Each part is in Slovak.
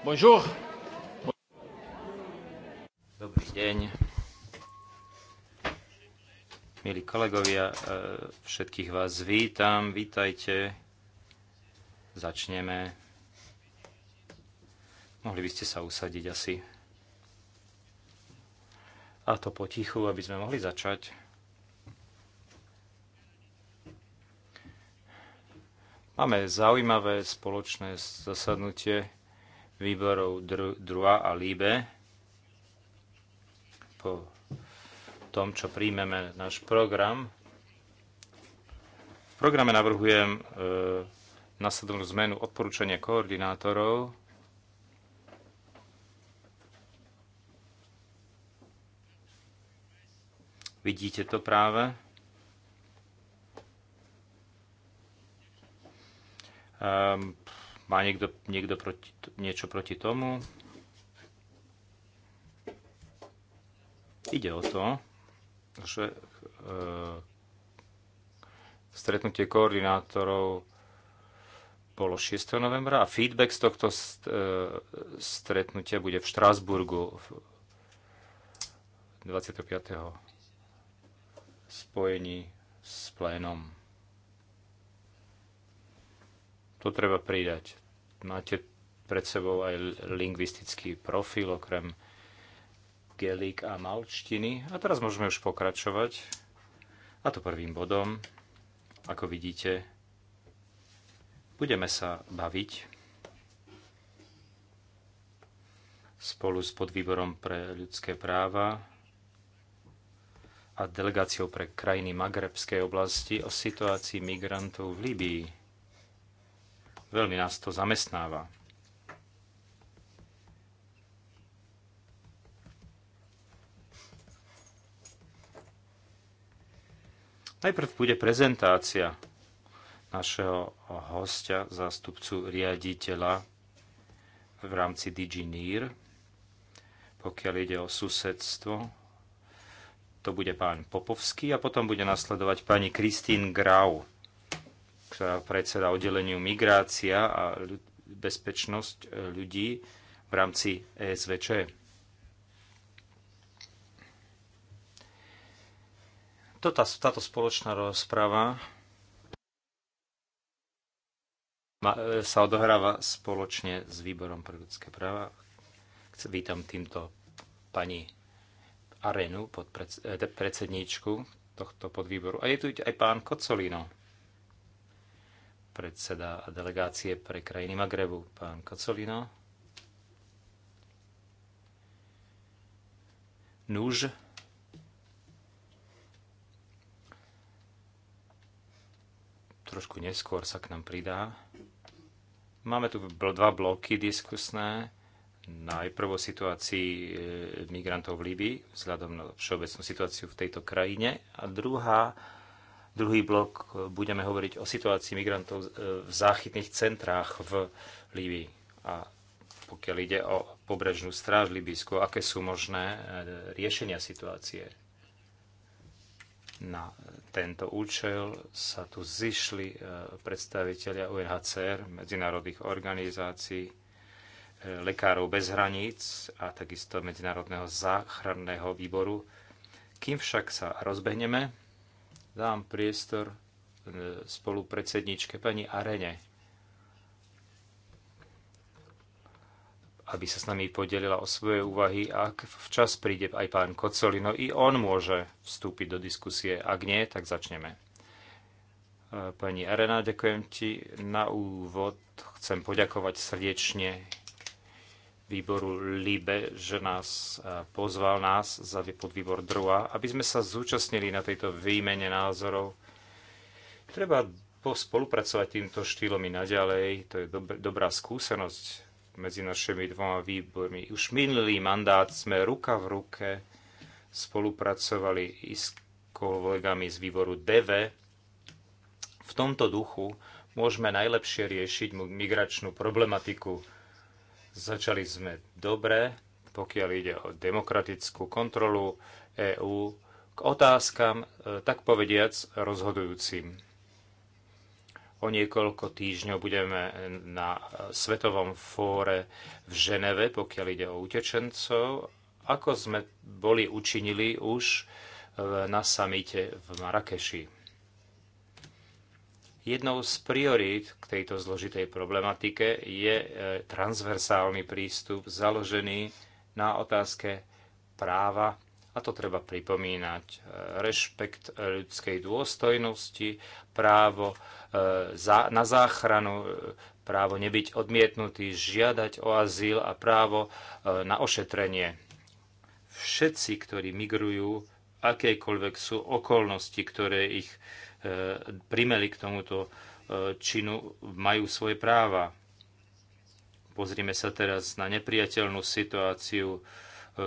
Bonjour. Dobrý deň. Milí kolegovia, e, všetkých vás vítam, vítajte. Začneme. Mohli by ste sa usadiť asi. A to potichu, aby sme mohli začať. Máme zaujímavé spoločné zasadnutie výborov Drua a Líbe po tom, čo príjmeme náš program. V programe navrhujem e, nasledovnú zmenu odporúčania koordinátorov. Vidíte to práve. Um, má niekto, niekto proti, niečo proti tomu? Ide o to, že e, stretnutie koordinátorov bolo 6. novembra a feedback z tohto st, e, stretnutia bude v Štrásburgu 25. spojení s plénom. To treba pridať máte pred sebou aj lingvistický profil, okrem gelík a malčtiny. A teraz môžeme už pokračovať. A to prvým bodom, ako vidíte, budeme sa baviť spolu s podvýborom pre ľudské práva a delegáciou pre krajiny Magrebskej oblasti o situácii migrantov v Líbii. Veľmi nás to zamestnáva. Najprv bude prezentácia našeho hostia, zástupcu riaditeľa v rámci DigiNIR. Pokiaľ ide o susedstvo, to bude pán Popovský a potom bude nasledovať pani Kristín Grau predseda oddeleniu migrácia a bezpečnosť e, ľudí v rámci ESVČ. Toto, táto spoločná rozprava e, sa odohráva spoločne s Výborom pre ľudské práva. Vítam týmto pani Arenu, e, predsedničku tohto podvýboru. A je tu aj pán Kocolino predseda delegácie pre krajiny Magrebu, pán Kocolino. Núž. Trošku neskôr sa k nám pridá. Máme tu dva bloky diskusné. Najprv o situácii e, migrantov v Líbii, vzhľadom na všeobecnú situáciu v tejto krajine. A druhá Druhý blok e, budeme hovoriť o situácii migrantov e, v záchytných centrách v Líbii. A pokiaľ ide o pobrežnú stráž Libísku, aké sú možné e, riešenia situácie? Na tento účel sa tu zišli predstavitelia UNHCR, medzinárodných organizácií, lekárov bez hraníc a takisto Medzinárodného záchranného výboru. Kým však sa rozbehneme, dám priestor e, spolupredsedničke pani Arene, aby sa s nami podelila o svoje úvahy. Ak včas príde aj pán Kocolino, i on môže vstúpiť do diskusie. Ak nie, tak začneme. E, pani Arena, ďakujem ti. Na úvod chcem poďakovať srdečne výboru LIBE, že nás e, pozval nás za podvýbor DRUA, aby sme sa zúčastnili na tejto výmene názorov. Treba spolupracovať týmto štýlom i naďalej. To je dob- dobrá skúsenosť medzi našimi dvoma výbormi. Už minulý mandát sme ruka v ruke spolupracovali i s kolegami z výboru DV. V tomto duchu môžeme najlepšie riešiť migračnú problematiku Začali sme dobre, pokiaľ ide o demokratickú kontrolu EÚ k otázkam, e, tak povediac, rozhodujúcim. O niekoľko týždňov budeme na e, Svetovom fóre v Ženeve, pokiaľ ide o utečencov, ako sme boli učinili už e, na samite v Marakeši. Jednou z priorít k tejto zložitej problematike je e, transversálny prístup založený na otázke práva, a to treba pripomínať, e, rešpekt ľudskej dôstojnosti, právo e, na záchranu, právo nebyť odmietnutý, žiadať o azyl a právo na ošetrenie. Všetci, ktorí migrujú, akékoľvek sú okolnosti, ktoré ich E, primeli k tomuto e, činu, majú svoje práva. Pozrime sa teraz na nepriateľnú situáciu e,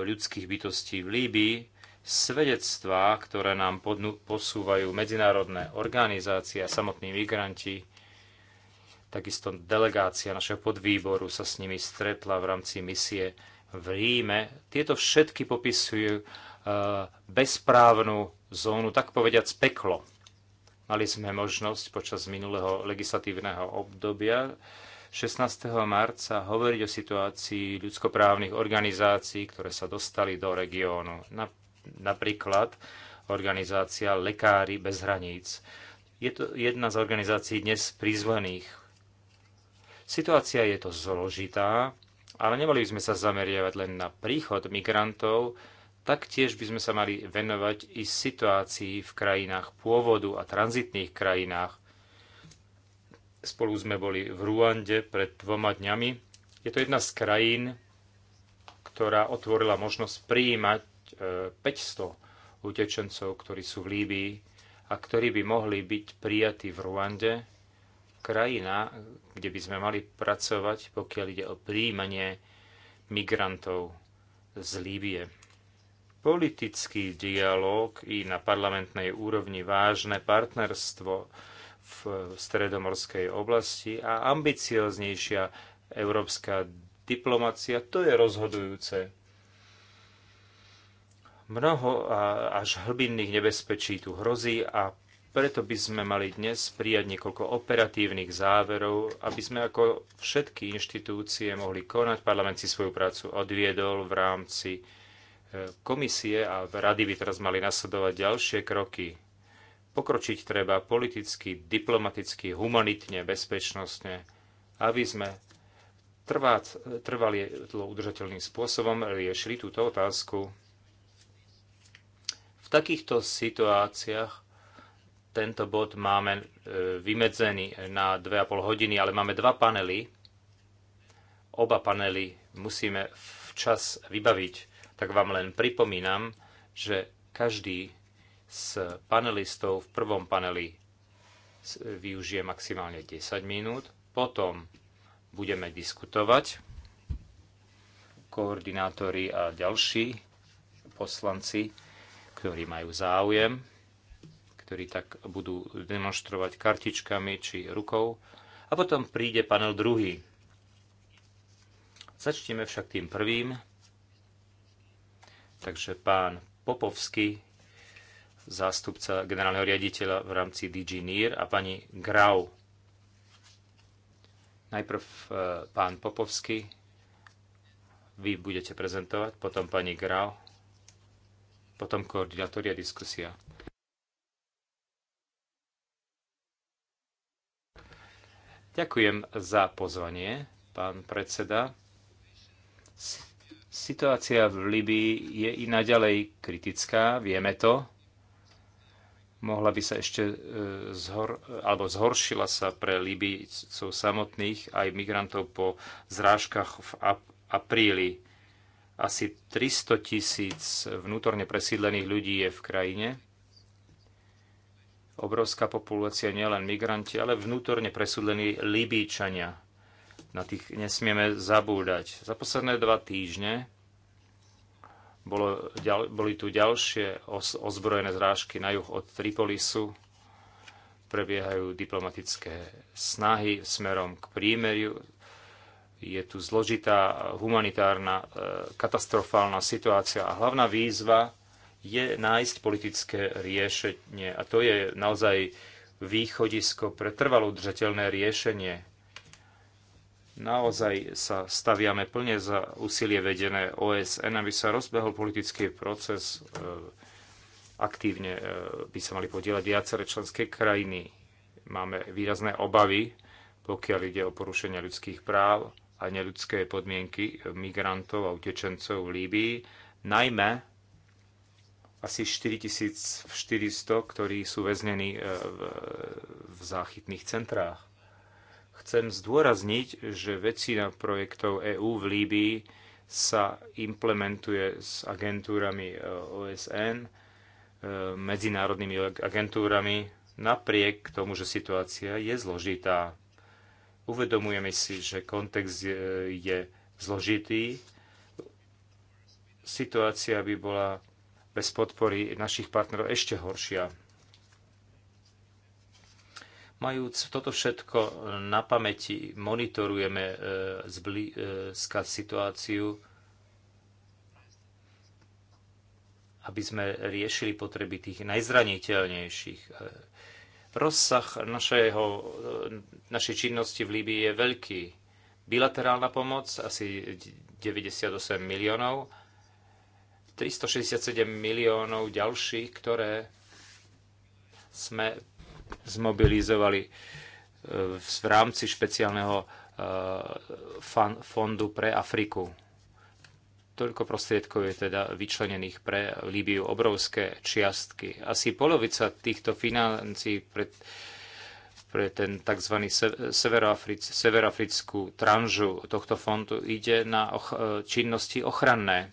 ľudských bytostí v Líbii, svedectvá, ktoré nám posúvajú medzinárodné organizácie a samotní migranti. Takisto delegácia našeho podvýboru sa s nimi stretla v rámci misie v Ríme. Tieto všetky popisujú bezprávnu zónu, tak povediať, peklo. Mali sme možnosť počas minulého legislatívneho obdobia 16. marca hovoriť o situácii ľudskoprávnych organizácií, ktoré sa dostali do regiónu. Napríklad organizácia Lekári bez hraníc. Je to jedna z organizácií dnes prizvaných. Situácia je to zložitá, ale nemali by sme sa zameriavať len na príchod migrantov, Taktiež by sme sa mali venovať i situácii v krajinách pôvodu a tranzitných krajinách. Spolu sme boli v Ruande pred dvoma dňami. Je to jedna z krajín, ktorá otvorila možnosť prijímať 500 e, utečencov, ktorí sú v Líbii a ktorí by mohli byť prijatí v Ruande, krajina, kde by sme mali pracovať, pokiaľ ide o prijímanie migrantov z Líbie politický dialog i na parlamentnej úrovni vážne partnerstvo v stredomorskej oblasti a ambicioznejšia európska diplomacia, to je rozhodujúce. Mnoho až hlbinných nebezpečí tu hrozí a preto by sme mali dnes prijať niekoľko operatívnych záverov, aby sme ako všetky inštitúcie mohli konať. Parlament si svoju prácu odviedol v rámci komisie a rady by teraz mali nasledovať ďalšie kroky. Pokročiť treba politicky, diplomaticky, humanitne, bezpečnostne, aby sme trvať, trvali udržateľným spôsobom riešili túto otázku. V takýchto situáciách tento bod máme e, vymedzený na 2,5 hodiny, ale máme dva panely. Oba panely musíme včas vybaviť tak vám len pripomínam, že každý z panelistov v prvom paneli využije maximálne 10 minút, potom budeme diskutovať, koordinátori a ďalší poslanci, ktorí majú záujem, ktorí tak budú demonstrovať kartičkami či rukou. A potom príde panel druhý. Začneme však tým prvým, Takže pán Popovský, zástupca generálneho riaditeľa v rámci DG NIR a pani Grau. Najprv eh, pán Popovský, vy budete prezentovať, potom pani Grau, potom koordinátoria diskusia. Ďakujem za pozvanie, pán predseda. Situácia v Libii je i naďalej kritická, vieme to. Mohla by sa ešte e, zhor, alebo zhoršila sa pre Libícov samotných aj migrantov po zrážkach v apríli. Asi 300 tisíc vnútorne presídlených ľudí je v krajine. Obrovská populácia nielen migranti, ale vnútorne presídlení Libíčania na tých nesmieme zabúdať. Za posledné dva týždne bolo, ďal, boli tu ďalšie os, ozbrojené zrážky na juh od Tripolisu. Prebiehajú diplomatické snahy smerom k prímeriu. Je tu zložitá humanitárna, e, katastrofálna situácia a hlavná výzva je nájsť politické riešenie. A to je naozaj východisko pre trvalo udržateľné riešenie Naozaj sa staviame plne za úsilie vedené OSN, aby sa rozbehol politický proces. E, aktívne e, by sa mali podielať viaceré členské krajiny. Máme výrazné obavy, pokiaľ ide o porušenia ľudských práv a neľudské podmienky migrantov a utečencov v Líbii, najmä asi 4400, ktorí sú väznení e, v, v záchytných centrách. Chcem zdôrazniť, že väčšina projektov EÚ v Líbii sa implementuje s agentúrami e, OSN, e, medzinárodnými agentúrami, napriek tomu, že situácia je zložitá. Uvedomujeme si, že kontext je zložitý. Situácia by bola bez podpory našich partnerov ešte horšia. Majúc toto všetko na pamäti, monitorujeme e, zblízka e, situáciu, aby sme riešili potreby tých najzraniteľnejších. E, rozsah našeho, našej činnosti v Líbii je veľký. Bilaterálna pomoc asi 98 miliónov, 367 miliónov ďalších, ktoré sme zmobilizovali e, v rámci špeciálneho e, fondu pre Afriku. Toľko prostriedkov je teda vyčlenených pre Líbiu, obrovské čiastky. Asi polovica týchto financí pre, pre ten tzv. Severoafric, severoafrickú tranžu tohto fondu ide na och, e, činnosti ochranné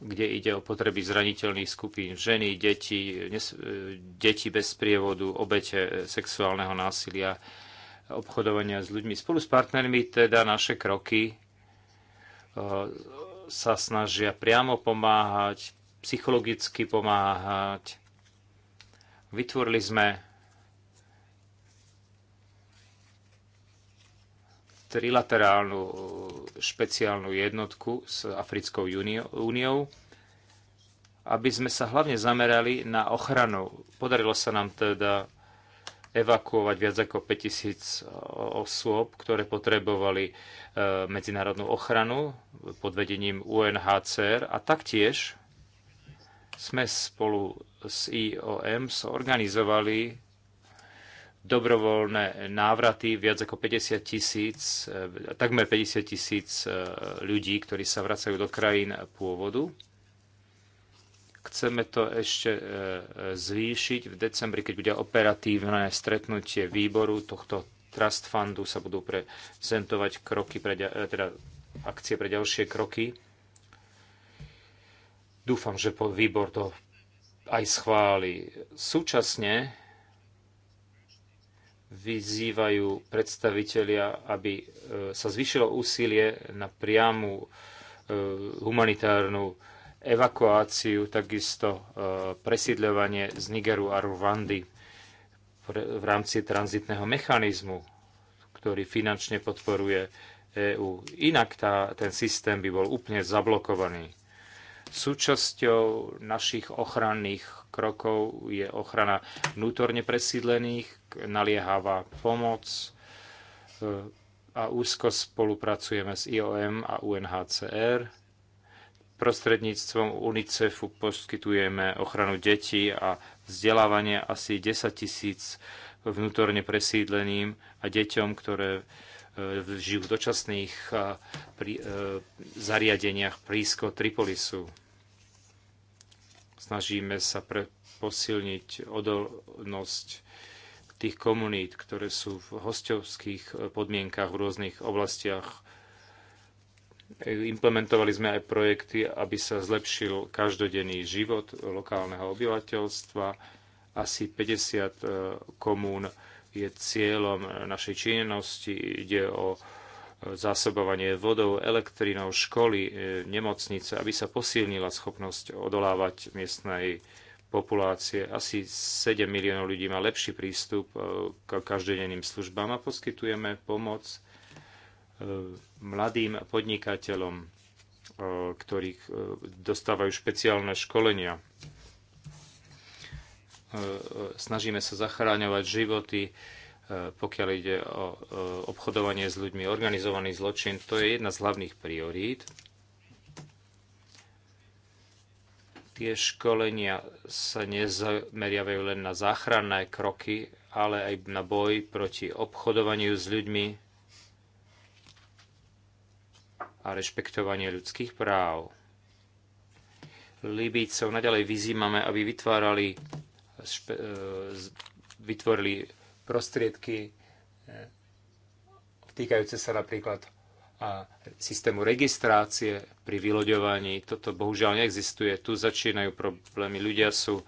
kde ide o potreby zraniteľných skupín, ženy, deti, e, deti bez prievodu, obete e, sexuálneho násilia, obchodovania s ľuďmi. Spolu s partnermi teda naše kroky e, sa snažia priamo pomáhať, psychologicky pomáhať. Vytvorili sme trilaterálnu uh, špeciálnu jednotku s Africkou úniou, aby sme sa hlavne zamerali na ochranu. Podarilo sa nám teda evakuovať viac ako 5000 uh, osôb, ktoré potrebovali uh, medzinárodnú ochranu pod vedením UNHCR a taktiež sme spolu s IOM zorganizovali dobrovoľné návraty, viac ako 50 tisíc, e, takmer 50 tisíc e, ľudí, ktorí sa vracajú do krajín pôvodu. Chceme to ešte e, zvýšiť. V decembri, keď bude operatívne stretnutie výboru tohto Trust Fundu, sa budú prezentovať kroky pre, teda akcie pre ďalšie kroky. Dúfam, že výbor to aj schváli. Súčasne vyzývajú predstavitelia, aby e, sa zvyšilo úsilie na priamu e, humanitárnu evakuáciu, takisto e, presídľovanie z Nigeru a Rwandy v rámci tranzitného mechanizmu, ktorý finančne podporuje EÚ. Inak tá, ten systém by bol úplne zablokovaný Súčasťou našich ochranných krokov je ochrana vnútorne presídlených, naliehavá pomoc e, a úzko spolupracujeme s IOM a UNHCR. Prostredníctvom UNICEFu poskytujeme ochranu detí a vzdelávanie asi 10 tisíc vnútorne presídleným a deťom, ktoré e, žijú v dočasných e, zariadeniach blízko Tripolisu Snažíme sa pre, posilniť odolnosť tých komunít, ktoré sú v hostovských e, podmienkach v rôznych oblastiach. E, implementovali sme aj projekty, aby sa zlepšil každodenný život lokálneho obyvateľstva. Asi 50 e, komún je cieľom našej činnosti. Ide o zásobovanie vodou, elektrinou, školy, e, nemocnice, aby sa posilnila schopnosť odolávať miestnej populácie. Asi 7 miliónov ľudí má lepší prístup e, k každodenným službám a poskytujeme pomoc e, mladým podnikateľom, ktorých dostávajú špeciálne školenia. Snažíme sa zachráňovať životy pokiaľ ide o obchodovanie s ľuďmi, organizovaný zločin, to je jedna z hlavných priorít. Tie školenia sa nezameriavajú len na záchranné kroky, ale aj na boj proti obchodovaniu s ľuďmi a rešpektovanie ľudských práv. Libícov naďalej vyzývame, aby vytvárali e, vytvorili prostriedky e, týkajúce sa napríklad a systému registrácie pri vyloďovaní. Toto bohužiaľ neexistuje. Tu začínajú problémy. Ľudia sú e,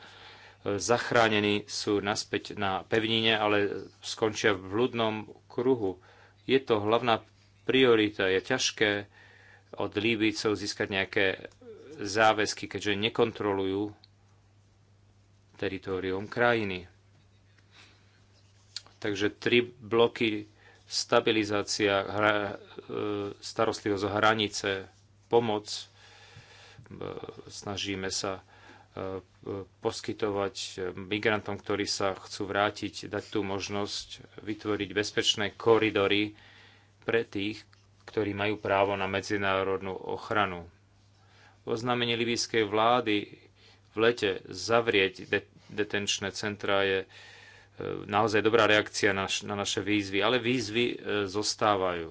zachránení, sú naspäť na pevnine, ale skončia v blúdnom kruhu. Je to hlavná priorita. Je ťažké od Líbícov získať nejaké záväzky, keďže nekontrolujú teritorium krajiny. Takže tri bloky stabilizácia, hra, e, starostlivosť o hranice, pomoc. E, snažíme sa e, poskytovať migrantom, ktorí sa chcú vrátiť, dať tú možnosť vytvoriť bezpečné koridory pre tých, ktorí majú právo na medzinárodnú ochranu. Oznámenie libijskej vlády v lete zavrieť de- detenčné centra je E, naozaj dobrá reakcia na, na naše výzvy, ale výzvy e, zostávajú.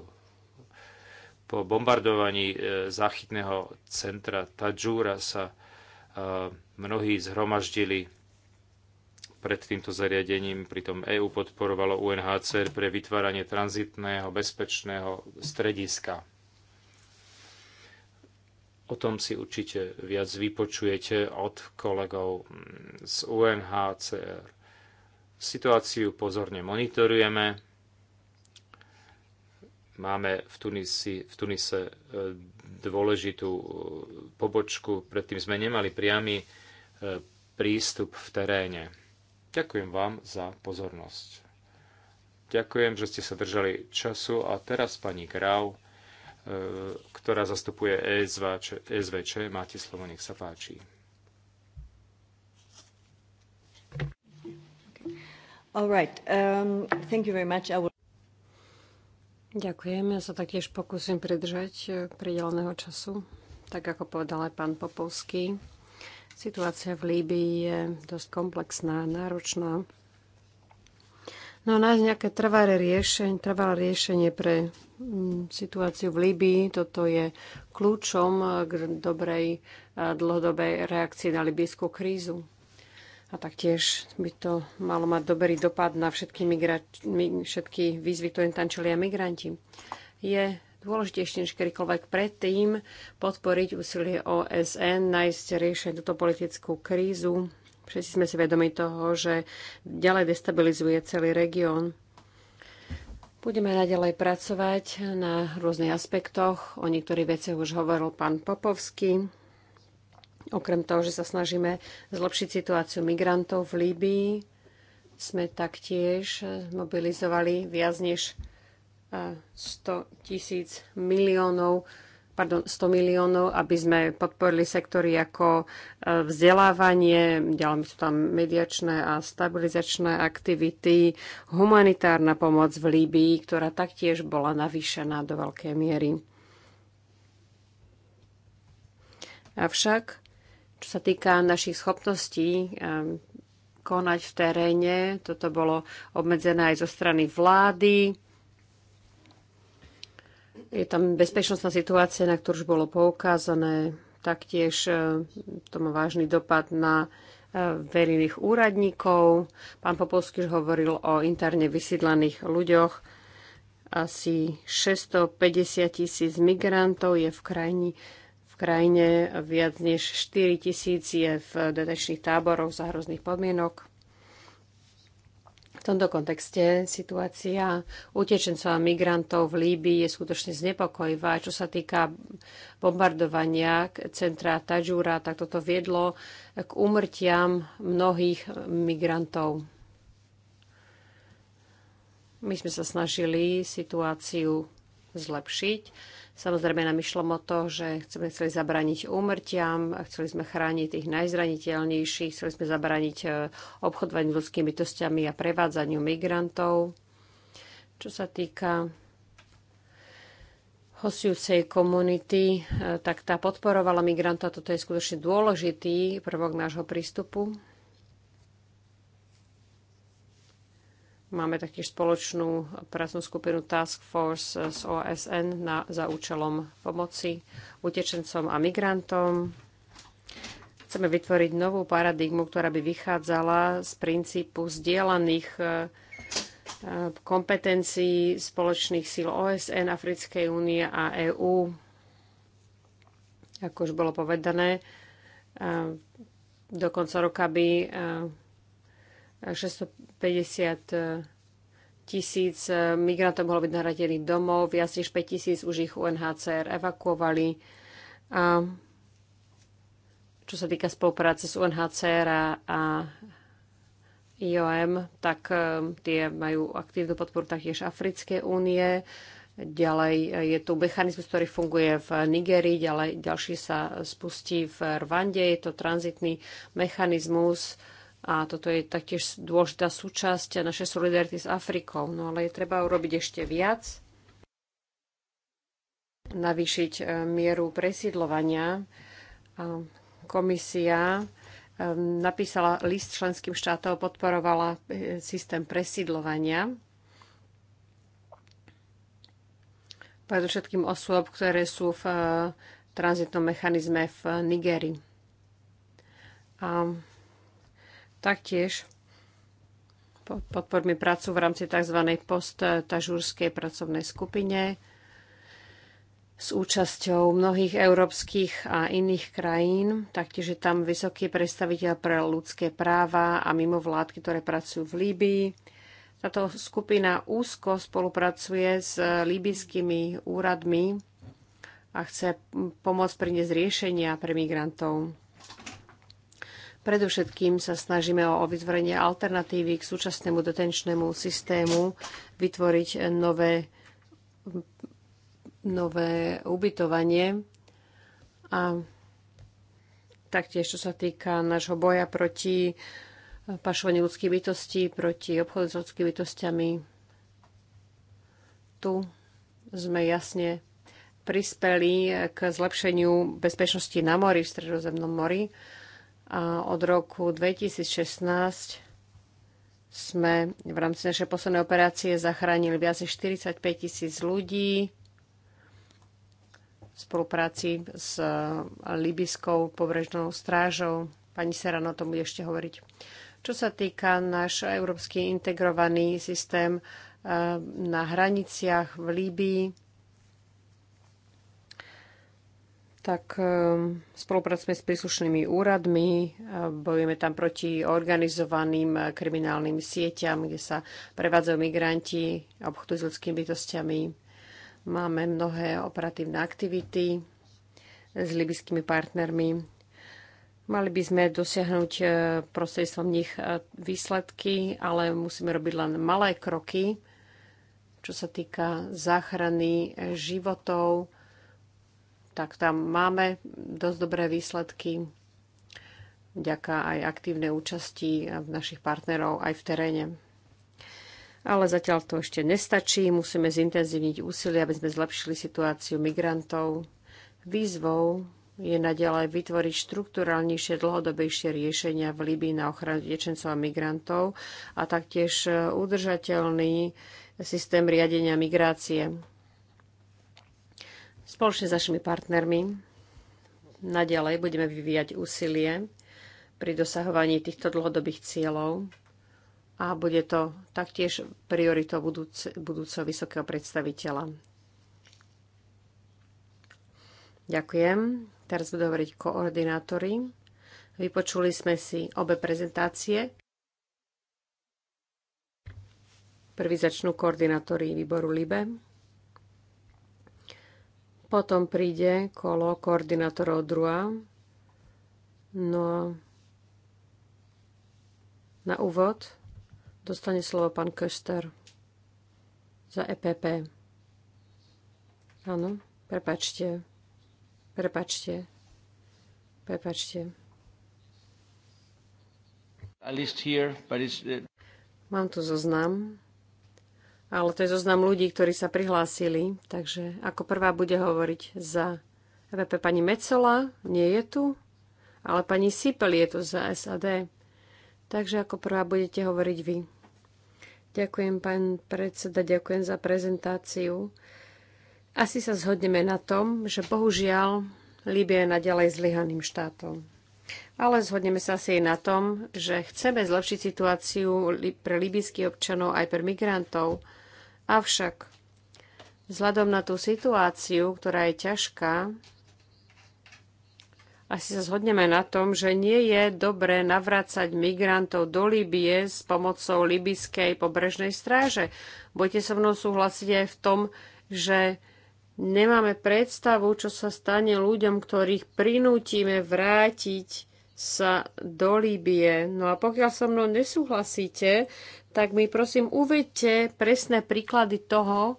Po bombardovaní e, záchytného centra Tadžúra sa mnohí zhromaždili pred týmto zariadením, pritom EÚ podporovalo UNHCR pre vytváranie tranzitného bezpečného strediska. O tom si určite viac vypočujete od kolegov z UNHCR. Situáciu pozorne monitorujeme. Máme v, Tunisi, v Tunise e, dôležitú e, pobočku, predtým sme nemali priamy e, prístup v teréne. Ďakujem vám za pozornosť. Ďakujem, že ste sa držali času a teraz pani Grau, ktorá zastupuje ESVČ, máte slovo, nech sa páči. All right. Um, thank you very much. I will... Ďakujem. Ja sa taktiež pokúsim pridržať eh, pridelného času. Tak ako povedal aj pán Popovský, situácia v Líbii je dosť komplexná, náročná. No nájsť nejaké trvalé riešenie, trvalé riešenie pre mm, situáciu v Líbii, toto je kľúčom k dobrej eh, dlhodobej reakcii na libijskú krízu a taktiež by to malo mať dobrý dopad na všetky, migra- mi- všetky výzvy, ktoré tančili a migranti. Je ešte než kedykoľvek predtým podporiť úsilie OSN, nájsť riešenie túto politickú krízu. Všetci sme si vedomi toho, že ďalej destabilizuje celý región. Budeme naďalej pracovať na rôznych aspektoch. O niektorých veciach už hovoril pán Popovský. Okrem toho, že sa snažíme zlepšiť situáciu migrantov v Líbii, sme taktiež mobilizovali viac než 100 e, tisíc miliónov pardon, 100 miliónov, aby sme podporili sektory ako e, vzdelávanie, ďalej sú tam mediačné a stabilizačné aktivity, humanitárna pomoc v Líbii, ktorá taktiež bola navýšená do veľkej miery. Avšak čo sa týka našich schopností ehm, konať v teréne, toto bolo obmedzené aj zo strany vlády. Je tam bezpečnostná situácia, na ktorú už bolo poukázané. Taktiež ehm, to má vážny dopad na e, verejných úradníkov. Pán Popolský už hovoril o interne vysídlených ľuďoch. Asi 650 tisíc migrantov je v krajine krajine. Viac než 4 tisíc je v detenčných táboroch za hrozných podmienok. V tomto kontexte situácia utečencov a migrantov v Líbii je skutočne znepokojivá. Čo sa týka bombardovania centra Tadžúra, tak toto viedlo k úmrtiam mnohých migrantov. My sme sa snažili situáciu zlepšiť Samozrejme nám išlo o to, že chceme chceli zabrániť úmrtiam, chceli sme chrániť tých najzraniteľnejších, chceli sme zabrániť e, obchodovaniu s ľudskými bytostiami a prevádzaniu migrantov. Čo sa týka hostujúcej komunity, e, tak tá podporovala migranta. Toto je skutočne dôležitý prvok nášho prístupu. Máme taktiež spoločnú pracovnú skupinu Task Force z OSN na, za účelom pomoci utečencom a migrantom. Chceme vytvoriť novú paradigmu, ktorá by vychádzala z princípu zdieľaných eh, eh, kompetencií spoločných síl OSN, Africkej únie a EÚ. Ako už bolo povedané, eh, do konca roka by 650 eh, tisíc eh, migrantov bolo byť nahradených domov, viac než 5 tisíc už ich UNHCR evakuovali. A čo sa týka spolupráce s UNHCR a, a IOM, tak eh, tie majú aktívnu podporu taktiež Africké únie. Ďalej je tu mechanizmus, ktorý funguje v Nigerii, ďalej ďalší sa spustí v Rwande. Je to tranzitný mechanizmus, a toto je taktiež dôležitá súčasť našej solidarity s Afrikou. No ale je treba urobiť ešte viac, navýšiť e, mieru presídlovania. Komisia e, napísala list členským štátom, podporovala e, systém presídlovania. Predovšetkým osôb, ktoré sú v tranzitnom mechanizme v Nigerii. A Taktiež podporme prácu v rámci tzv. posttažúrskej pracovnej skupine s účasťou mnohých európskych a iných krajín. Taktiež je tam vysoký predstaviteľ pre ľudské práva a mimovládky, ktoré pracujú v Líbii. Táto skupina úzko spolupracuje s líbyskými úradmi a chce pomôcť priniesť riešenia pre migrantov. Predovšetkým sa snažíme o vytvorenie alternatívy k súčasnému detenčnému systému, vytvoriť nové, nové ubytovanie a taktiež, čo sa týka nášho boja proti pašovaniu ľudských bytostí, proti obchodu s ľudskými bytostiami. Tu sme jasne prispeli k zlepšeniu bezpečnosti na mori, v Stredozemnom mori a od roku 2016 sme v rámci našej poslednej operácie zachránili viac než 45 tisíc ľudí v spolupráci s e, Libiskou pobrežnou strážou. Pani Serano o tom bude ešte hovoriť. Čo sa týka náš európsky integrovaný systém e, na hraniciach v Líbii, tak ehm, spolupracujeme s príslušnými úradmi, bojujeme tam proti organizovaným e, kriminálnym sieťam, kde sa prevádzajú migranti, obchodujú s ľudskými bytostiami. Máme mnohé operatívne aktivity s libyskými partnermi. Mali by sme dosiahnuť e, prostredstvom nich e, výsledky, ale musíme robiť len malé kroky, čo sa týka záchrany životov, tak tam máme dosť dobré výsledky vďaka aj aktívnej účasti našich partnerov aj v teréne. Ale zatiaľ to ešte nestačí. Musíme zintenzívniť úsilie, aby sme zlepšili situáciu migrantov. Výzvou je naďalej vytvoriť štruktúralnejšie, dlhodobejšie riešenia v Libii na ochranu dečencov a migrantov a taktiež udržateľný systém riadenia migrácie. Spoločne s našimi partnermi naďalej budeme vyvíjať úsilie pri dosahovaní týchto dlhodobých cieľov a bude to taktiež prioritou budúc- budúceho vysokého predstaviteľa. Ďakujem. Teraz budú hovoriť koordinátori. Vypočuli sme si obe prezentácie. Prvý začnú koordinátori výboru LIBE. Potom príde kolo koordinátorov druhá. No a na úvod dostane slovo pán Köster za EPP. Áno, prepačte, prepačte, prepačte. Uh, Mám tu zoznam ale to je zoznam ľudí, ktorí sa prihlásili. Takže ako prvá bude hovoriť za VP e pani Mecola, nie je tu, ale pani Sipel je tu za SAD. Takže ako prvá budete hovoriť vy. Ďakujem, pán predseda, ďakujem za prezentáciu. Asi sa zhodneme na tom, že bohužiaľ Líbia je naďalej zlyhaným štátom. Ale zhodneme sa asi aj na tom, že chceme zlepšiť situáciu pre líbyských občanov aj pre migrantov. Avšak vzhľadom na tú situáciu, ktorá je ťažká, asi sa zhodneme na tom, že nie je dobré navrácať migrantov do Libie s pomocou libyskej pobrežnej stráže. Budete so mnou súhlasiť aj v tom, že nemáme predstavu, čo sa stane ľuďom, ktorých prinútime vrátiť sa do Líbie. No a pokiaľ so mnou nesúhlasíte, tak mi prosím uvedte presné príklady toho,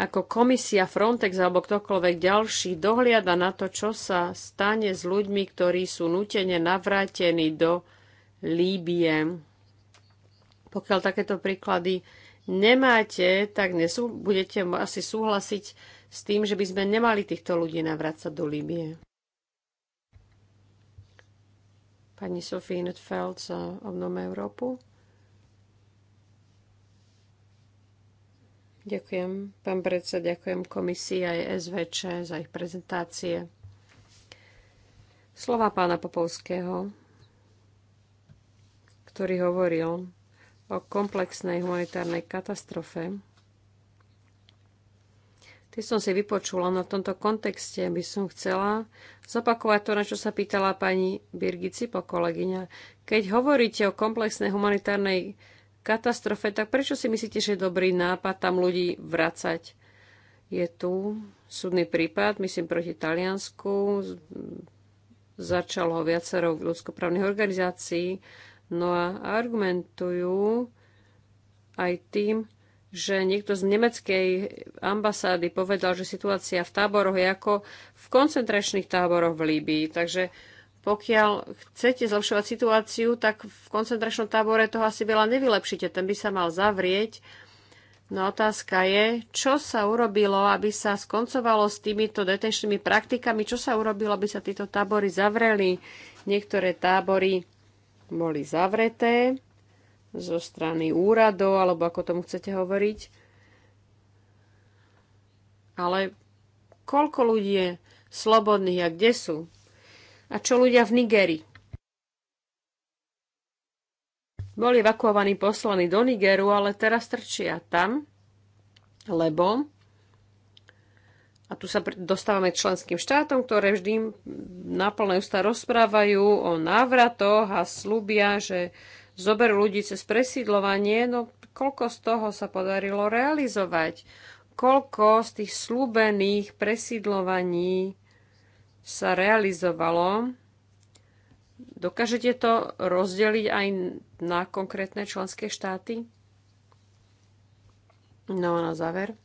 ako komisia Frontex alebo ktokoľvek ďalší dohliada na to, čo sa stane s ľuďmi, ktorí sú nutene navrátení do Líbie. Pokiaľ takéto príklady nemáte, tak nesú, budete asi súhlasiť s tým, že by sme nemali týchto ľudí navrácať do Líbie. pani Sofie Nutfeld za eh, Obnome Európu. Ďakujem, pán predseda, ďakujem komisii aj SVČ za ich prezentácie. Slova pána Popovského, ktorý hovoril o komplexnej humanitárnej katastrofe, Ty som si vypočula, no v tomto kontexte by som chcela zopakovať to, na čo sa pýtala pani Birgici po kolegyňa. Keď hovoríte o komplexnej humanitárnej katastrofe, tak prečo si myslíte, že je dobrý nápad tam ľudí vracať? Je tu súdny prípad, myslím, proti Taliansku. Začalo ho viacero ľudskoprávnych organizácií. No a argumentujú aj tým, že niekto z nemeckej ambasády povedal, že situácia v táboroch je ako v koncentračných táboroch v Líbii. Takže pokiaľ chcete zlepšovať situáciu, tak v koncentračnom tábore toho asi veľa nevylepšíte. Ten by sa mal zavrieť. No otázka je, čo sa urobilo, aby sa skoncovalo s týmito detenčnými praktikami, čo sa urobilo, aby sa títo tábory zavreli. Niektoré tábory boli zavreté, zo strany úradov, alebo ako tomu chcete hovoriť. Ale koľko ľudí je slobodných a kde sú? A čo ľudia v Nigerii? Boli evakuovaní poslaní do Nigeru, ale teraz trčia tam, lebo a tu sa dostávame k členským štátom, ktoré vždy na plné ústa rozprávajú o návratoch a slúbia, že zoberú ľudí cez presídlovanie, no koľko z toho sa podarilo realizovať? Koľko z tých slúbených presídlovaní sa realizovalo? Dokážete to rozdeliť aj na konkrétne členské štáty? No a na záver.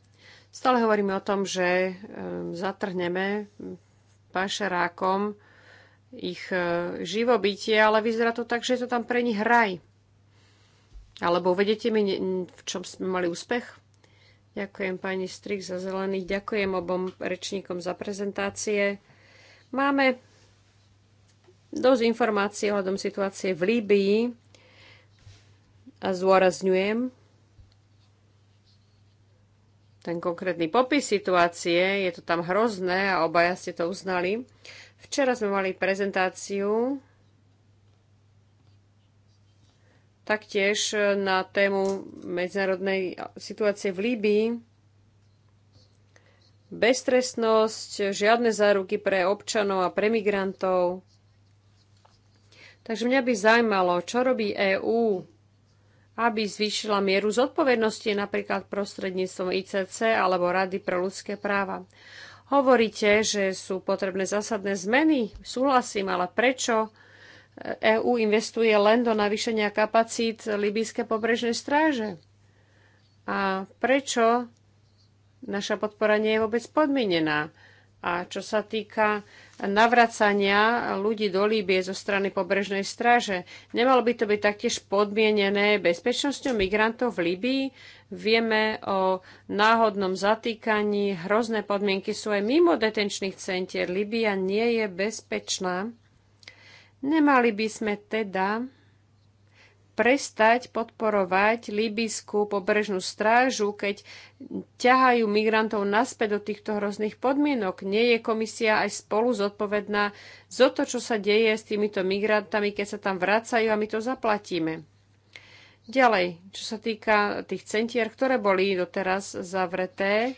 Stále hovoríme o tom, že ehm, zatrhneme pašerákom ich ehm, živobytie, ale vyzerá to tak, že je to tam pre nich raj. Alebo uvedete mi, v čom sme mali úspech? Ďakujem pani Strik za zelených, ďakujem obom rečníkom za prezentácie. Máme dosť informácií o situácie v Líbii a zdôrazňujem ten konkrétny popis situácie, je to tam hrozné a obaja ste to uznali. Včera sme mali prezentáciu taktiež e, na tému medzinárodnej situácie v Líbii. Beztrestnosť, žiadne záruky pre občanov a pre migrantov. Takže mňa by zaujímalo, čo robí EÚ, aby zvýšila mieru zodpovednosti napríklad prostredníctvom ICC alebo Rady pre ľudské práva. Hovoríte, že sú potrebné zásadné zmeny, súhlasím, ale prečo EÚ e investuje len do navýšenia kapacít Libýskej pobrežnej stráže? A prečo naša podpora nie je vôbec podmienená? A čo sa týka navracania ľudí do Líbie zo strany pobrežnej stráže, nemalo by to byť taktiež podmienené bezpečnosťou migrantov v Líbii? Vieme o náhodnom zatýkaní, hrozné podmienky sú aj mimo detenčných centier. Líbia nie je bezpečná Nemali by sme teda prestať podporovať líbyskú pobrežnú strážu, keď ťahajú migrantov naspäť do týchto hrozných podmienok. Nie je komisia aj spolu zodpovedná za to, čo sa deje s týmito migrantami, keď sa tam vracajú a my to zaplatíme. Ďalej, čo sa týka tých centier, ktoré boli doteraz zavreté,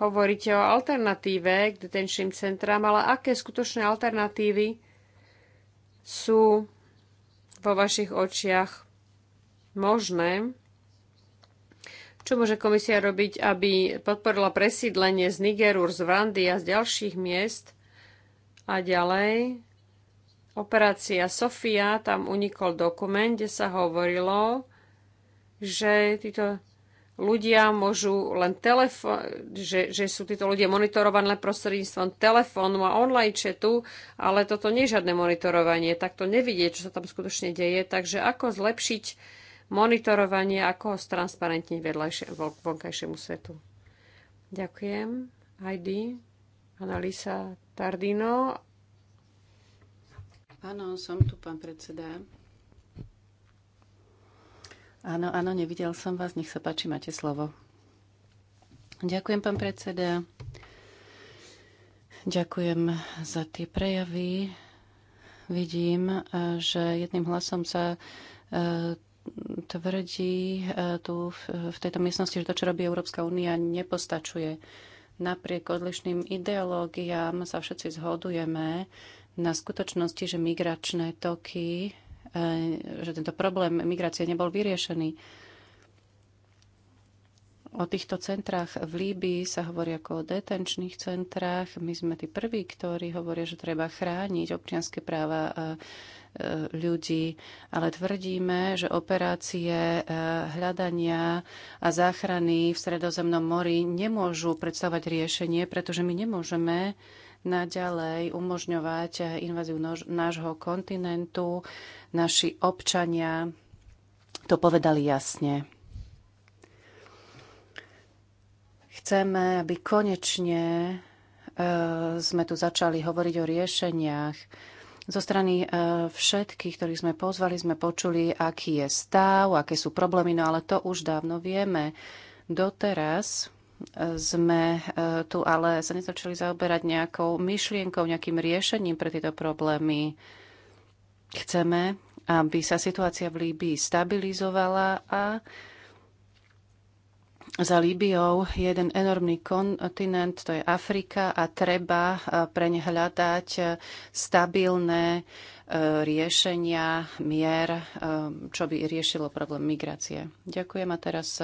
hovoríte o alternatíve k detenčným centrám, ale aké skutočné alternatívy sú vo vašich očiach možné? Čo môže komisia robiť, aby podporila presídlenie z Nigeru, z Vrandy a z ďalších miest? A ďalej, operácia Sofia, tam unikol dokument, kde sa hovorilo, že títo ľudia môžu len telefón, že, že sú títo ľudia monitorovaní len prostredníctvom telefónu a online chatu, ale toto nie je žiadne monitorovanie, tak to nevidie, čo sa tam skutočne deje. Takže ako zlepšiť monitorovanie, ako ho stransparentniť vonkajšiemu svetu. Ďakujem. Heidi, Analisa Tardino. Áno, som tu, pán predseda. Áno, áno, nevidel som vás. Nech sa páči, máte slovo. Ďakujem, pán predseda. Ďakujem za tie prejavy. Vidím, eh, že jedným hlasom sa eh, tvrdí eh, tu v tejto miestnosti, že to, čo robí Európska únia, nepostačuje. Napriek odlišným ideológiám sa všetci zhodujeme na skutočnosti, že migračné toky E, že tento problém migrácie nebol vyriešený. O týchto centrách v Líbii sa hovorí ako o detenčných centrách. My sme tí prví, ktorí hovoria, že treba chrániť občianské práva e, e, ľudí, ale tvrdíme, že operácie hľadania a záchrany v Stredozemnom mori nemôžu predstavovať riešenie, pretože my nemôžeme naďalej umožňovať inváziu nášho kontinentu. Naši občania to povedali jasne. Chceme, aby konečne e, sme tu začali hovoriť o riešeniach. Zo strany e, všetkých, ktorých sme pozvali, sme počuli, aký je stav, aké sú problémy, no ale to už dávno vieme. Doteraz sme e, tu ale sa nezačali zaoberať nejakou myšlienkou, nejakým riešením pre tieto problémy. Chceme, aby sa situácia v Líbii stabilizovala a za Líbiou je jeden enormný kontinent, to je Afrika a treba e, preň hľadať stabilné e, riešenia, mier, čo by riešilo problém migrácie. Ďakujem a teraz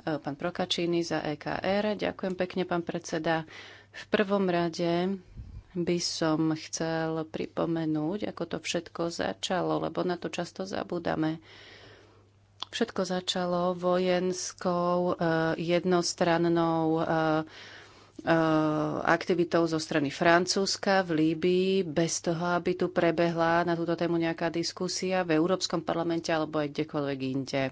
Eh, pán Prokačíny za EKR. Ďakujem pekne, pán predseda. V prvom rade by som chcel pripomenúť, ako to všetko začalo, lebo na to často zabúdame. Všetko začalo vojenskou eh, jednostrannou eh, aktivitou zo strany Francúzska v Líbii, bez toho, aby tu prebehla na túto tému nejaká diskusia v Európskom parlamente alebo aj kdekoľvek inde.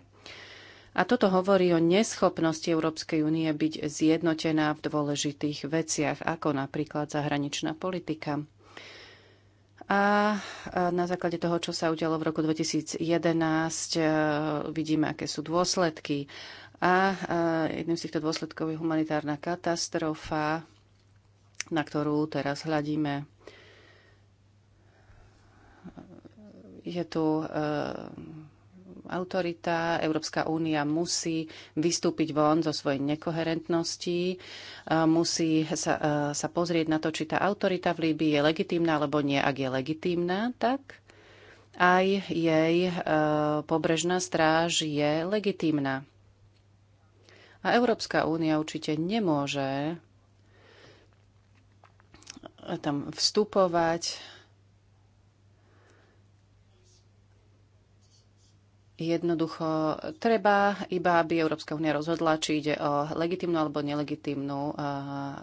A toto hovorí o neschopnosti Európskej únie byť zjednotená v dôležitých veciach, ako napríklad zahraničná politika. A na základe toho, čo sa udialo v roku 2011, e, vidíme, aké sú dôsledky. A jedným z týchto dôsledkov je humanitárna katastrofa, na ktorú teraz hľadíme. Je tu e, autorita. Európska únia musí vystúpiť von zo svojej nekoherentnosti, musí sa, sa pozrieť na to, či tá autorita v Líbii je legitímna alebo nie. Ak je legitímna, tak aj jej pobrežná stráž je legitímna. A Európska únia určite nemôže tam vstupovať Jednoducho treba iba, aby Európska únia rozhodla, či ide o legitimnú alebo nelegitimnú uh,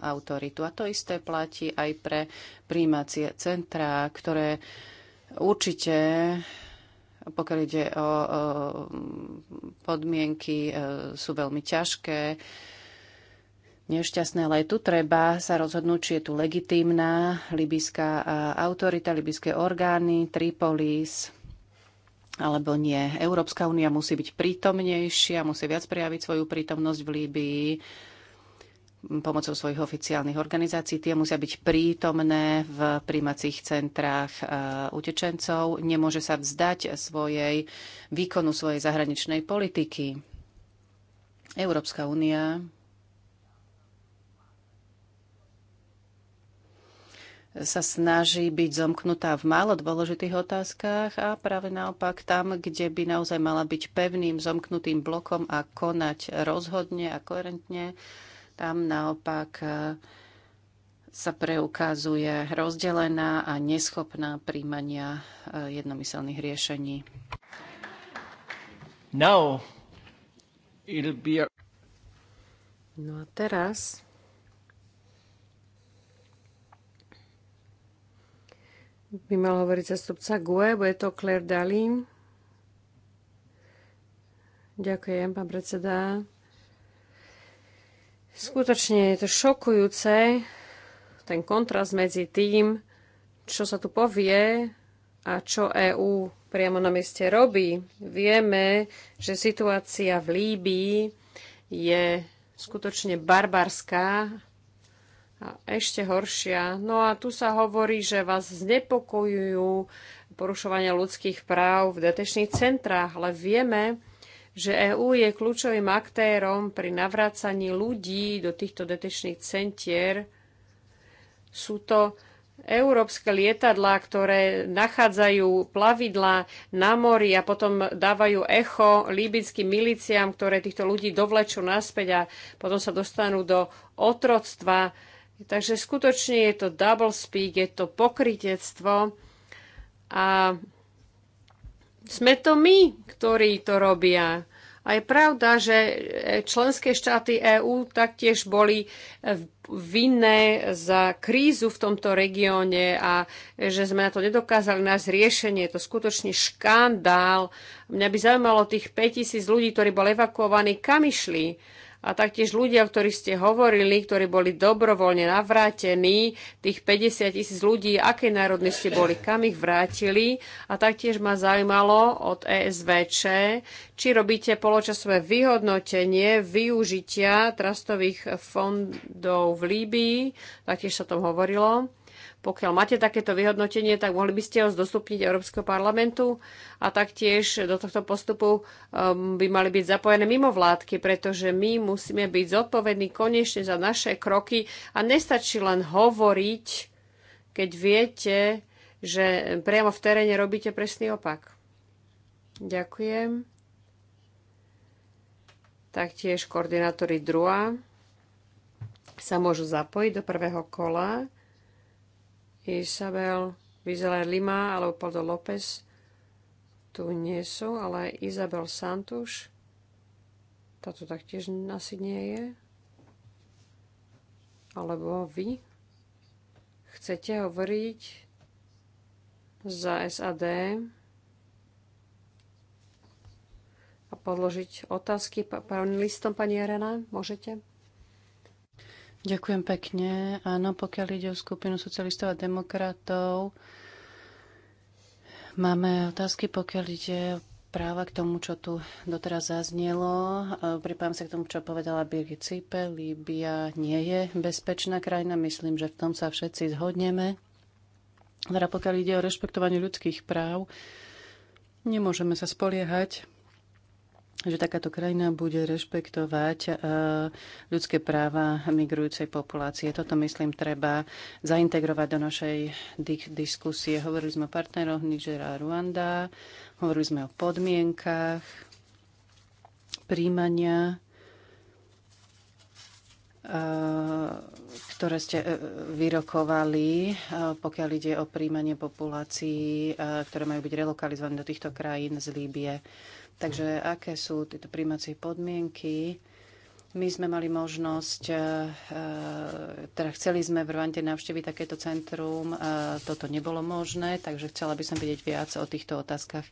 autoritu. A to isté platí aj pre príjímacie centrá, ktoré určite, pokiaľ ide o, o podmienky, uh, sú veľmi ťažké, nešťastné, ale aj tu treba sa rozhodnúť, či je tu legitimná libyská autorita, libyské orgány, Tripolis, alebo nie. Európska únia musí byť prítomnejšia, musí viac prejaviť svoju prítomnosť v Líbii pomocou svojich oficiálnych organizácií. Tie musia byť prítomné v príjmacích centrách e, utečencov. Nemôže sa vzdať svojej výkonu svojej zahraničnej politiky. Európska únia sa snaží byť zomknutá v málo dôležitých otázkach a práve naopak tam, kde by naozaj mala byť pevným, zomknutým blokom a konať rozhodne a koherentne, tam naopak e, sa preukazuje rozdelená a neschopná príjmania e, jednomyselných riešení. Now, it'll be a... No a teraz by mal hovoriť zastupca GUE, bude to Claire Dalin. Ďakujem, pán predseda. Skutočne je to šokujúce, ten kontrast medzi tým, čo sa tu povie a čo EÚ priamo na mieste robí. Vieme, že situácia v Líbii je skutočne barbarská a ešte horšia. No a tu sa hovorí, že vás znepokojujú porušovania ľudských práv v detečných centrách, ale vieme, že EÚ je kľúčovým aktérom pri navrácaní ľudí do týchto detečných centier. Sú to európske lietadlá, ktoré nachádzajú plavidla na mori a potom dávajú echo líbickým miliciám, ktoré týchto ľudí dovlečú naspäť a potom sa dostanú do otroctva Takže skutočne je to double speak, je to pokritectvo a sme to my, ktorí to robia. A je pravda, že členské štáty EÚ taktiež boli vinné za krízu v tomto regióne a že sme na to nedokázali nájsť riešenie. Je to skutočne škandál. Mňa by zaujímalo tých 5000 ľudí, ktorí boli evakuovaní, kam išli a taktiež ľudia, o ktorých ste hovorili, ktorí boli dobrovoľne navrátení, tých 50 tisíc ľudí, aké národne ste boli, kam ich vrátili. A taktiež ma zaujímalo od ESVČ, či robíte poločasové vyhodnotenie využitia trastových fondov v Líbii, taktiež sa o tom hovorilo. Pokiaľ máte takéto vyhodnotenie, tak mohli by ste ho zdostupniť Európskeho parlamentu a taktiež do tohto postupu um, by mali byť zapojené mimo vládky, pretože my musíme byť zodpovední konečne za naše kroky a nestačí len hovoriť, keď viete, že priamo v teréne robíte presný opak. Ďakujem. Taktiež koordinátory druhá sa môžu zapojiť do prvého kola Isabel Vizela Lima alebo Poldo López tu nie sú, ale Isabel Santuš, táto taktiež asi nie je. Alebo vy chcete hovoriť za SAD a podložiť otázky listom pani Arena? Môžete? Ďakujem pekne. Áno, pokiaľ ide o skupinu socialistov a demokratov, máme otázky, pokiaľ ide o práva k tomu, čo tu doteraz zaznelo. E, pripájam sa k tomu, čo povedala Birgit Cipe. Líbia nie je bezpečná krajina. Myslím, že v tom sa všetci zhodneme. Teda pokiaľ ide o rešpektovanie ľudských práv, nemôžeme sa spoliehať že takáto krajina bude rešpektovať e, ľudské práva migrujúcej populácie. Toto, myslím, treba zaintegrovať do našej diskusie. Hovorili sme o partneroch Nigera a Ruanda, hovorili sme o podmienkach príjmania, e, ktoré ste e, vyrokovali, pokiaľ ide o príjmanie populácií, ktoré majú byť relokalizované do týchto krajín z Líbie. Takže aké sú tieto príjmacie podmienky? My sme mali možnosť, e, e, teda chceli sme v Rwande navštíviť takéto centrum, e, toto nebolo možné, takže chcela by som vedieť viac o týchto otázkach.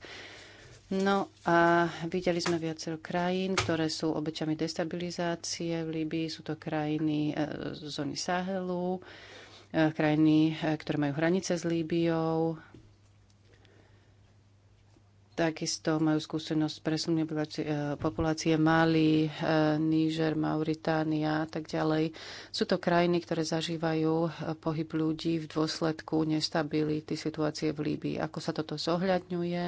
No a videli sme viacero krajín, ktoré sú obeťami destabilizácie v Líbii. Sú to krajiny z zóny Sahelu, krajiny, ktoré majú hranice s Líbiou, Takisto majú skúsenosť presunie e, populácie Mali, e, Níger, Mauritánia a tak ďalej. Sú to krajiny, ktoré zažívajú e, pohyb ľudí v dôsledku nestability situácie v Líbii. Ako sa toto zohľadňuje,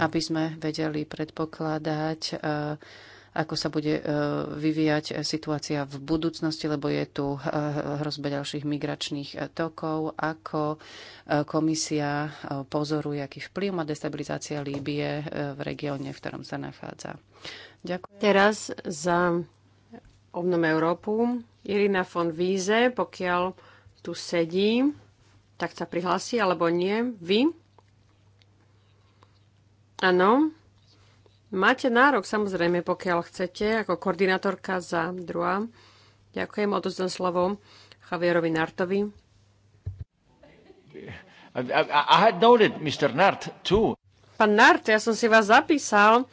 aby sme vedeli predpokladať ako sa bude e, vyvíjať e, situácia v budúcnosti, lebo je tu e, hrozba ďalších migračných tokov, ako komisia pozoruje, aký vplyv má destabilizácia Líbie v regióne, v ktorom sa nachádza. Ďakujem. Teraz za obnom Európu Irina von Víze, pokiaľ tu sedí, tak sa prihlási, alebo nie. Vy? Áno. Máte nárok, samozrejme, pokiaľ chcete, ako koordinátorka za druhá. Ďakujem, odozdám slovo Javierovi Nartovi. I, I, had noted Mr. Nart too. Pán Nart, ja som si vás zapísal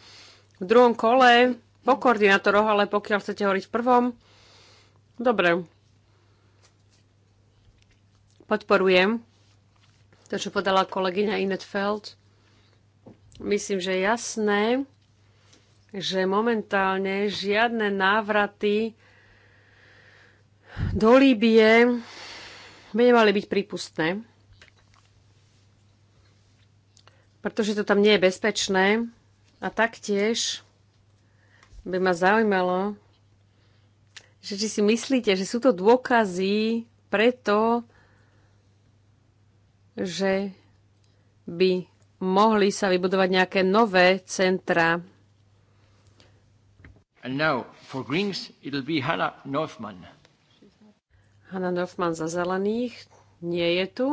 v druhom kole po koordinátoroch, ale pokiaľ chcete hovoriť v prvom, dobre. Podporujem to, čo podala kolegyňa Inetfeld. Myslím, že je jasné, že momentálne žiadne návraty do Líbie by nemali byť prípustné, pretože to tam nie je bezpečné. A taktiež by ma zaujímalo, že či si myslíte, že sú to dôkazy preto, že by mohli sa vybudovať nejaké nové centra Hanna Northman. Hanna za zelených nie je tu.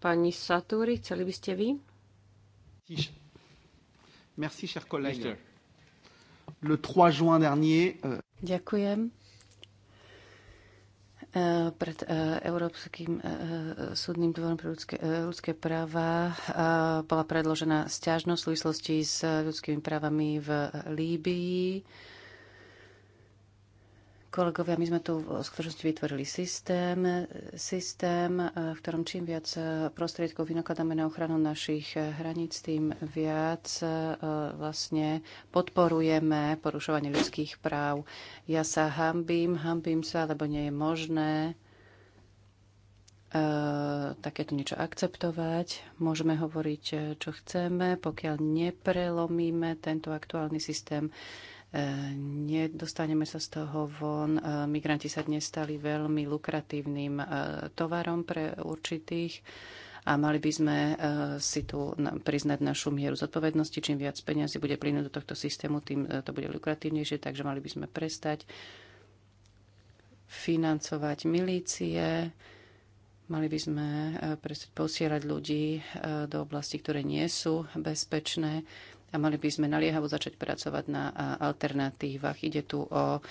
Pani Satúri, chceli by ste vy? Merci, cher collègue. Le 3 juin dernier... Euh, Ďakujem pred e, Európskym e, e, súdnym dvorom pre ľudské, ľudské práva bola predložená stiažnosť v súvislosti s ľudskými právami v Líbii. Kolegovia, my sme tu v skutočnosti vytvorili systém, systém, eh, v ktorom čím viac eh, prostriedkov vynakladáme na ochranu našich eh, hraníc, tým viac vlastne podporujeme porušovanie ľudských práv. Ja sa hambím, hambím sa, lebo nie je možné takéto niečo akceptovať. Môžeme hovoriť, čo chceme, pokiaľ neprelomíme tento aktuálny systém E, nedostaneme sa z toho von. E, migranti sa dnes stali veľmi lukratívnym e, tovarom pre určitých a mali by sme si tu priznať našu mieru zodpovednosti. Čím viac peniazy bude plynúť do tohto systému, tým to bude lukratívnejšie, takže mali by sme prestať financovať milície, mali by sme prestať posielať ľudí do oblasti, ktoré nie sú bezpečné a mali by sme naliehavo začať pracovať na alternatívach. Ide tu o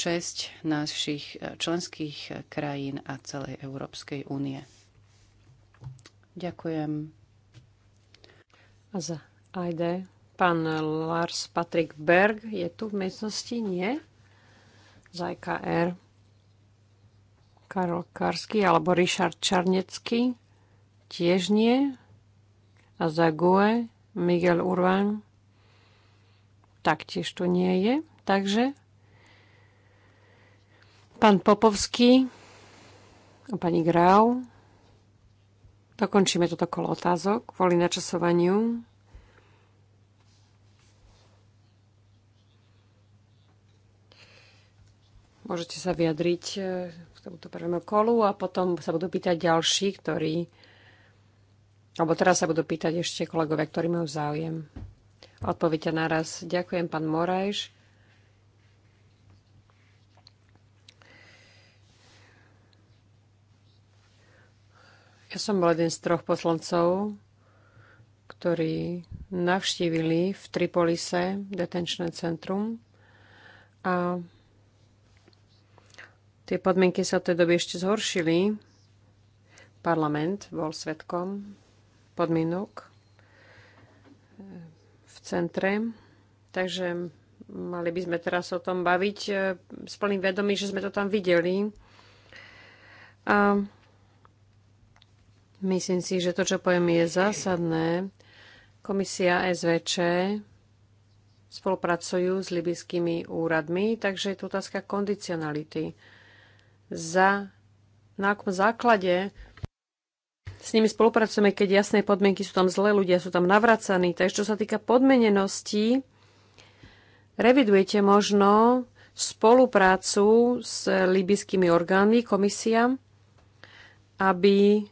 česť našich e, členských krajín a celej Európskej únie. Ďakujem. A za AID pán Lars Patrick Berg je tu v miestnosti? Nie? Za IKR. E Karol Karsky alebo Richard Čarnecký? Tiež nie. A za GUE Miguel Urban taktiež tu nie je. Takže pán Popovský a pani Grau. Dokončíme toto kolo otázok kvôli načasovaniu. Môžete sa vyjadriť eh, k tomuto prvému kolu a potom sa budú pýtať ďalší, ktorí... Alebo teraz sa budú pýtať ešte kolegovia, ktorí majú záujem odpovede naraz. Ďakujem, pán Morajš. Ja som bol jeden z troch poslancov, ktorí navštívili v Tripolise detenčné centrum a tie podmienky sa od tej doby ešte zhoršili. Parlament bol svetkom podmienok centre. Takže mali by sme teraz o tom baviť e, s plným vedomím, že sme to tam videli. A myslím si, že to, čo poviem, je zásadné. Komisia SVČ spolupracujú s libyskými úradmi, takže je tu otázka kondicionality. Za, na akom základe s nimi spolupracujeme, keď jasné podmienky sú tam zlé, ľudia sú tam navracaní. Takže čo sa týka podmenenosti, revidujete možno spoluprácu s libyskými orgánmi, komisia, aby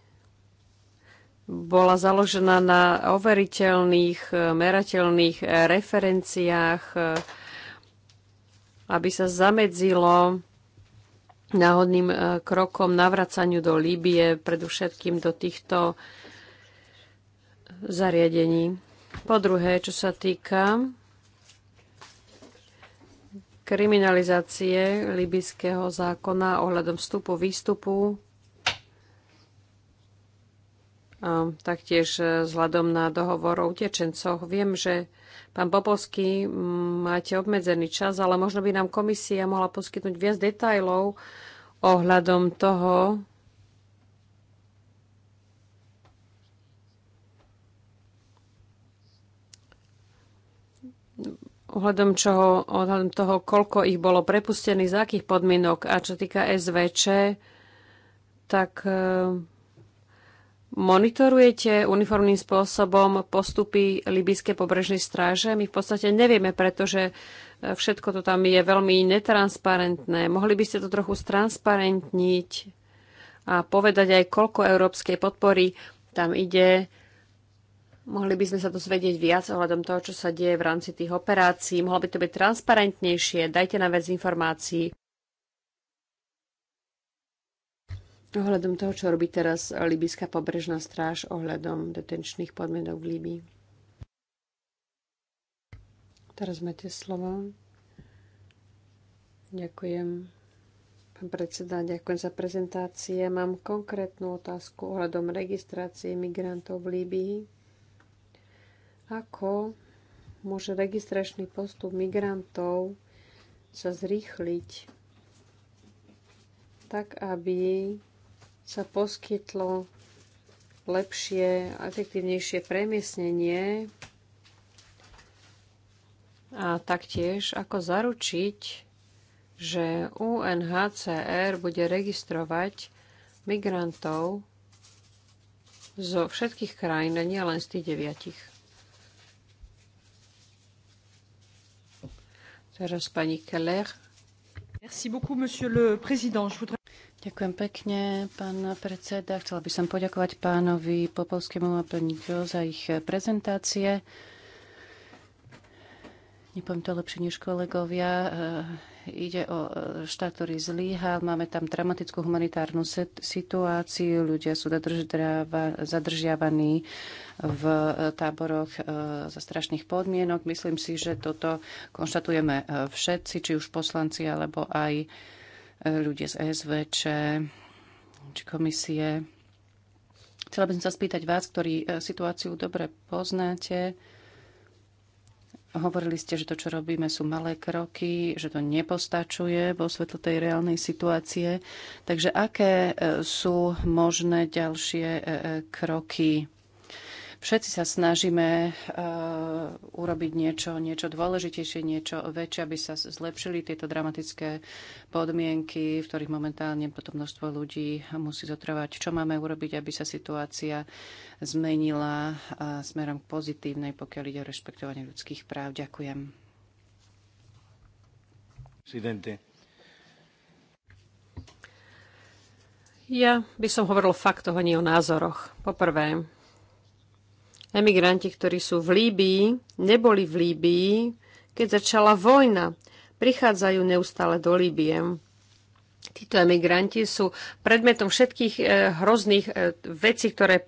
bola založená na overiteľných, merateľných referenciách, aby sa zamedzilo náhodným e, krokom navracaniu do Líbie, predovšetkým do týchto zariadení. Po druhé, čo sa týka kriminalizácie libyského zákona ohľadom vstupu, výstupu Ehm, taktiež e, vzhľadom na dohovor o utečencoch. Viem, že pán Bobovský, mm, máte obmedzený čas, ale možno by nám komisia mohla poskytnúť viac detajlov ohľadom toho, ohľadom, čoho, ohľadom toho, koľko ich bolo prepustených, za akých podmienok. A čo týka SVČ, tak ehm, Monitorujete uniformným spôsobom postupy libyské pobrežnej stráže? My v podstate nevieme, pretože e, všetko to tam je veľmi netransparentné. Mohli by ste to trochu stransparentniť a povedať aj, koľko európskej podpory tam ide. Mohli by sme sa dozvedieť viac ohľadom toho, čo sa deje v rámci tých operácií. Mohlo by to byť transparentnejšie. Dajte nám viac informácií. ohľadom toho, čo robí teraz Libyská pobrežná stráž ohľadom detenčných podmienok v Líbii. Teraz máte slovo. Ďakujem. Pán predseda, ďakujem za prezentácie. Mám konkrétnu otázku ohľadom registrácie migrantov v Líbii. Ako môže registračný postup migrantov sa zrýchliť tak, aby sa poskytlo lepšie a efektívnejšie premiesnenie a taktiež ako zaručiť, že UNHCR bude registrovať migrantov zo všetkých krajín, a nie len z tých deviatich. Teraz pani Keller. Merci beaucoup, monsieur le président. Je voudrais... Ďakujem pekne, pán predseda. Chcela by som poďakovať pánovi Popovskému a pani za ich prezentácie. Nepoviem to lepšie než kolegovia. E, ide o e, štát, ktorý zlíhal. Máme tam dramatickú humanitárnu situáciu. Ľudia sú zadržiavaní v e, táboroch za strašných podmienok. Myslím si, že toto konštatujeme všetci, či už poslanci, alebo aj ľudia z SVČ či komisie. Chcela by som sa spýtať vás, ktorí e, situáciu dobre poznáte. Hovorili ste, že to, čo robíme, sú malé kroky, že to nepostačuje vo svetle tej reálnej situácie. Takže aké e, sú možné ďalšie e, kroky? Všetci sa snažíme uh, urobiť niečo, niečo dôležitejšie, niečo väčšie, aby sa zlepšili tieto dramatické podmienky, v ktorých momentálne potom množstvo ľudí musí zotrvať. Čo máme urobiť, aby sa situácia zmenila uh, smerom k pozitívnej, pokiaľ ide o rešpektovanie ľudských práv? Ďakujem. Presidente. Ja by som hovoril o faktoch, nie o názoroch. Poprvé, emigranti, ktorí sú v Líbii, neboli v Líbii, keď začala vojna. Prichádzajú neustále do Líbie. Títo emigranti sú predmetom všetkých eh, hrozných eh, vecí, ktoré eh,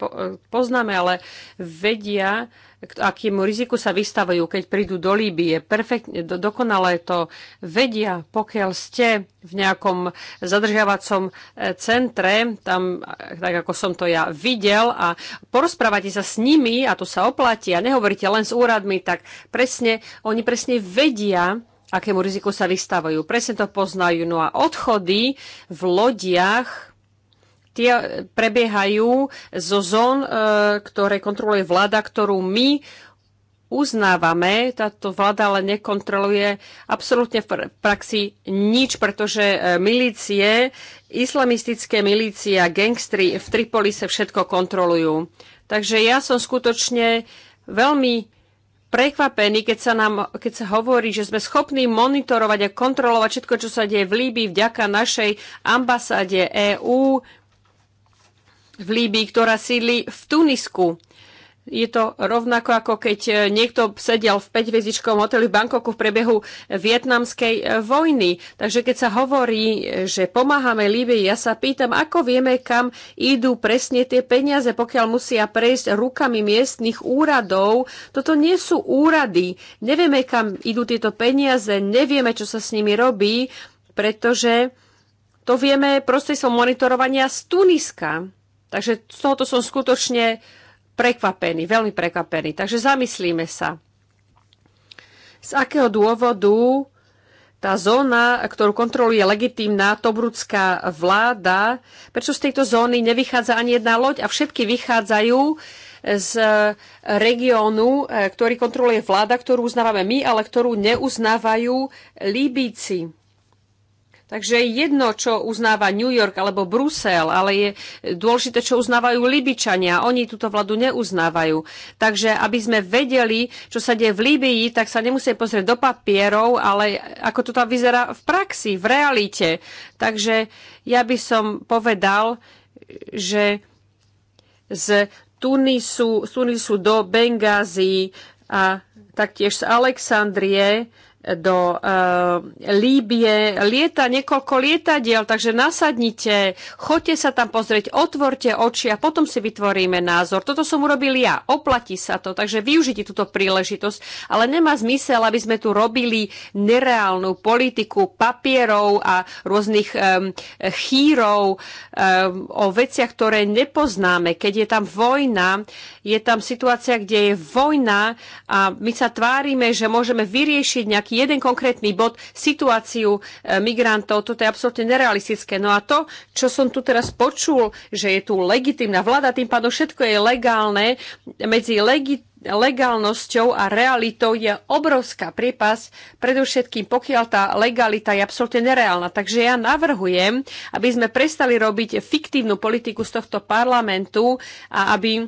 poznáme, ale vedia, akému riziku sa vystavujú, keď prídu do Líbie. Perfektne, do, dokonale to vedia, pokiaľ ste v nejakom zadržiavacom e, centre, tam, e, tak ako som to ja videl, a porozprávate sa s nimi, a to sa oplatí, a nehovoríte len s úradmi, tak presne, oni presne vedia, akému riziku sa vystavujú. Presne to poznajú. No a odchody v lodiach tie prebiehajú zo zón, e, ktoré kontroluje vláda, ktorú my uznávame, táto vláda ale nekontroluje absolútne v praxi nič, pretože e, milície, islamistické milície a gangstri v Tripolise všetko kontrolujú. Takže ja som skutočne veľmi prekvapený, keď sa, nám, keď sa hovorí, že sme schopní monitorovať a kontrolovať všetko, čo sa deje v Líbii vďaka našej ambasáde EÚ, v Líbii, ktorá sídli v Tunisku. Je to rovnako ako keď e, niekto sedel v 5-hviezdičkovom hoteli v Bankoku v priebehu vietnamskej e, vojny. Takže keď sa hovorí, že pomáhame Líbii, ja sa pýtam, ako vieme, kam idú presne tie peniaze, pokiaľ musia prejsť rukami miestnych úradov. Toto nie sú úrady. Nevieme, kam idú tieto peniaze, nevieme, čo sa s nimi robí, pretože to vieme prostredstvom monitorovania z Tuniska. Takže z tohoto som skutočne prekvapený, veľmi prekvapený. Takže zamyslíme sa, z akého dôvodu tá zóna, ktorú kontroluje legitímna tobrudská vláda, prečo z tejto zóny nevychádza ani jedna loď a všetky vychádzajú z e, regiónu, e, ktorý kontroluje vláda, ktorú uznávame my, ale ktorú neuznávajú Líbíci. Takže jedno, čo uznáva New York alebo Brusel, ale je dôležité, čo uznávajú Libičania. Oni túto vládu neuznávajú. Takže aby sme vedeli, čo sa deje v Libii, tak sa nemusí pozrieť do papierov, ale ako to tam vyzerá v praxi, v realite. Takže ja by som povedal, že z Tunisu, z Tunisu do Bengázy a taktiež z Alexandrie do eh, Líbie. Lieta niekoľko lietadiel, takže nasadnite, choďte sa tam pozrieť, otvorte oči a potom si vytvoríme názor. Toto som urobil ja, oplatí sa to, takže využite túto príležitosť. Ale nemá zmysel, aby sme tu robili nereálnu politiku papierov a rôznych um, chýrov um, o veciach, ktoré nepoznáme. Keď je tam vojna, je tam situácia, kde je vojna a my sa tvárime, že môžeme vyriešiť nejaký jeden konkrétny bod, situáciu e, migrantov. Toto je absolútne nerealistické. No a to, čo som tu teraz počul, že je tu legitimná vláda, tým pádom všetko je legálne. Medzi legitimným legálnosťou a realitou je obrovská prípas, predovšetkým pokiaľ tá legalita je absolútne nereálna. Takže ja navrhujem, aby sme prestali robiť fiktívnu politiku z tohto parlamentu a aby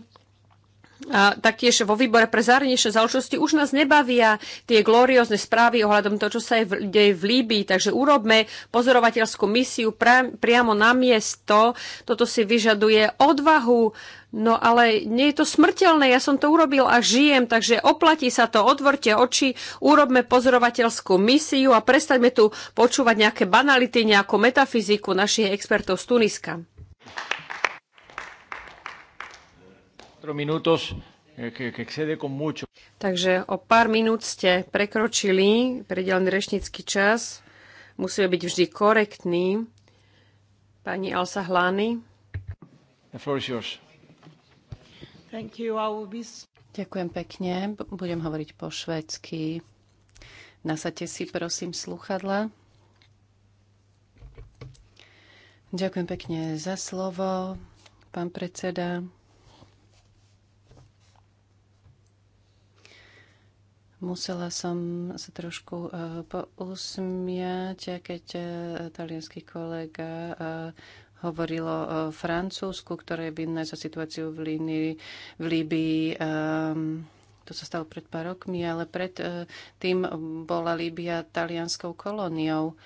a taktiež vo výbore pre zahraničné záležitosti už nás nebavia tie gloriózne správy ohľadom toho, čo sa deje v Líbii. Takže urobme pozorovateľskú misiu priamo na miesto. Toto si vyžaduje odvahu. No ale nie je to smrteľné, ja som to urobil a žijem, takže oplatí sa to, otvorte oči, urobme pozorovateľskú misiu a prestaňme tu počúvať nejaké banality, nejakú metafyziku našich expertov z Tuniska minutos, eh, que, que excede con mucho. Takže o pár minút ste prekročili predelený rečnícky čas. Musíme byť vždy korektní. Pani Alsa Hlány. The floor is yours. Thank you. I will be... Ďakujem pekne. Budem hovoriť po švedsky. Nasadte si prosím sluchadla. Ďakujem pekne za slovo, pán predseda. Musela som sa trošku e, pousmiať, keď e, talianský kolega e, hovorilo o Francúzsku, ktoré je vinné za situáciu v, Línii, v Líbii. Ehm, to sa stalo pred pár rokmi, ale pred tým bola Líbia talianskou kolóniou.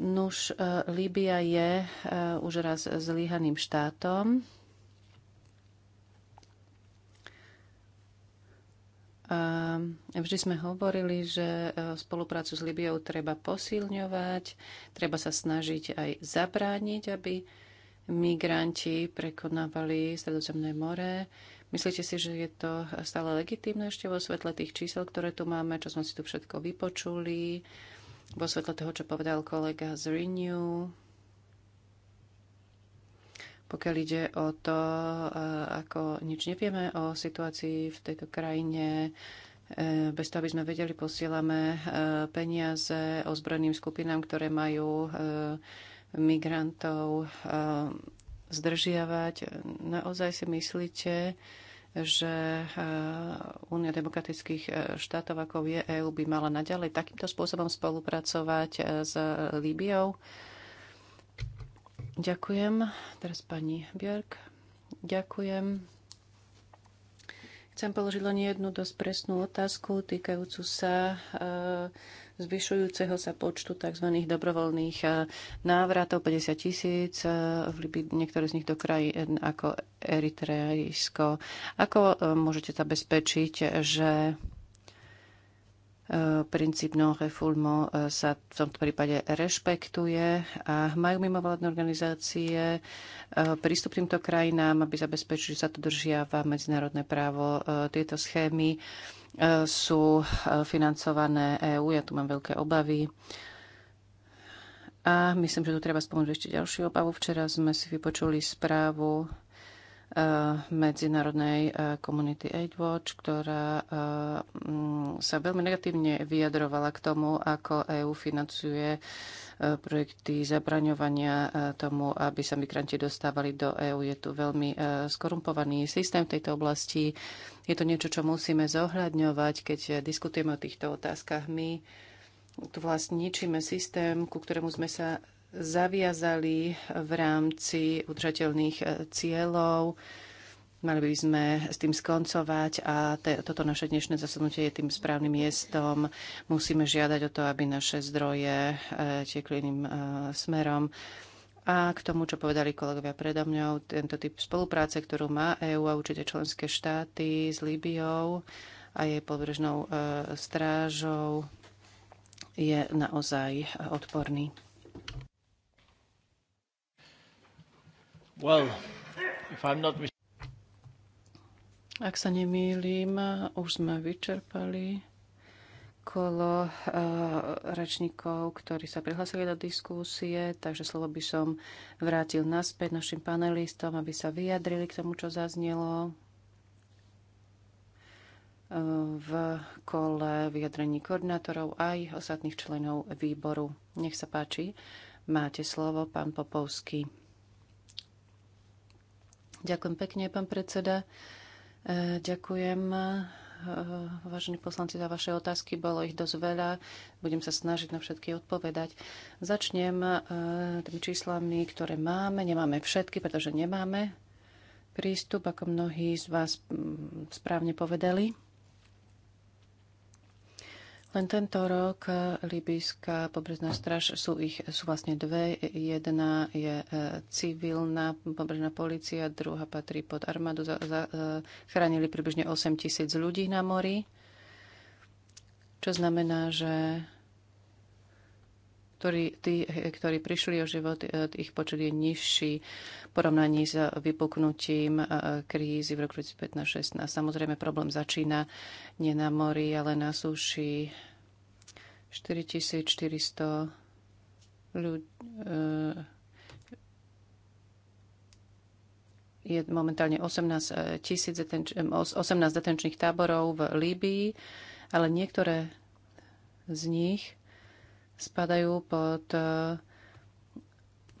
Nuž, Líbia je už raz Zlíhaným štátom Ehm, vždy sme hovorili, že e, spoluprácu s Libiou treba posilňovať, treba sa snažiť aj zabrániť, aby migranti prekonávali Stredozemné more. Myslíte si, že je to stále legitímne ešte vo svetle tých čísel, ktoré tu máme, čo sme si tu všetko vypočuli, vo svetle toho, čo povedal kolega z Renew? pokiaľ ide o to, e, ako nič nevieme o situácii v tejto krajine, e, bez toho, aby sme vedeli, posielame e, peniaze ozbrojeným skupinám, ktoré majú migrantov zdržiavať. Naozaj si myslíte, že Únia demokratických štátov, ako je EÚ, by mala naďalej takýmto spôsobom spolupracovať s Líbiou? Ďakujem. Teraz pani Björk. Ďakujem. Chcem položiť len jednu dosť presnú otázku týkajúcu sa e, zvyšujúceho sa počtu tzv. dobrovoľných e, návratov 50 tisíc, e, v Libii niektoré z nich do krajín ako Eritrejsko. Ako môžete zabezpečiť, že Princíp non refoulement e, sa v tomto prípade rešpektuje a majú mimovládne organizácie e, prístup týmto krajinám, aby zabezpečili, že sa to držiava medzinárodné právo. E, tieto schémy sú financované EÚ, ja tu mám veľké obavy. A myslím, že tu treba spomenúť ešte ďalšiu obavu. Včera sme si vypočuli správu Eh, medzinárodnej eh, komunity AidWatch, ktorá eh, mm, sa veľmi negatívne vyjadrovala k tomu, ako EÚ financuje projekty zabraňovania tomu, aby sa migranti dostávali do EÚ. Je tu veľmi skorumpovaný systém v tejto oblasti. Je to niečo, čo musíme zohľadňovať, keď diskutujeme o týchto otázkach. My tu vlastne ničíme systém, ku ktorému sme sa zaviazali v rámci udržateľných e, cieľov. Mali by sme s tým skoncovať a te, toto naše dnešné zasadnutie je tým správnym miestom. Musíme žiadať o to, aby naše zdroje e, tiekli iným e, smerom. A k tomu, čo povedali kolegovia predo mňou, tento typ spolupráce, ktorú má EÚ a určite členské štáty s Líbiou a jej podbrežnou e, strážou, je naozaj odporný. Well, if I'm not... Ak sa nemýlim, už sme vyčerpali kolo uh, rečníkov, ktorí sa prihlasili do diskusie, takže slovo by som vrátil naspäť našim panelistom, aby sa vyjadrili k tomu, čo zaznelo eh, v kole vyjadrení koordinátorov aj ostatných členov výboru. Nech sa páči, máte slovo, pán Popovský. Ďakujem pekne, pán predseda. E, ďakujem, e, vážení poslanci, za vaše otázky. Bolo ich dosť veľa. Budem sa snažiť na všetky odpovedať. Začnem e, tými číslami, ktoré máme. Nemáme všetky, pretože nemáme prístup, ako mnohí z vás mm, správne povedali. Len tento rok eh, Libyská pobrežná straž sú, ich, sú vlastne dve. Jedna je eh, civilná pobrežná policia, druhá patrí pod armádu. Za, za, eh, chránili približne 8 tisíc ľudí na mori, čo znamená, že ktorí, tí, ktorí prišli o život, e, ich počet je nižší v porovnaní s vypuknutím e, krízy v roku 2015-16. Samozrejme, problém začína nie na mori, ale na suši. 4400 ľudí e, je momentálne 18, tisíc detenč- 18 detenčných táborov v Líbii, ale niektoré z nich spadajú pod e,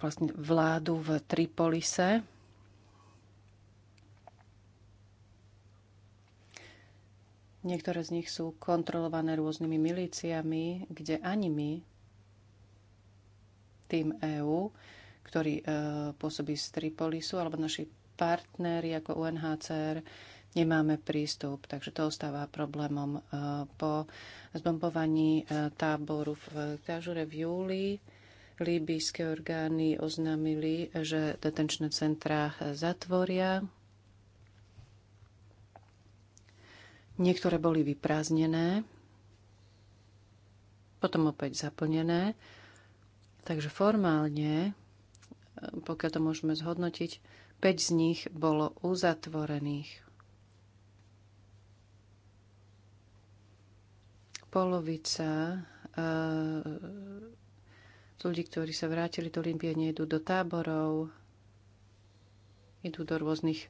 vlastne vládu v Tripolise. Niektoré z nich sú kontrolované rôznymi milíciami, kde ani my, tým EÚ, ktorý e, pôsobí z Tripolisu, alebo naši partnery ako UNHCR, nemáme prístup. Takže to ostáva problémom. Eh, po zbombovaní eh, táboru v Kažure v júli líbyjské orgány oznámili, že detenčné centrá zatvoria. Niektoré boli vyprázdnené, potom opäť zaplnené. Takže formálne, eh, pokiaľ to môžeme zhodnotiť, 5 z nich bolo uzatvorených. polovica z eh, ľudí, ktorí sa vrátili do Olympie, nejdu do táborov, idú do rôznych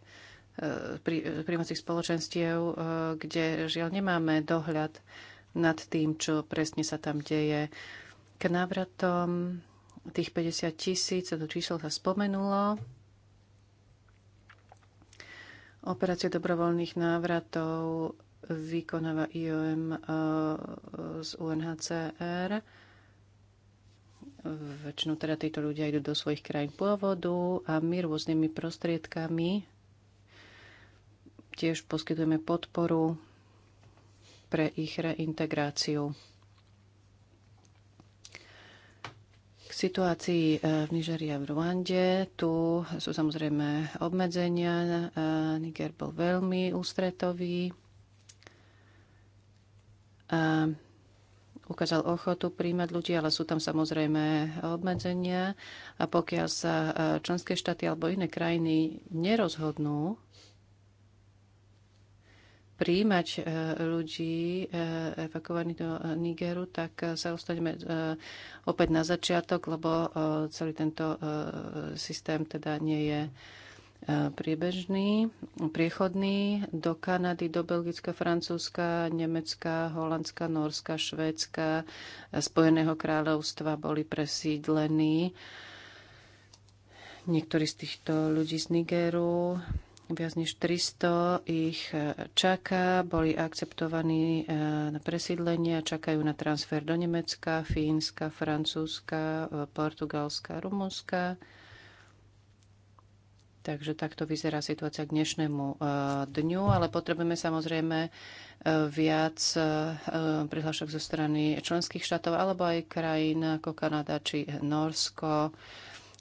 eh, príjmacích spoločenstiev, eh, kde žiaľ nemáme dohľad nad tým, čo presne sa tam deje. K návratom tých 50 tisíc, to číslo sa spomenulo, operácie dobrovoľných návratov vykonáva IOM e, z UNHCR. Väčšinou teda títo ľudia idú do svojich krajín pôvodu a my rôznymi prostriedkami tiež poskytujeme podporu pre ich reintegráciu. K situácii e, v Nigerii a v Ruande. Tu sú samozrejme obmedzenia. E, Niger bol veľmi ústretový a ukázal ochotu príjmať ľudí, ale sú tam samozrejme obmedzenia. A pokiaľ sa e, členské štáty alebo iné krajiny nerozhodnú príjmať e, ľudí e, evakovaných do Nigeru, tak sa dostaneme opäť na začiatok, lebo celý tento systém teda nie je E, priebežný, priechodný do Kanady, do Belgicka, Francúzska, Nemecka, Holandska, Norska, Švédska, Spojeného kráľovstva boli presídlení. Niektorí z týchto ľudí z Nigeru, viac než 300 ich čaká, boli akceptovaní e, na presídlenie a čakajú na transfer do Nemecka, Fínska, Francúzska, e, Portugalska, Rumunska. Takže takto vyzerá situácia k dnešnému e, dňu, ale potrebujeme samozrejme e, viac e, prihlášok zo strany členských štátov alebo aj krajín ako Kanada či Norsko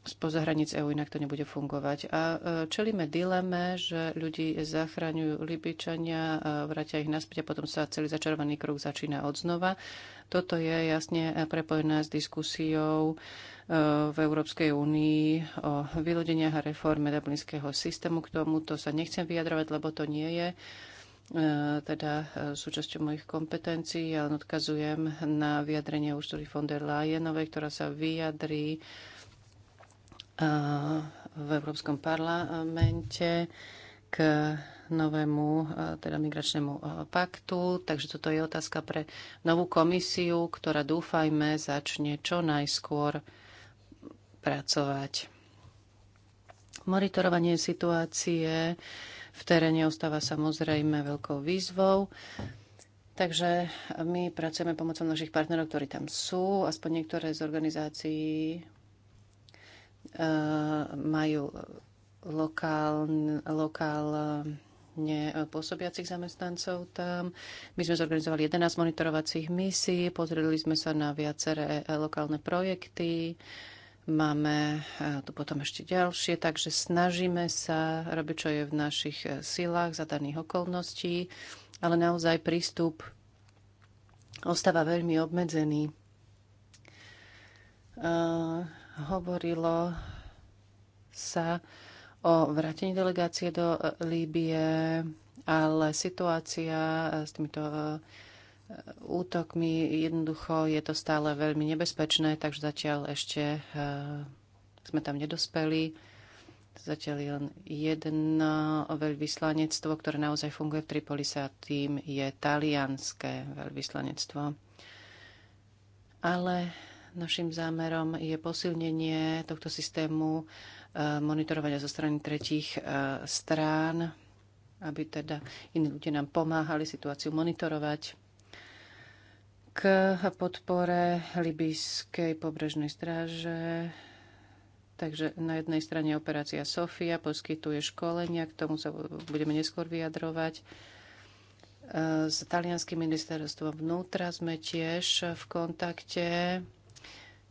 spoza hranic EU, inak to nebude fungovať. A čelíme dileme, že ľudí zachraňujú Libyčania, vrátia ich naspäť a potom sa celý začarovaný kruh začína od znova. Toto je jasne prepojené s diskusiou v Európskej únii o vylodeniach a reforme dublinského systému. K tomuto sa nechcem vyjadrovať, lebo to nie je e, teda súčasťou mojich kompetencií, ale odkazujem na vyjadrenie Ursuly von der Leyenovej, ktorá sa vyjadrí e, v Európskom parlamente k novému e, teda migračnému paktu. Takže toto je otázka pre novú komisiu, ktorá dúfajme začne čo najskôr pracovať. Monitorovanie situácie v teréne ostáva samozrejme veľkou výzvou. Takže my pracujeme pomocou našich partnerov, ktorí tam sú. Aspoň niektoré z organizácií eh, majú lokálne lokál pôsobiacich zamestnancov tam. My sme zorganizovali 11 monitorovacích misií, pozreli sme sa na viaceré eh, lokálne projekty, Máme e, tu potom ešte ďalšie, takže snažíme sa robiť, čo je v našich e, silách za daných okolností, ale naozaj prístup ostáva veľmi obmedzený. Uh, hovorilo sa o vrátení delegácie do Líbie, ale situácia s týmito uh, útokmi. Jednoducho je to stále veľmi nebezpečné, takže zatiaľ ešte e, sme tam nedospeli. Zatiaľ je len jedno veľvyslanectvo, ktoré naozaj funguje v Tripolise a tým je talianské veľvyslanectvo. Ale našim zámerom je posilnenie tohto systému e, monitorovania zo strany tretích e, strán, aby teda iní ľudia nám pomáhali situáciu monitorovať k podpore Libyskej pobrežnej stráže. Takže na jednej strane operácia Sofia poskytuje školenia, k tomu sa budeme neskôr vyjadrovať. E, s talianským ministerstvom vnútra sme tiež v kontakte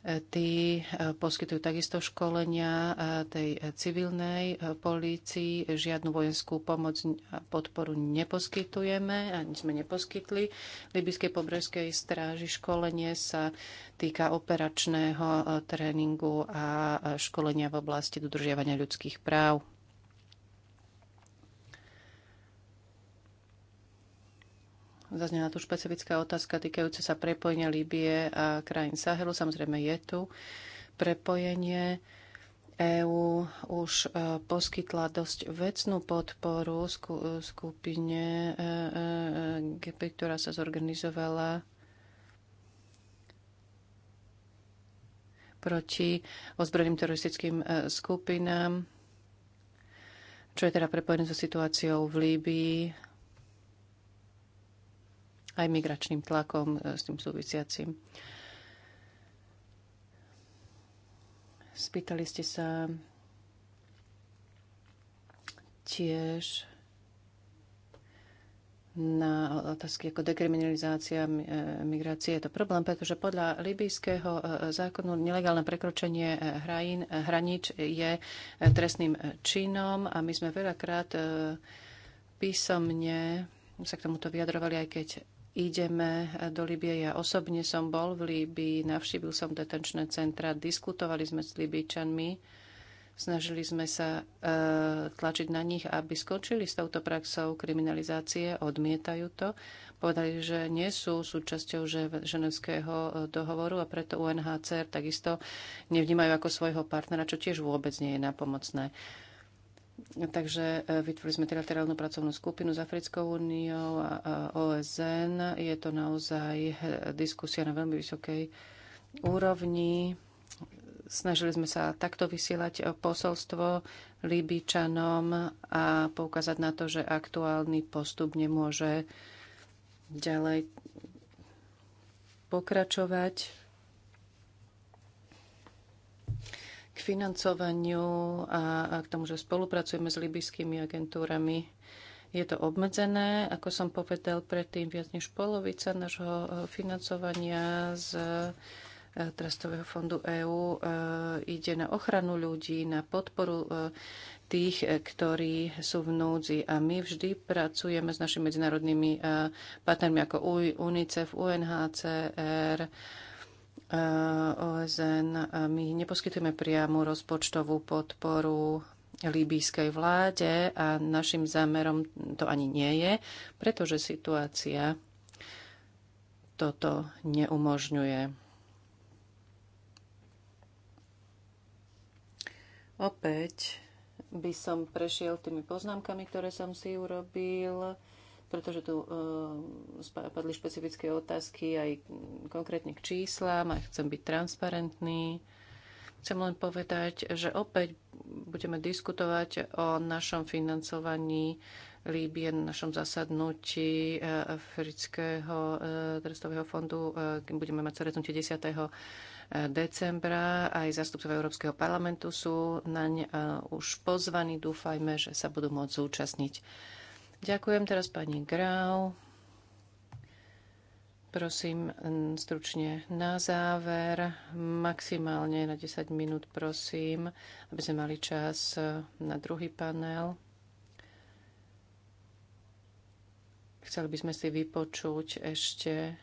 Tí e, poskytujú takisto školenia e, tej e, civilnej polícii. Žiadnu vojenskú pomoc a podporu neposkytujeme, ani sme neposkytli. Libyskej pobrežskej stráži školenie sa týka operačného tréningu a školenia v oblasti dodržiavania ľudských práv. Zaznela tu špecifická otázka týkajúca sa prepojenia Líbie a krajín Sahelu. Samozrejme je tu prepojenie. EÚ už e, poskytla dosť vecnú podporu e, skupine e, GP, ktorá sa zorganizovala proti ozbrojeným teroristickým skupinám, čo je teda prepojené so situáciou v Líbii aj migračným tlakom e, s tým súvisiacím. Spýtali ste sa tiež na otázky ako dekriminalizácia e, migrácie. Je to problém, pretože podľa libijského e, zákonu nelegálne prekročenie hrajín, hranič je trestným činom a my sme veľakrát písomne sa k tomuto vyjadrovali, aj keď ideme do Libie. Ja osobne som bol v Líbii, navštívil som detenčné centra, diskutovali sme s Libíčanmi, snažili sme sa e, tlačiť na nich, aby skončili s touto praxou kriminalizácie, odmietajú to. Povedali, že nie sú súčasťou ženevského e, dohovoru a preto UNHCR takisto nevnímajú ako svojho partnera, čo tiež vôbec nie je napomocné. Takže e, vytvorili sme trilaterálnu teda pracovnú skupinu s Africkou úniou a OSN. Je to naozaj e, diskusia na veľmi vysokej úrovni. Snažili sme sa takto vysielať e, posolstvo Líbičanom a poukázať na to, že aktuálny postup nemôže ďalej pokračovať k financovaniu a k tomu, že spolupracujeme s libyskými agentúrami. Je to obmedzené, ako som povedal predtým, viac než polovica nášho e, financovania z e, Trastového fondu EÚ e, ide na ochranu ľudí, na podporu tých, ktorí sú v núdzi. A my vždy pracujeme s našimi medzinárodnými partnermi ako UNICEF, UNHCR, OSN. My neposkytujeme priamu rozpočtovú podporu líbyjskej vláde a našim zámerom to ani nie je, pretože situácia toto neumožňuje. Opäť by som prešiel tými poznámkami, ktoré som si urobil pretože tu e, padli špecifické otázky aj konkrétne k číslam a chcem byť transparentný. Chcem len povedať, že opäť budeme diskutovať o našom financovaní Líbie na našom zasadnutí e, Afrického e, trestového fondu. Budeme mať stretnutie 10. decembra. Aj zástupcovia Európskeho parlamentu sú naň už pozvaní. Dúfajme, že sa budú môcť zúčastniť. Ďakujem teraz pani Grau. Prosím mm, stručne na záver, maximálne na 10 minút prosím, aby sme mali čas e, na druhý panel. Chceli by sme si vypočuť ešte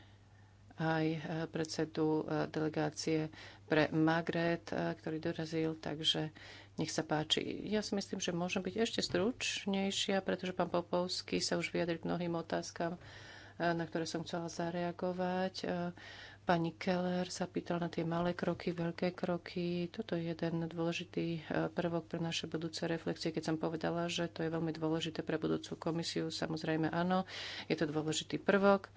aj e, predsedu e, delegácie pre Magret, ktorý dorazil, takže nech sa páči. Ja si myslím, že môžem byť ešte stručnejšia, pretože pán Popovský sa už vyjadril k mnohým otázkam, eh, na ktoré som chcela zareagovať. Eh, pani Keller sa pýtala na tie malé kroky, veľké kroky. Toto je jeden dôležitý eh, prvok pre naše budúce reflexie, keď som povedala, že to je veľmi dôležité pre budúcu komisiu. Samozrejme áno, je to dôležitý prvok.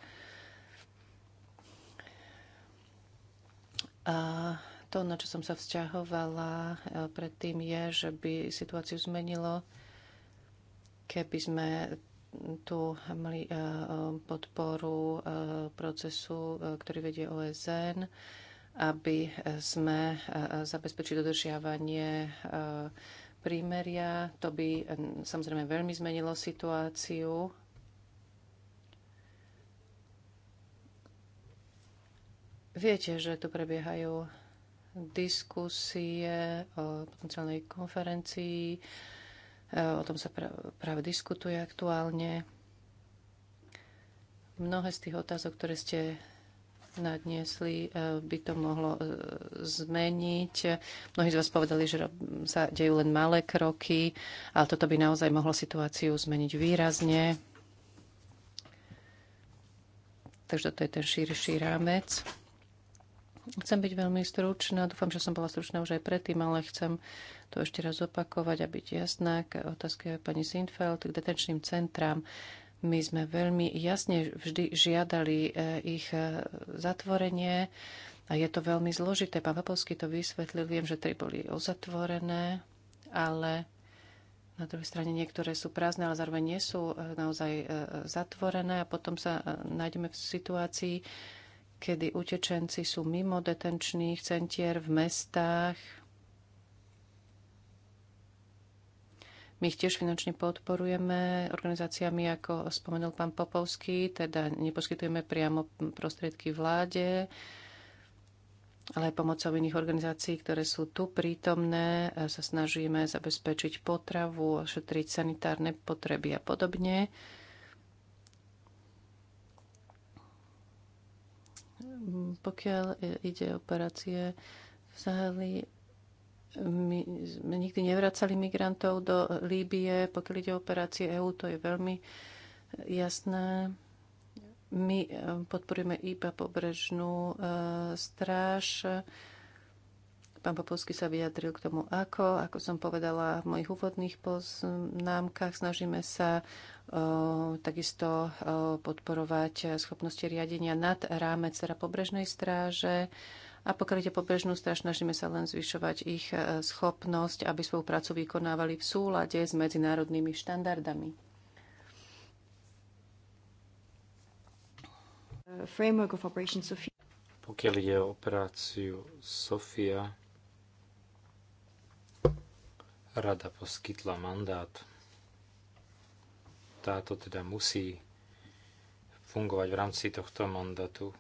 A to, na čo som sa vzťahovala e, predtým, je, že by situáciu zmenilo, keby sme tu mali e, e, podporu procesu, ktorý vedie OSN, aby sme zabezpečili dodržiavanie prímeria. To by samozrejme veľmi zmenilo situáciu. Viete, že tu prebiehajú diskusie o potenciálnej konferencii. E, o tom sa práve diskutuje aktuálne. Mnohé z tých otázok, ktoré ste nadniesli, e, by to mohlo e, zmeniť. Mnohí z vás povedali, že sa dejú len malé kroky, ale toto by naozaj mohlo situáciu zmeniť výrazne. Takže toto je ten širší rámec. Chcem byť veľmi stručná. Dúfam, že som bola stručná už aj predtým, ale chcem to ešte raz opakovať a byť jasná k otázke pani Sinfeld, k detenčným centrám. My sme veľmi jasne vždy žiadali eh, ich eh, zatvorenie a je to veľmi zložité. Pán Vapolsky to vysvetlil, viem, že tri boli uzatvorené, ale na druhej strane niektoré sú prázdne, ale zároveň nie sú eh, naozaj zatvorené a potom sa nájdeme v situácii, kedy utečenci sú mimo detenčných centier v mestách. My ich tiež finančne podporujeme organizáciami, ako spomenul pán Popovský, teda neposkytujeme priamo prostriedky vláde, ale aj pomocou iných organizácií, ktoré sú tu prítomné, sa snažíme zabezpečiť potravu, ošetriť sanitárne potreby a podobne. Pokiaľ ide o operácie v Saheli, my sme nikdy nevracali migrantov do Líbie. Pokiaľ ide o operácie EÚ, to je veľmi jasné. My eh, podporujeme iba pobrežnú eh, stráž Pán Popovský sa vyjadril k tomu, ako. Ako som povedala v mojich úvodných poznámkach, snažíme sa o, takisto o, podporovať schopnosti riadenia nad rámec teda pobrežnej stráže. A pokiaľ ide pobrežnú stráž, snažíme sa len zvyšovať ich e, schopnosť, aby svoju prácu vykonávali v súlade s medzinárodnými štandardami. Pokiaľ ide o operáciu SOFIA, rada poskytla mandát. Táto teda musí fungovať v rámci tohto mandátu.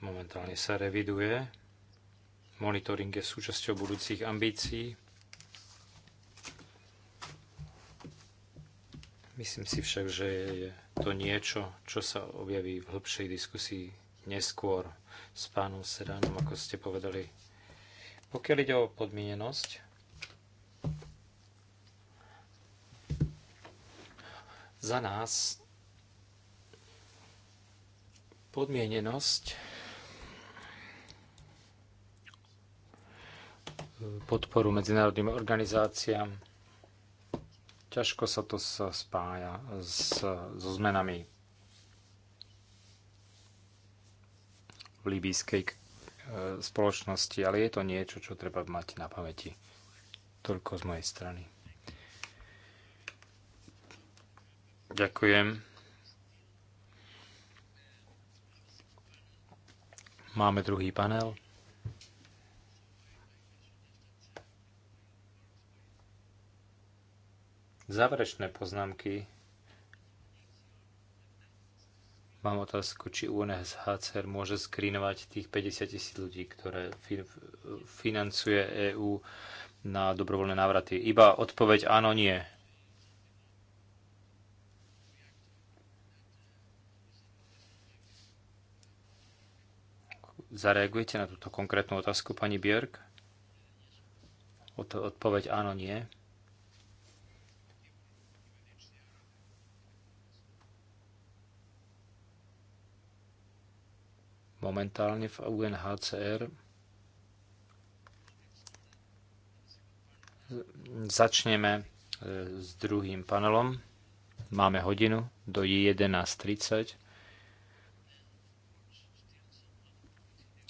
Momentálne sa reviduje. Monitoring je súčasťou budúcich ambícií. Myslím si však, že je to niečo, čo sa objaví v hĺbšej diskusii neskôr s pánom Sedánom, ako ste povedali. Pokiaľ ide o podmienenosť, za nás podmienenosť podporu medzinárodným organizáciám. Ťažko sa to spája s, so zmenami v libýskej e, spoločnosti, ale je to niečo, čo treba mať na pamäti. Toľko z mojej strany. Ďakujem. Máme druhý panel. Záverečné poznámky. Mám otázku, či UNHCR môže skrínovať tých 50 tisíc ľudí, ktoré financuje EÚ na dobrovoľné návraty. Iba odpoveď áno, nie. Zareagujete na túto konkrétnu otázku, pani Björk? Odpoveď áno, nie. Momentálne v UNHCR začneme e, s druhým panelom. Máme hodinu do 11.30.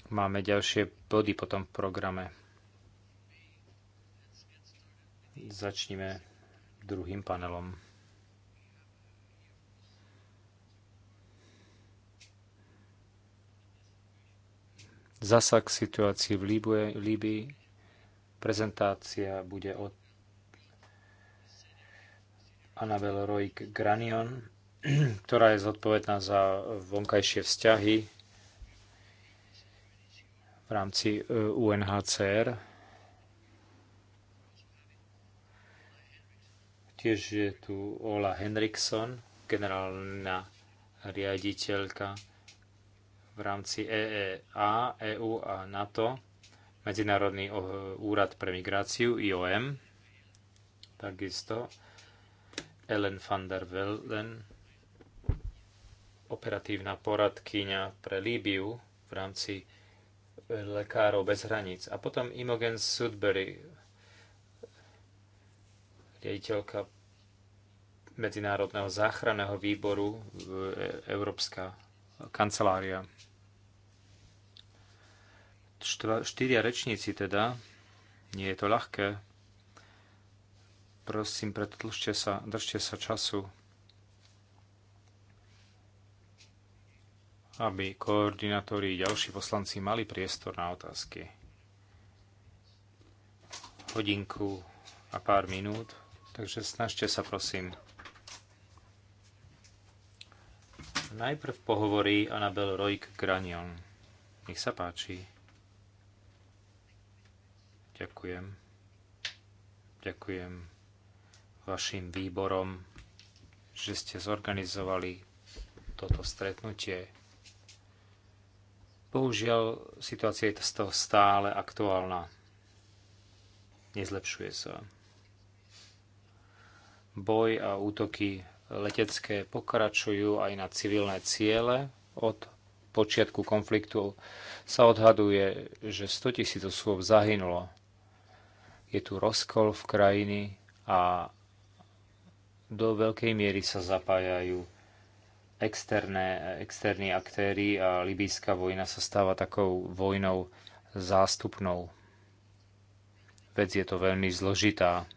Máme ďalšie body potom v programe. Začneme druhým panelom. Zasak situácii v Líbii. Prezentácia bude od Anabel Roig Granion, ktorá je zodpovedná za vonkajšie vzťahy v rámci e, UNHCR. Tiež je tu Ola Henriksson, generálna riaditeľka v rámci EEA, EU a NATO, Medzinárodný e, úrad pre migráciu, IOM, takisto Ellen van der Velden, operatívna poradkyňa pre Líbiu v rámci lekárov bez hraníc. A potom Imogen Sudbury, riaditeľka Medzinárodného záchranného výboru v e, Európska kancelária. Štva, štyria rečníci teda, nie je to ľahké. Prosím, pretlčte sa, držte sa času. aby koordinátori ďalší poslanci mali priestor na otázky. Hodinku a pár minút, takže snažte sa prosím. Najprv pohovorí Anabel Rojk Granion. Nech sa páči. Ďakujem. Ďakujem vašim výborom, že ste zorganizovali toto stretnutie Bohužiaľ, situácia je z toho stále aktuálna. Nezlepšuje sa. Boj a útoky letecké pokračujú aj na civilné ciele. Od počiatku konfliktu sa odhaduje, že 100 tisíc osôb zahynulo. Je tu rozkol v krajiny a do veľkej miery sa zapájajú externé, externí aktéry a libýska vojna sa stáva takou vojnou zástupnou. Vec je to veľmi zložitá.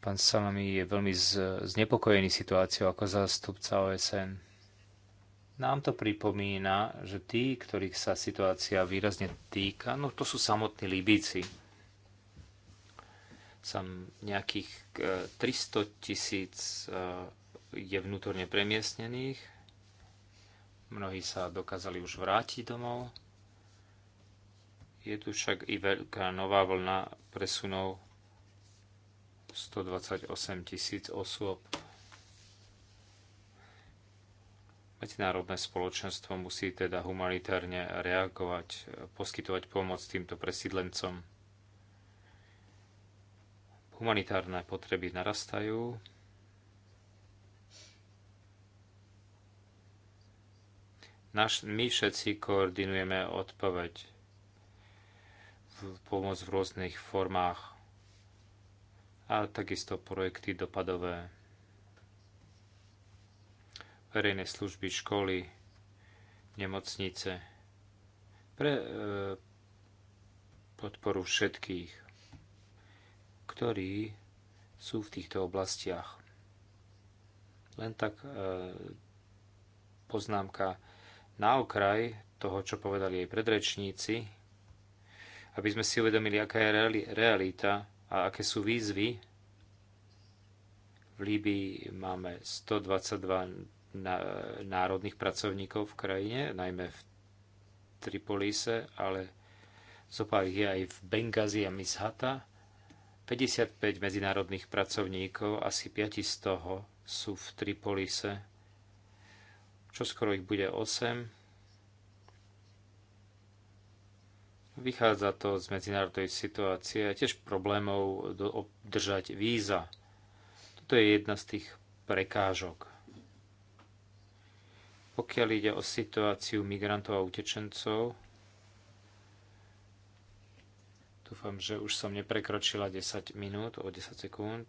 Pán Salami je veľmi znepokojený situáciou ako zástupca OSN. Nám to pripomína, že tí, ktorých sa situácia výrazne týka, no to sú samotní Libíci Sam nejakých 300 e, tisíc e, je vnútorne premiestnených. Mnohí sa dokázali už vrátiť domov. Je tu však i veľká nová vlna presunov 128 tisíc osôb. Medzinárodné spoločenstvo musí teda humanitárne reagovať, poskytovať pomoc týmto presídlencom Humanitárne potreby narastajú. Naš, my všetci koordinujeme odpoveď v pomoc v rôznych formách a takisto projekty dopadové verejné služby, školy, nemocnice pre e, podporu všetkých ktorí sú v týchto oblastiach. Len tak e, poznámka na okraj toho, čo povedali jej predrečníci, aby sme si uvedomili, aká je realita a aké sú výzvy. V Líbii máme 122 národných pracovníkov v krajine, najmä v Tripolise, ale zopár je aj v Bengazi a Mishata 55 medzinárodných pracovníkov, asi 5 z toho sú v Tripolise. Čo skoro ich bude 8. Vychádza to z medzinárodnej situácie a tiež problémov obdržať víza. Toto je jedna z tých prekážok. Pokiaľ ide o situáciu migrantov a utečencov, Dúfam, že už som neprekročila 10 minút o 10 sekúnd.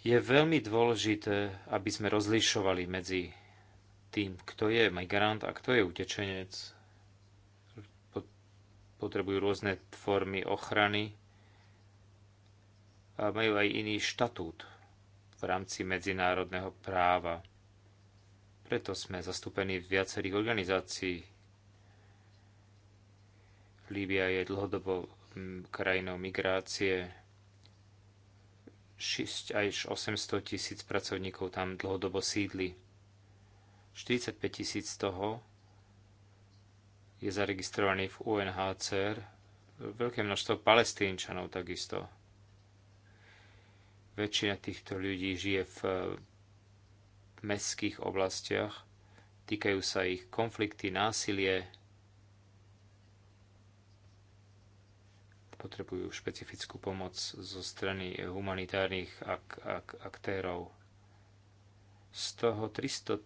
Je veľmi dôležité, aby sme rozlišovali medzi tým, kto je migrant a kto je utečenec. Potrebujú rôzne formy ochrany a majú aj iný štatút v rámci medzinárodného práva. Preto sme zastúpení v viacerých organizácií Líbia je dlhodobo mm, krajinou migrácie. 6 až 800 tisíc pracovníkov tam dlhodobo sídli. 45 tisíc z toho je zaregistrovaný v UNHCR. Veľké množstvo palestínčanov takisto. Väčšina týchto ľudí žije v e, mestských oblastiach. Týkajú sa ich konflikty, násilie, potrebujú špecifickú pomoc zo strany humanitárnych ak- ak- aktérov. Z toho 303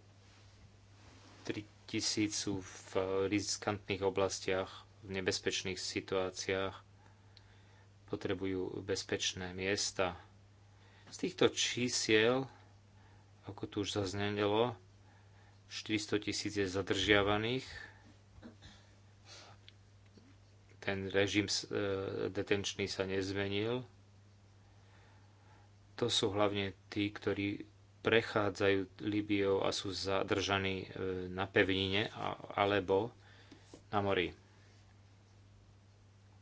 tisíc sú v riskantných oblastiach, v nebezpečných situáciách, potrebujú bezpečné miesta. Z týchto čísiel, ako tu už zaznelo, 400 tisíc je zadržiavaných, ten režim e, detenčný sa nezmenil. To sú hlavne tí, ktorí prechádzajú Libiou a sú zadržaní e, na pevnine alebo na mori.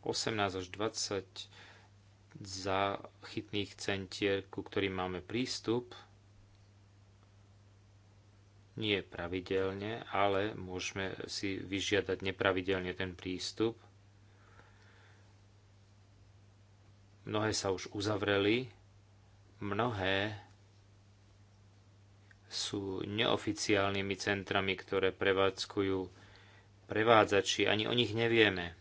18 až 20 záchytných centier, ku ktorým máme prístup, nie pravidelne, ale môžeme si vyžiadať nepravidelne ten prístup. Mnohé sa už uzavreli, mnohé sú neoficiálnymi centrami, ktoré prevádzkujú prevádzači, ani o nich nevieme.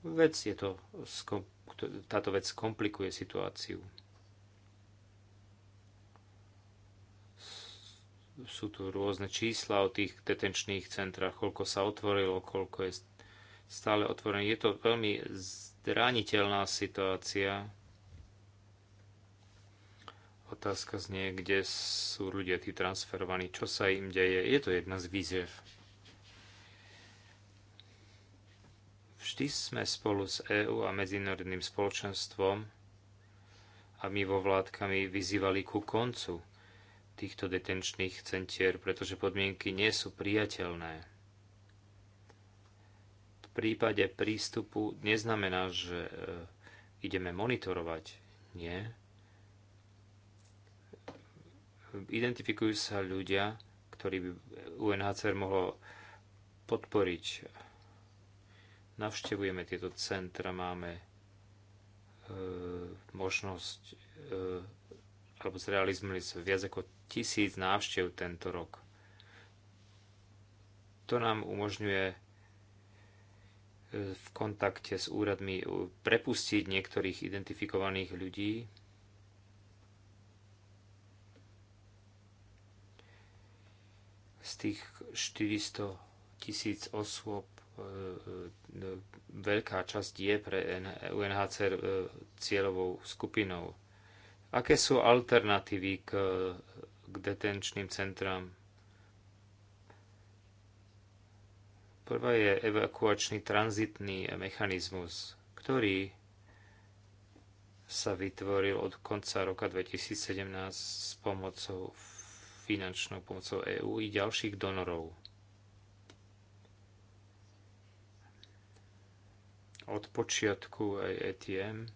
Vec je to, táto vec komplikuje situáciu. Sú tu rôzne čísla o tých detenčných centrách, koľko sa otvorilo, koľko je stále otvorené. Je to veľmi zraniteľná situácia. Otázka znie, kde sú ľudia tí transferovaní, čo sa im deje. Je to jedna z výziev. Vždy sme spolu s EÚ a medzinárodným spoločenstvom a my vo vládkami vyzývali ku koncu týchto detenčných centier, pretože podmienky nie sú priateľné prípade prístupu neznamená, že e, ideme monitorovať. Nie. Identifikujú sa ľudia, ktorí by UNHCR mohlo podporiť. Navštevujeme tieto centra, máme e, možnosť e, alebo zrealizmili sme viac ako tisíc návštev tento rok. To nám umožňuje v kontakte s úradmi prepustiť niektorých identifikovaných ľudí. Z tých 400 tisíc osôb e, e, veľká časť je pre UNHCR e, cieľovou skupinou. Aké sú alternatívy k, k detenčným centrám? Prvá je evakuačný tranzitný mechanizmus, ktorý sa vytvoril od konca roka 2017 s pomocou finančnou pomocou EÚ i ďalších donorov. Od počiatku aj ETM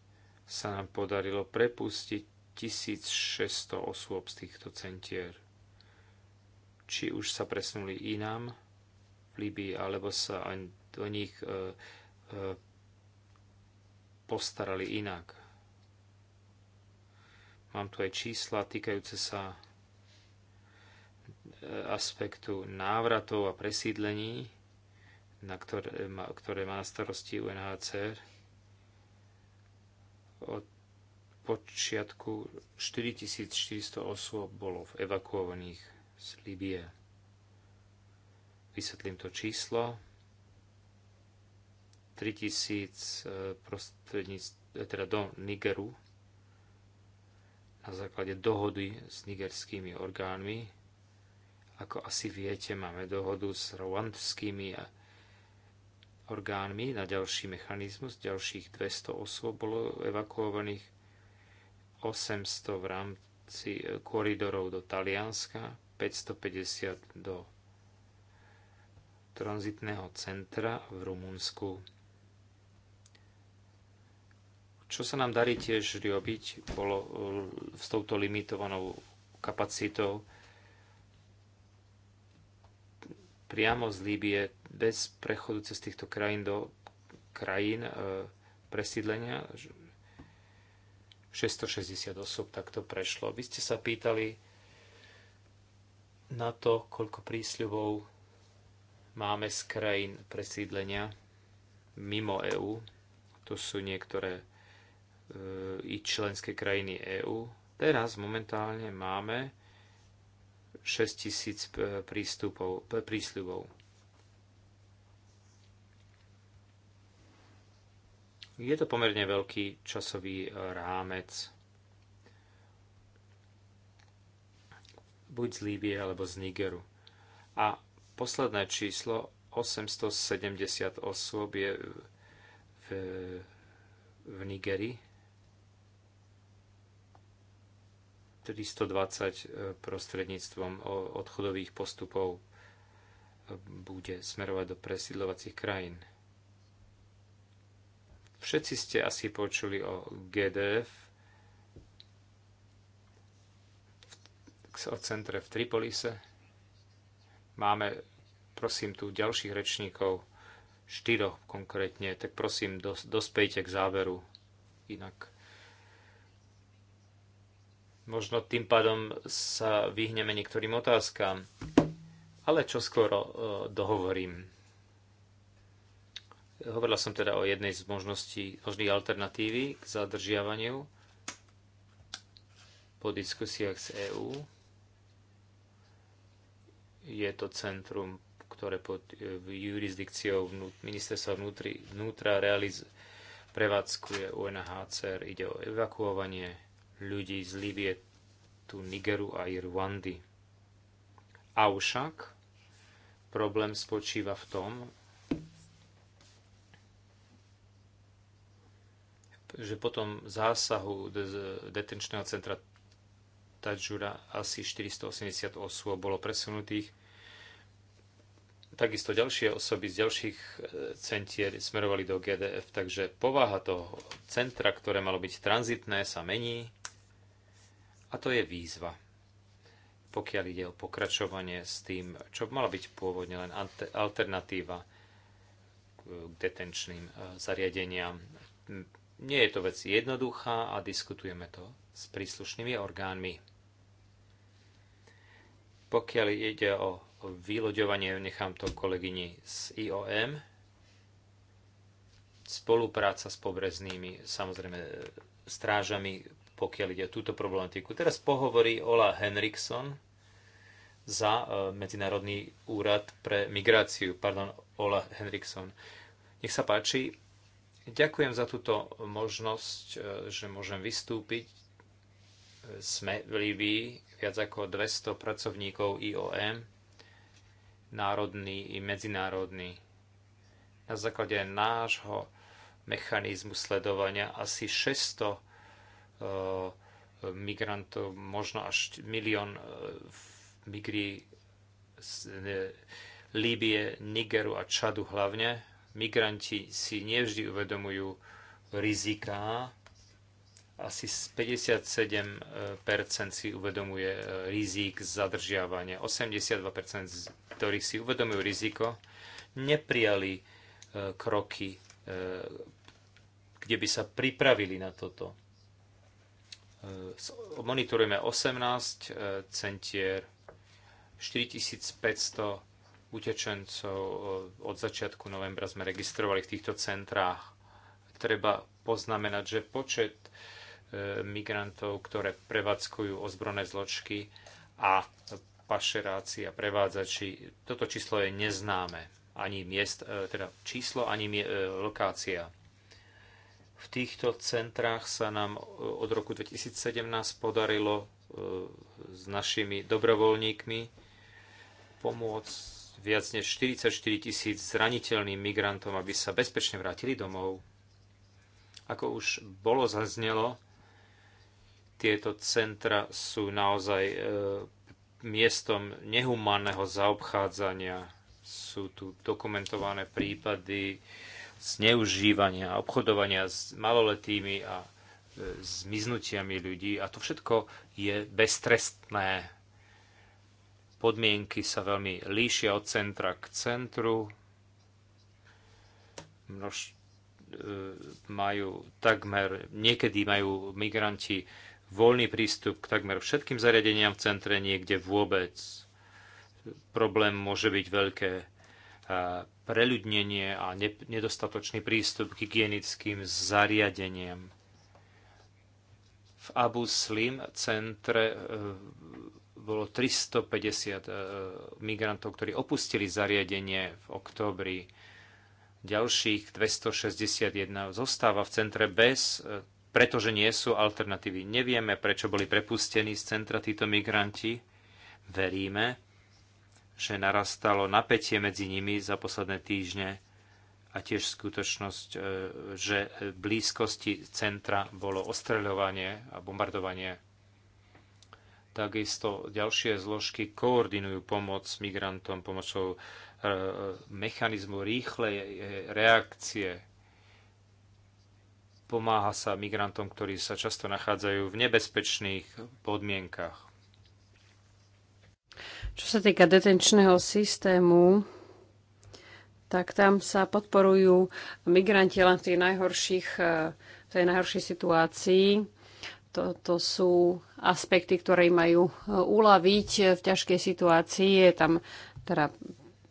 sa nám podarilo prepustiť 1600 osôb z týchto centier. Či už sa presunuli inám, v alebo sa o nich e, e, postarali inak. Mám tu aj čísla týkajúce sa e, aspektu návratov a presídlení, na ktoré, má, ktoré má na starosti UNHCR. Od počiatku 4400 osôb bolo evakuovaných z Libie vysvetlím to číslo. 3000 e, e, teda do Nigeru na základe dohody s nigerskými orgánmi. Ako asi viete, máme dohodu s rwandskými e, orgánmi na ďalší mechanizmus. Ďalších 200 osôb bolo evakuovaných, 800 v rámci koridorov do Talianska, 550 do tranzitného centra v Rumunsku. Čo sa nám darí tiež robiť, bolo e, s touto limitovanou kapacitou priamo z Líbie, bez prechodu cez týchto krajín do krajín e, presídlenia. 660 osob takto prešlo. Vy ste sa pýtali na to, koľko prísľubov máme z krajín presídlenia mimo EÚ. To sú niektoré e, i členské krajiny EÚ. Teraz momentálne máme 6000 e, prístupov, e, prísľubov. Je to pomerne veľký časový rámec. Buď z Líbie alebo z Nigeru. A Posledné číslo 870 osôb je v, v Nigeri. 320 e, prostredníctvom odchodových postupov e, bude smerovať do presídlovacích krajín. Všetci ste asi počuli o GDF, o centre v Tripolise Máme, prosím, tu ďalších rečníkov, štyroch konkrétne, tak prosím, dos, dospejte k záveru. Inak možno tým pádom sa vyhneme niektorým otázkam, ale čo skoro e, dohovorím. Hovorila som teda o jednej z možností, možných alternatívy k zadržiavaniu po diskusiách z EÚ. Je to centrum, ktoré pod e, jurisdikciou ministerstva vnútri, vnútra realiz, prevádzkuje UNHCR. Ide o evakuovanie ľudí z Libie, tu Nigeru a Rwandy. Avšak problém spočíva v tom, že potom zásahu detenčného centra Tadžura asi 480 osôb bolo presunutých. Takisto ďalšie osoby z ďalších e, centier smerovali do GDF, takže povaha toho centra, ktoré malo byť tranzitné, sa mení a to je výzva pokiaľ ide o pokračovanie s tým, čo mala byť pôvodne len alternatíva k e, detenčným e, zariadeniam. Nie je to vec jednoduchá a diskutujeme to s príslušnými orgánmi. Pokiaľ ide o vyloďovanie, nechám to kolegyni z IOM. Spolupráca s pobreznými, samozrejme, strážami, pokiaľ ide o túto problematiku. Teraz pohovorí Ola Henriksson za e, Medzinárodný úrad pre migráciu. Pardon, Ola Henriksson. Nech sa páči. Ďakujem za túto možnosť, e, že môžem vystúpiť sme v Líbii viac ako 200 pracovníkov IOM, národný i medzinárodný. Na základe nášho mechanizmu sledovania asi 600 e, migrantov, možno až milión e, migrí z e, Líbie, Nigeru a Čadu hlavne. Migranti si nevždy uvedomujú riziká, asi 57% e, si uvedomuje e, rizik zadržiavania, 82%, ktorých si uvedomujú riziko, neprijali e, kroky, kde by sa pripravili na toto. Monitorujeme 18 centier, 4500 utečencov od začiatku novembra sme registrovali v týchto centrách. Treba poznamenať, že počet migrantov, ktoré prevádzkujú ozbrojené zločky a pašeráci a prevádzači. Toto číslo je neznáme, ani miest, e, teda číslo, ani e, lokácia. V týchto centrách sa nám e, od roku 2017 podarilo s našimi dobrovoľníkmi pomôcť viac než 44 tisíc zraniteľným migrantom, aby sa bezpečne vrátili domov. Ako už bolo zaznelo, tieto centra sú naozaj e, miestom nehumánneho zaobchádzania. Sú tu dokumentované prípady zneužívania, obchodovania s maloletými a e, zmiznutiami ľudí. A to všetko je beztrestné. Podmienky sa veľmi líšia od centra k centru. Množ, e, majú takmer, niekedy majú migranti voľný prístup k takmer všetkým zariadeniam v centre, niekde vôbec. Problém môže byť veľké preľudnenie a nedostatočný prístup k hygienickým zariadeniam. V Abu Slim centre e, bolo 350 e, migrantov, ktorí opustili zariadenie v októbri. Ďalších 261 zostáva v centre bez e, pretože nie sú alternatívy. Nevieme, prečo boli prepustení z centra títo migranti. Veríme, že narastalo napätie medzi nimi za posledné týždne a tiež skutočnosť, e, že v blízkosti centra bolo ostreľovanie a bombardovanie. Takisto ďalšie zložky koordinujú pomoc migrantom pomocou e, e, mechanizmu rýchlej reakcie pomáha sa migrantom, ktorí sa často nachádzajú v nebezpečných podmienkach. Čo sa týka detenčného systému, tak tam sa podporujú migranti len v, tých najhorších, eh, v tej najhoršej situácii. To sú aspekty, ktoré majú eh, uľaviť eh, v ťažkej situácii. Je tam teda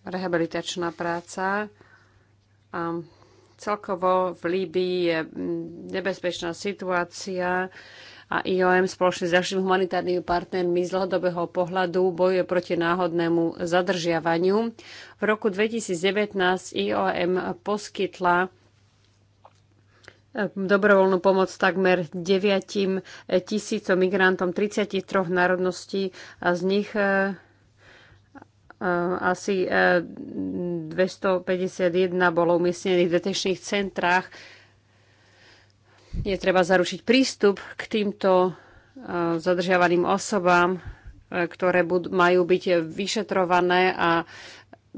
rehabilitačná práca a Celkovo v Líbii je mm, nebezpečná situácia a IOM spoločne s ďalšími humanitárnymi partnermi z dlhodobého pohľadu bojuje proti náhodnému zadržiavaniu. V roku 2019 IOM poskytla eh, dobrovoľnú pomoc takmer 9 tisícom migrantom 33 národností a z nich eh, Ehm, asi 251 e, bolo umiestnených v detenčných centrách. Je treba zaručiť prístup k týmto e, zadržiavaným osobám, e, ktoré majú byť vyšetrované a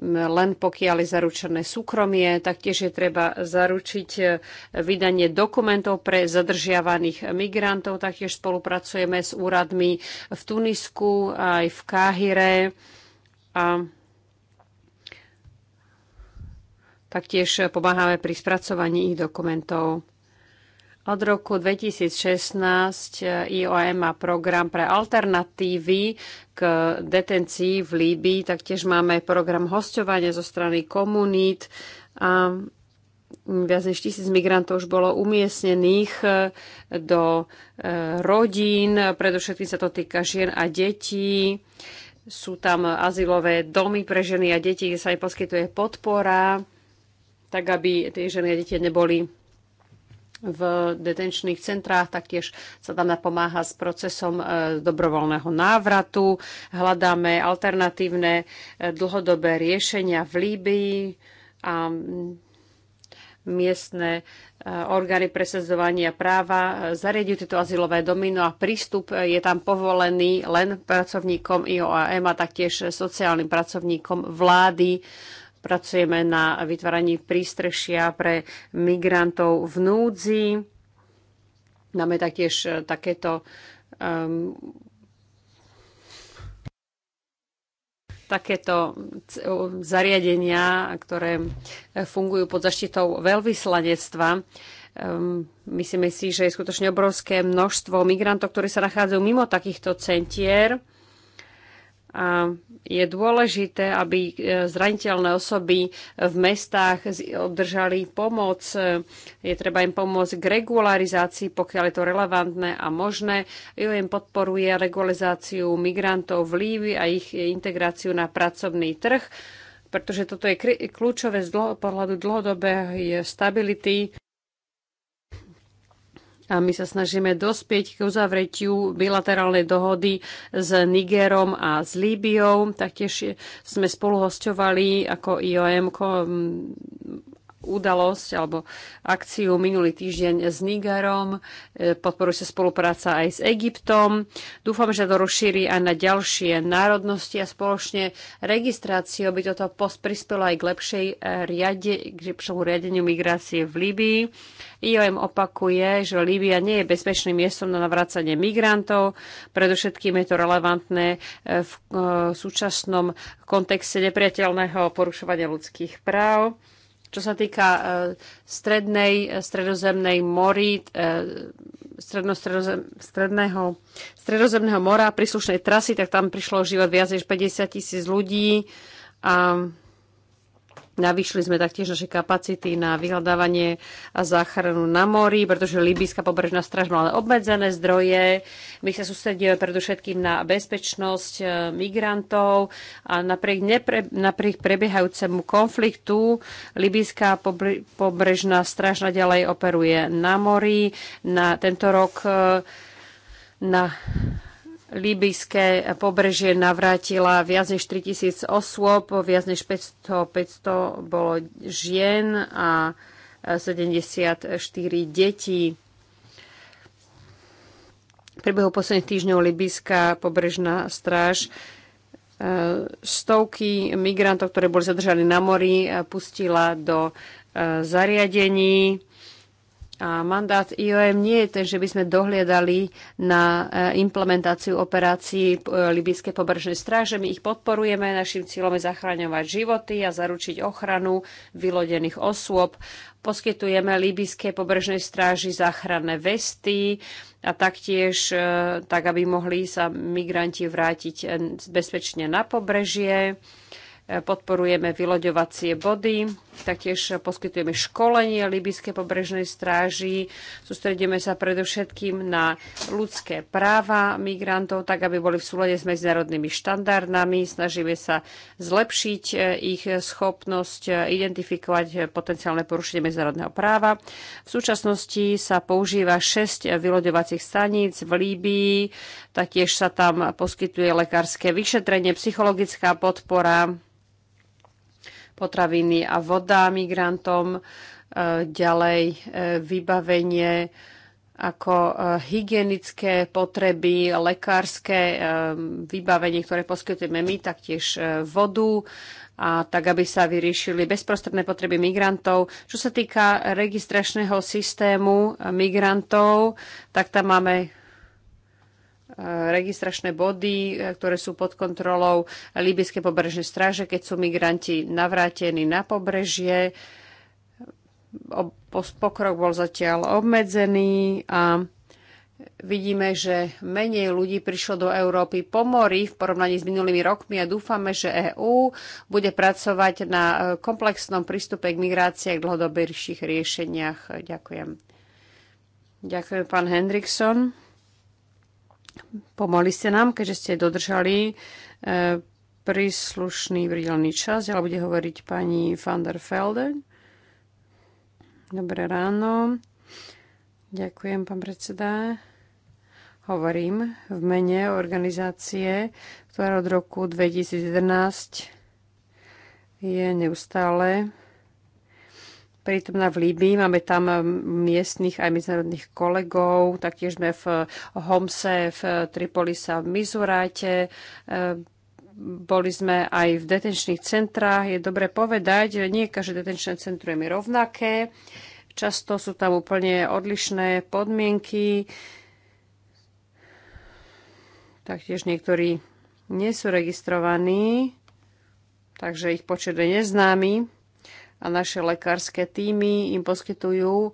len pokiaľ je zaručené súkromie. Taktiež je treba zaručiť vydanie dokumentov pre zadržiavaných migrantov. Taktiež spolupracujeme s úradmi v Tunisku aj v Káhire a taktiež pomáhame pri spracovaní ich dokumentov. Od roku 2016 IOM má program pre alternatívy k detencii v Líbii, taktiež máme program hostovania zo strany komunít a viac než tisíc migrantov už bolo umiestnených do eh, rodín, predovšetkým sa to týka žien a detí. Sú tam azylové domy pre ženy a deti, kde sa aj poskytuje podpora, tak aby tie ženy a deti neboli v detenčných centrách, taktiež sa tam napomáha s procesom e, dobrovoľného návratu. Hľadáme alternatívne e, dlhodobé riešenia v Líbii a miestne Eh, orgány presadzovania práva eh, zariadujú tieto azylové no a prístup eh, je tam povolený len pracovníkom IOAM a taktiež sociálnym pracovníkom vlády. Pracujeme na vytváraní prístrešia pre migrantov v núdzi. Máme taktiež takéto um, takéto zariadenia, ktoré e, fungujú pod zaštitou veľvyslanectva. Ehm, myslíme si, že je skutočne obrovské množstvo migrantov, ktorí sa nachádzajú mimo takýchto centier a je dôležité, aby e, zraniteľné osoby v mestách obdržali pomoc. E, je treba im pomôcť k regularizácii, pokiaľ je to relevantné a možné. UM podporuje regularizáciu migrantov v Lívi a ich integráciu na pracovný trh, pretože toto je kľúčové z pohľadu dlhodobej stability a my sa snažíme dospieť k uzavretiu bilaterálnej dohody s Nigerom a s Líbiou. Taktiež sme spoluhosťovali ako IOM udalosť alebo akciu minulý týždeň s Nigerom. E, podporuje sa spolupráca aj s Egyptom. Dúfam, že to rozšíri aj na ďalšie národnosti a spoločne registráciou by toto post prispelo aj k, lepšej e, riade, k lepšomu riadeniu migrácie v Líbii. IOM opakuje, že Líbia nie je bezpečným miestom na navracanie migrantov. Predovšetkým je to relevantné e, v súčasnom kontexte nepriateľného porušovania ľudských práv. Čo sa týka e, strednej, e, stredozemnej mori, e, stredno, stredozem, stredného, stredozemného mora, príslušnej trasy, tak tam prišlo život viac než 50 tisíc ľudí a Navýšili sme taktiež naše kapacity na vyhľadávanie a záchranu na mori, pretože Libyská pobrežná straž mala obmedzené zdroje. My sa sústredíme predovšetkým na bezpečnosť e, migrantov a napriek, nepre, napriek prebiehajúcemu konfliktu Libyská pobrežná straž naďalej operuje na mori. Na tento rok e, na Líbyjské pobrežie navrátila viac než 3000 osôb, viac než 500, 500 bolo žien a 74 e, detí. V priebehu posledných týždňov Libyská pobrežná stráž e, stovky migrantov, ktoré boli zadržaní na mori, e, pustila do zariadení a mandát IOM nie je ten, že by sme dohliadali na e, implementáciu operácií e, Libijskej pobrežnej stráže. My ich podporujeme, našim cieľom je zachraňovať životy a zaručiť ochranu vylodených osôb. Poskytujeme Libijskej pobrežnej stráži záchranné vesty a taktiež e, tak, aby mohli sa migranti vrátiť bezpečne na pobrežie podporujeme vyloďovacie body, taktiež poskytujeme školenie Libyskej pobrežnej stráži, sústredíme sa predovšetkým na ľudské práva migrantov, tak aby boli v súlade s medzinárodnými štandardami, snažíme sa zlepšiť eh, ich schopnosť eh, identifikovať eh, potenciálne porušenie medzinárodného práva. V súčasnosti sa používa 6 vyloďovacích staníc v Líbii, taktiež sa tam poskytuje lekárske vyšetrenie, psychologická podpora, potraviny a voda migrantom, e, ďalej e, vybavenie ako e, hygienické potreby, lekárske vybavenie, ktoré poskytujeme my, taktiež vodu, a tak, aby sa vyriešili bezprostredné potreby migrantov. Čo sa týka registračného systému migrantov, tak tam máme Eh, registračné body, eh, ktoré sú pod kontrolou Líbyskej pobrežnej stráže, keď sú migranti navrátení na pobrežie. Pokrok bol zatiaľ obmedzený a vidíme, že menej ľudí prišlo do Európy po mori v porovnaní s minulými rokmi a dúfame, že EÚ bude pracovať na eh, komplexnom prístupe k migrácii a k dlhodobejších riešeniach. Ďakujem. Ďakujem, pán Hendrickson. Pomohli ste nám, keďže ste dodržali e, príslušný vrdelný čas. ale bude hovoriť pani van der Felde. Dobré ráno. Ďakujem, pán predseda. Hovorím v mene organizácie, ktorá od roku 2011 je neustále prítomná v Líbii. Máme tam um, miestnych aj medzinárodných kolegov. Taktiež sme v eh, Homse, v eh, Tripolisa, v Mizuráte. Eh, boli sme aj v detenčných centrách. Je dobre povedať, že nie každé detenčné centrum je rovnaké. Často sú tam úplne odlišné podmienky. Taktiež niektorí nie sú registrovaní, takže ich počet je neznámy a naše lekárske týmy im poskytujú eh,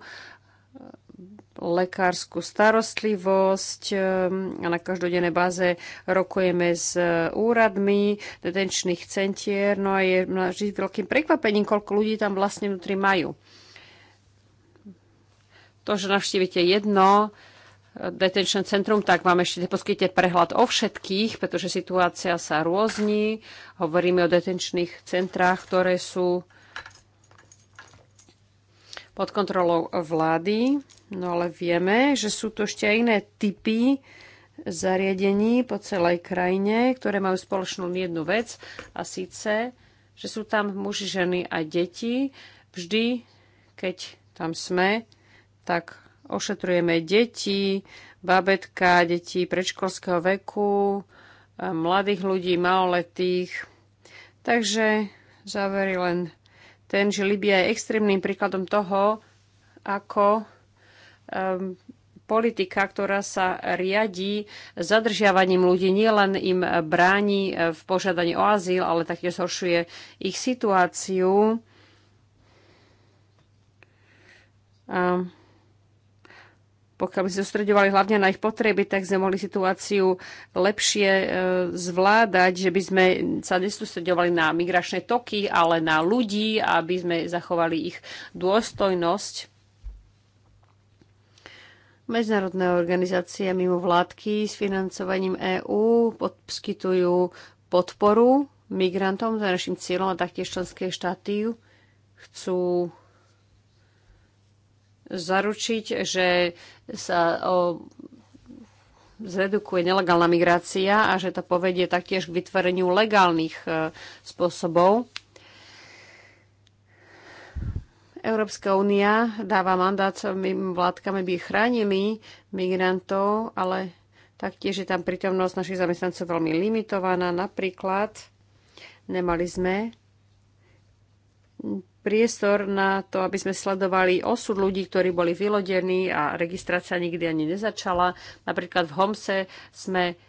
lekárskú starostlivosť eh, a na každodennej báze rokujeme s eh, úradmi detenčných centier. No a je vždy veľkým prekvapením, koľko ľudí tam vlastne vnútri majú. To, že navštívite jedno detenčné centrum, tak vám ešte poskytne prehľad o všetkých, pretože situácia sa rôzni. Hovoríme o detenčných centrách, ktoré sú pod kontrolou vlády, no ale vieme, že sú tu ešte aj iné typy zariadení po celej krajine, ktoré majú spoločnú jednu vec a síce, že sú tam muži, ženy a deti. Vždy, keď tam sme, tak ošetrujeme deti, babetka, deti predškolského veku, mladých ľudí, maloletých. Takže závery len ten, že Libia je extrémnym príkladom toho, ako um, politika, ktorá sa riadi zadržiavaním ľudí, nielen im bráni eh, v požiadaní o azyl, ale taktiež zhoršuje ich situáciu. Um, pokiaľ by sme sústredovali hlavne na ich potreby, tak sme mohli situáciu lepšie e, zvládať, že by sme sa nesústredovali na migračné toky, ale na ľudí, aby sme zachovali ich dôstojnosť. Medzinárodné organizácie mimo vládky s financovaním EÚ poskytujú podporu migrantom, za našim cieľom a taktiež členské štáty chcú zaručiť, že sa o, zredukuje nelegálna migrácia a že to povedie taktiež k vytvoreniu legálnych e, spôsobov. Európska únia dáva mandát mým vládkami aby chránili migrantov, ale taktiež je tam prítomnosť našich zamestnancov veľmi limitovaná. Napríklad nemali sme priestor na to, aby sme sledovali osud ľudí, ktorí boli vylodení a registrácia nikdy ani nezačala. Napríklad v Homse sme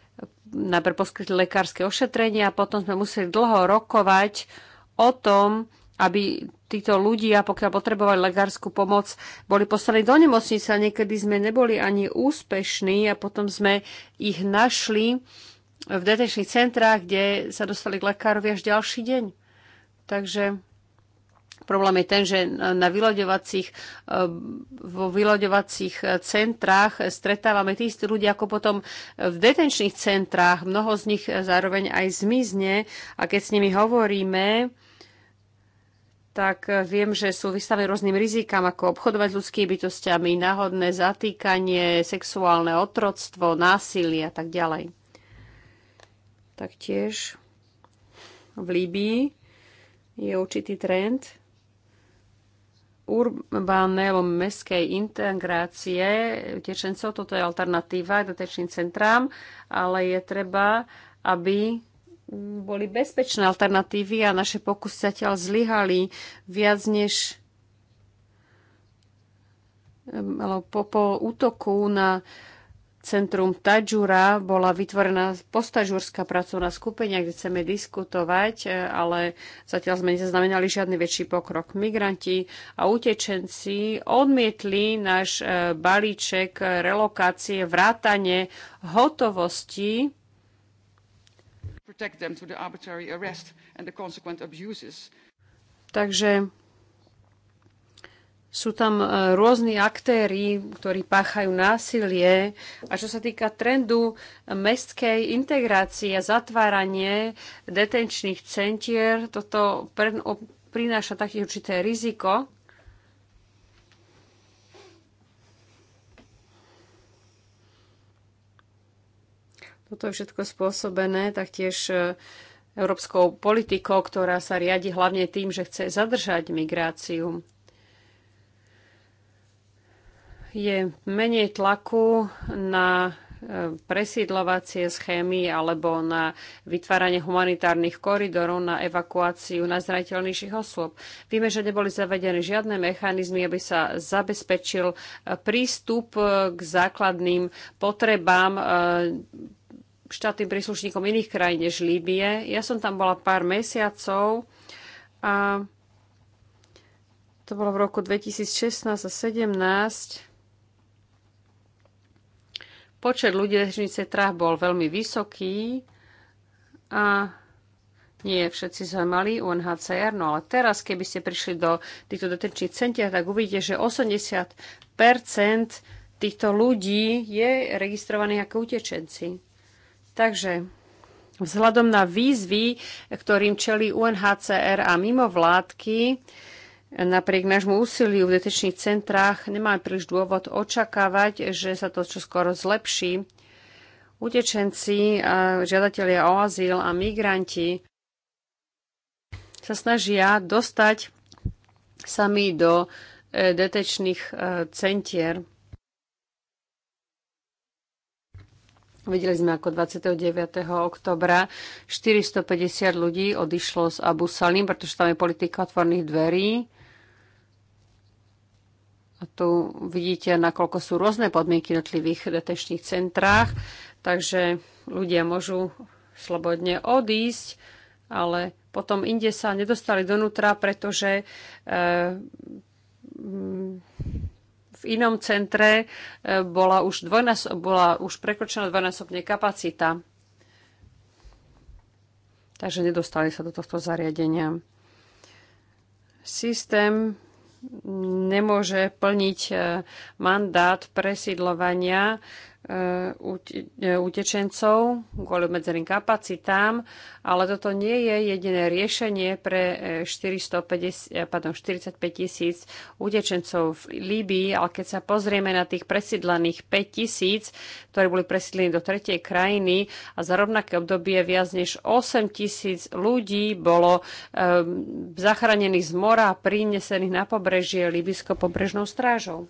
najprv poskytli lekárske ošetrenie a potom sme museli dlho rokovať o tom, aby títo ľudia, pokiaľ potrebovali lekárskú pomoc, boli poslaní do nemocnice a niekedy sme neboli ani úspešní a potom sme ich našli v detenčných centrách, kde sa dostali k lekárovi až ďalší deň. Takže Problém je ten, že na vyloďovacích, eh, vo vyloďovacích centrách stretávame tých ľudí ako potom v detenčných centrách. Mnoho z nich zároveň aj zmizne a keď s nimi hovoríme, tak viem, že sú vystavené rôznym rizikám, ako obchodovať s ľudskými bytostiami, náhodné zatýkanie, sexuálne otroctvo, násilie a tak ďalej. Taktiež v Líbii je určitý trend, urbánnej alebo meskej integrácie utečencov. Toto je alternatíva k detečným centrám, ale je treba, aby boli bezpečné alternatívy a naše pokusy zatiaľ zlyhali viac než po, po útoku na Centrum Tadžura bola vytvorená postažurská pracovná skupina, kde chceme diskutovať, e, ale zatiaľ sme nezaznamenali žiadny väčší pokrok. Migranti a utečenci odmietli náš e, balíček relokácie, vrátane hotovosti Takže sú tam e, rôzni aktéry, ktorí páchajú násilie. A čo sa týka trendu mestskej integrácie a zatváranie detenčných centier, toto prináša také určité riziko. Toto je všetko spôsobené taktiež e, európskou politikou, ktorá sa riadi hlavne tým, že chce zadržať migráciu je menej tlaku na e, presídlovacie schémy alebo na vytváranie humanitárnych koridorov na evakuáciu najzraniteľnejších osôb. Víme, že neboli zavedené žiadne mechanizmy, aby sa zabezpečil e, prístup e, k základným potrebám štátnym príslušníkom iných krajín než Líbie. Ja som tam bola pár mesiacov a to bolo v roku 2016 a 2017 Počet ľudí v žnice trách bol veľmi vysoký a nie všetci sme mali UNHCR, no ale teraz, keby ste prišli do týchto detenčných centier, tak uvidíte, že 80 týchto ľudí je registrovaných ako utečenci. Takže vzhľadom na výzvy, ktorým čelí UNHCR a mimovládky, vládky, Napriek nášmu úsiliu v detečných centrách nemáme príliš dôvod očakávať, že sa to čoskoro zlepší. Utečenci, žiadatelia o azyl a migranti sa snažia dostať sami do e, detečných e, centier. Videli sme, ako 29. oktobra 450 ľudí odišlo z Abu Salim, pretože tam je politika otvorných dverí. Tu vidíte, nakoľko sú rôzne podmienky v jednotlivých detenčných centrách, takže ľudia môžu slobodne odísť, ale potom inde sa nedostali donútra, pretože e, mm, v inom centre e, bola už, bola už prekročená dvojnásobne kapacita. Takže nedostali sa do tohto zariadenia. Systém nemôže plniť eh, mandát presídlovania E, e, utečencov kvôli obmedzeným kapacitám, ale toto nie je jediné riešenie pre 450, e, pardon, 45 tisíc utečencov v Líbii, ale keď sa pozrieme na tých presídlených 5 tisíc, ktorí boli presídlení do tretej krajiny a za rovnaké obdobie viac než 8 tisíc ľudí bolo um, zachránených z mora a prinesených na pobrežie Líbisko pobrežnou strážou.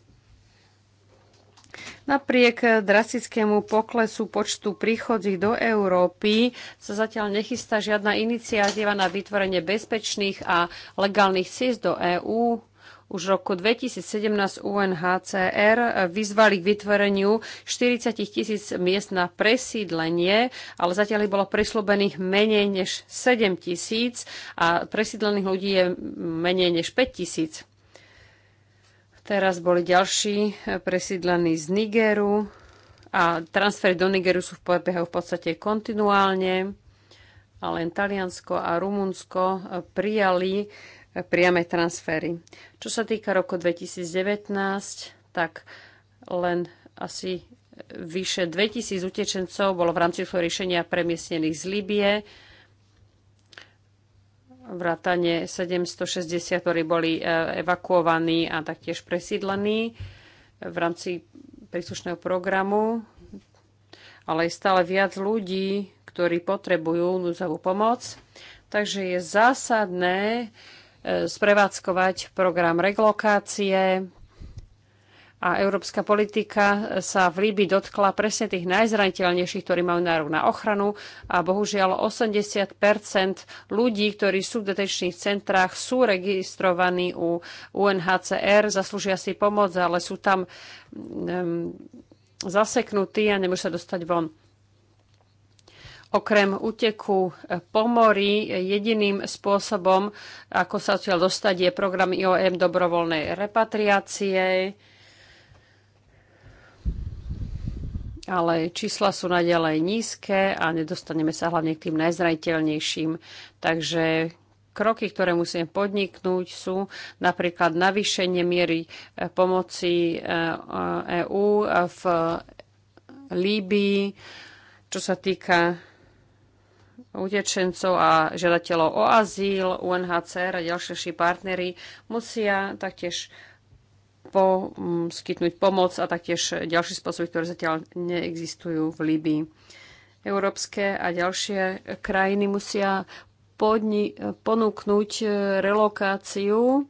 Napriek eh, drastickému poklesu počtu príchodzích do Európy sa zatiaľ nechystá žiadna iniciatíva na vytvorenie bezpečných a legálnych ciest do EÚ. Už v roku 2017 UNHCR eh, vyzvali k vytvoreniu 40 tisíc miest na presídlenie, ale zatiaľ ich bolo prislúbených menej než 7 tisíc a presídlených ľudí je menej než 5 tisíc. Teraz boli ďalší e, presídlení z Nigeru a transfery do Nigeru sú v prebiehajú v podstate kontinuálne a len Taliansko a Rumunsko e, prijali e, priame transfery. Čo sa týka roku 2019, tak len asi vyše 2000 utečencov bolo v rámci riešenia premiestnených z Libie vrátane 760, ktorí boli e, evakuovaní a taktiež presídlení v rámci príslušného programu, ale je stále viac ľudí, ktorí potrebujú núdzovú pomoc. Takže je zásadné e, sprevádzkovať program reglokácie, a európska politika sa v Líbi dotkla presne tých najzraniteľnejších, ktorí majú nárok na ochranu a bohužiaľ 80 ľudí, ktorí sú v detečných centrách, sú registrovaní u UNHCR, zaslúžia si pomoc, ale sú tam um, zaseknutí a nemôžu sa dostať von. Okrem úteku po mori jediným spôsobom, ako sa odtiaľ dostať, je program IOM dobrovoľnej repatriácie, ale čísla sú naďalej nízke a nedostaneme sa hlavne k tým najzraniteľnejším. Takže kroky, ktoré musíme podniknúť, sú napríklad navýšenie miery e, pomoci EÚ e, e v Líbii, čo sa týka utečencov a žiadateľov o azyl, UNHCR a ďalší partnery musia taktiež Mm, skytnúť pomoc a taktiež ďalšie spôsoby, ktoré zatiaľ neexistujú v Líbii. Európske a ďalšie krajiny musia podni- ponúknuť relokáciu.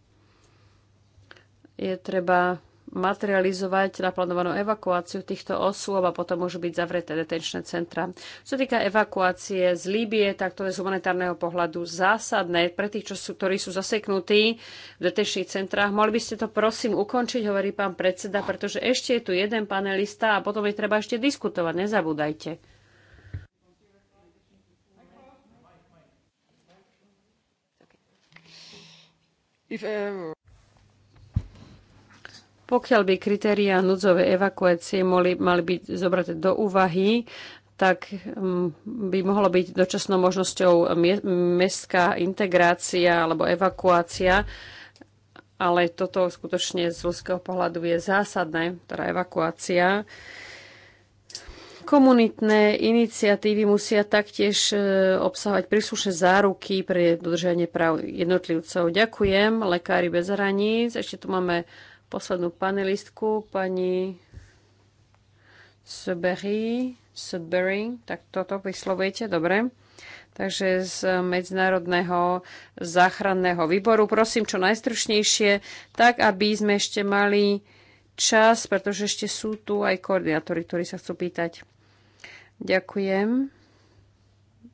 Je treba materializovať naplánovanú evakuáciu týchto osôb a potom môžu byť zavreté detenčné centra. Čo sa týka evakuácie z Líbie, tak to je z humanitárneho pohľadu zásadné. Pre tých, čo sú, ktorí sú zaseknutí v detenčných centrách, mohli by ste to prosím ukončiť, hovorí pán predseda, pretože ešte je tu jeden panelista a potom je treba ešte diskutovať, nezabúdajte. If, ever. Uh, pokiaľ by kritéria núdzové evakuácie mali, mali byť zobraté do úvahy, tak mm, by mohlo byť dočasnou možnosťou mestská integrácia alebo evakuácia, ale toto skutočne z ľudského pohľadu je zásadné, teda evakuácia. Komunitné iniciatívy musia taktiež e, obsahovať príslušné záruky pre dodržanie práv jednotlivcov. Ďakujem, lekári bez hraníc. Ešte tu máme poslednú panelistku, pani Sudbury, Sudbury, tak toto vyslovujete, dobre. Takže z Medzinárodného záchranného výboru. Prosím, čo najstručnejšie, tak aby sme ešte mali čas, pretože ešte sú tu aj koordinátori, ktorí sa chcú pýtať. Ďakujem.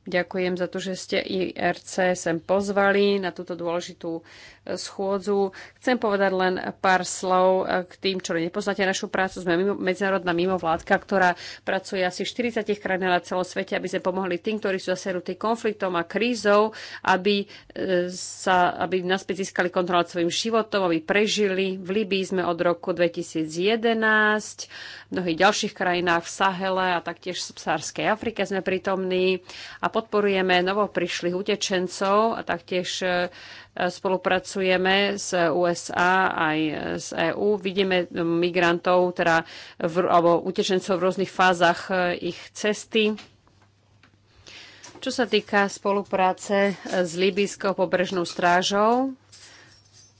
Ďakujem za to, že ste IRC sem pozvali na túto dôležitú schôdzu. Chcem povedať len pár slov eh, k tým, čo nepoznáte našu prácu. Sme mimo, medzinárodná mimovládka, ktorá pracuje asi v 40 krajinách na celom svete, aby sme pomohli tým, ktorí sú zaserutí konfliktom a krízou, aby, eh, sa, aby naspäť získali kontrolu svojim životom, aby prežili. V Libii sme od roku 2011, v mnohých ďalších krajinách, v Sahele a taktiež v Subsárskej Afrike sme prítomní a podporujeme novoprišlých utečencov a taktiež eh, spolupracujeme s USA aj s EÚ. Vidíme migrantov, teda v, alebo utečencov v rôznych fázach eh, ich cesty. Čo sa týka spolupráce eh, s Libijskou pobrežnou strážou,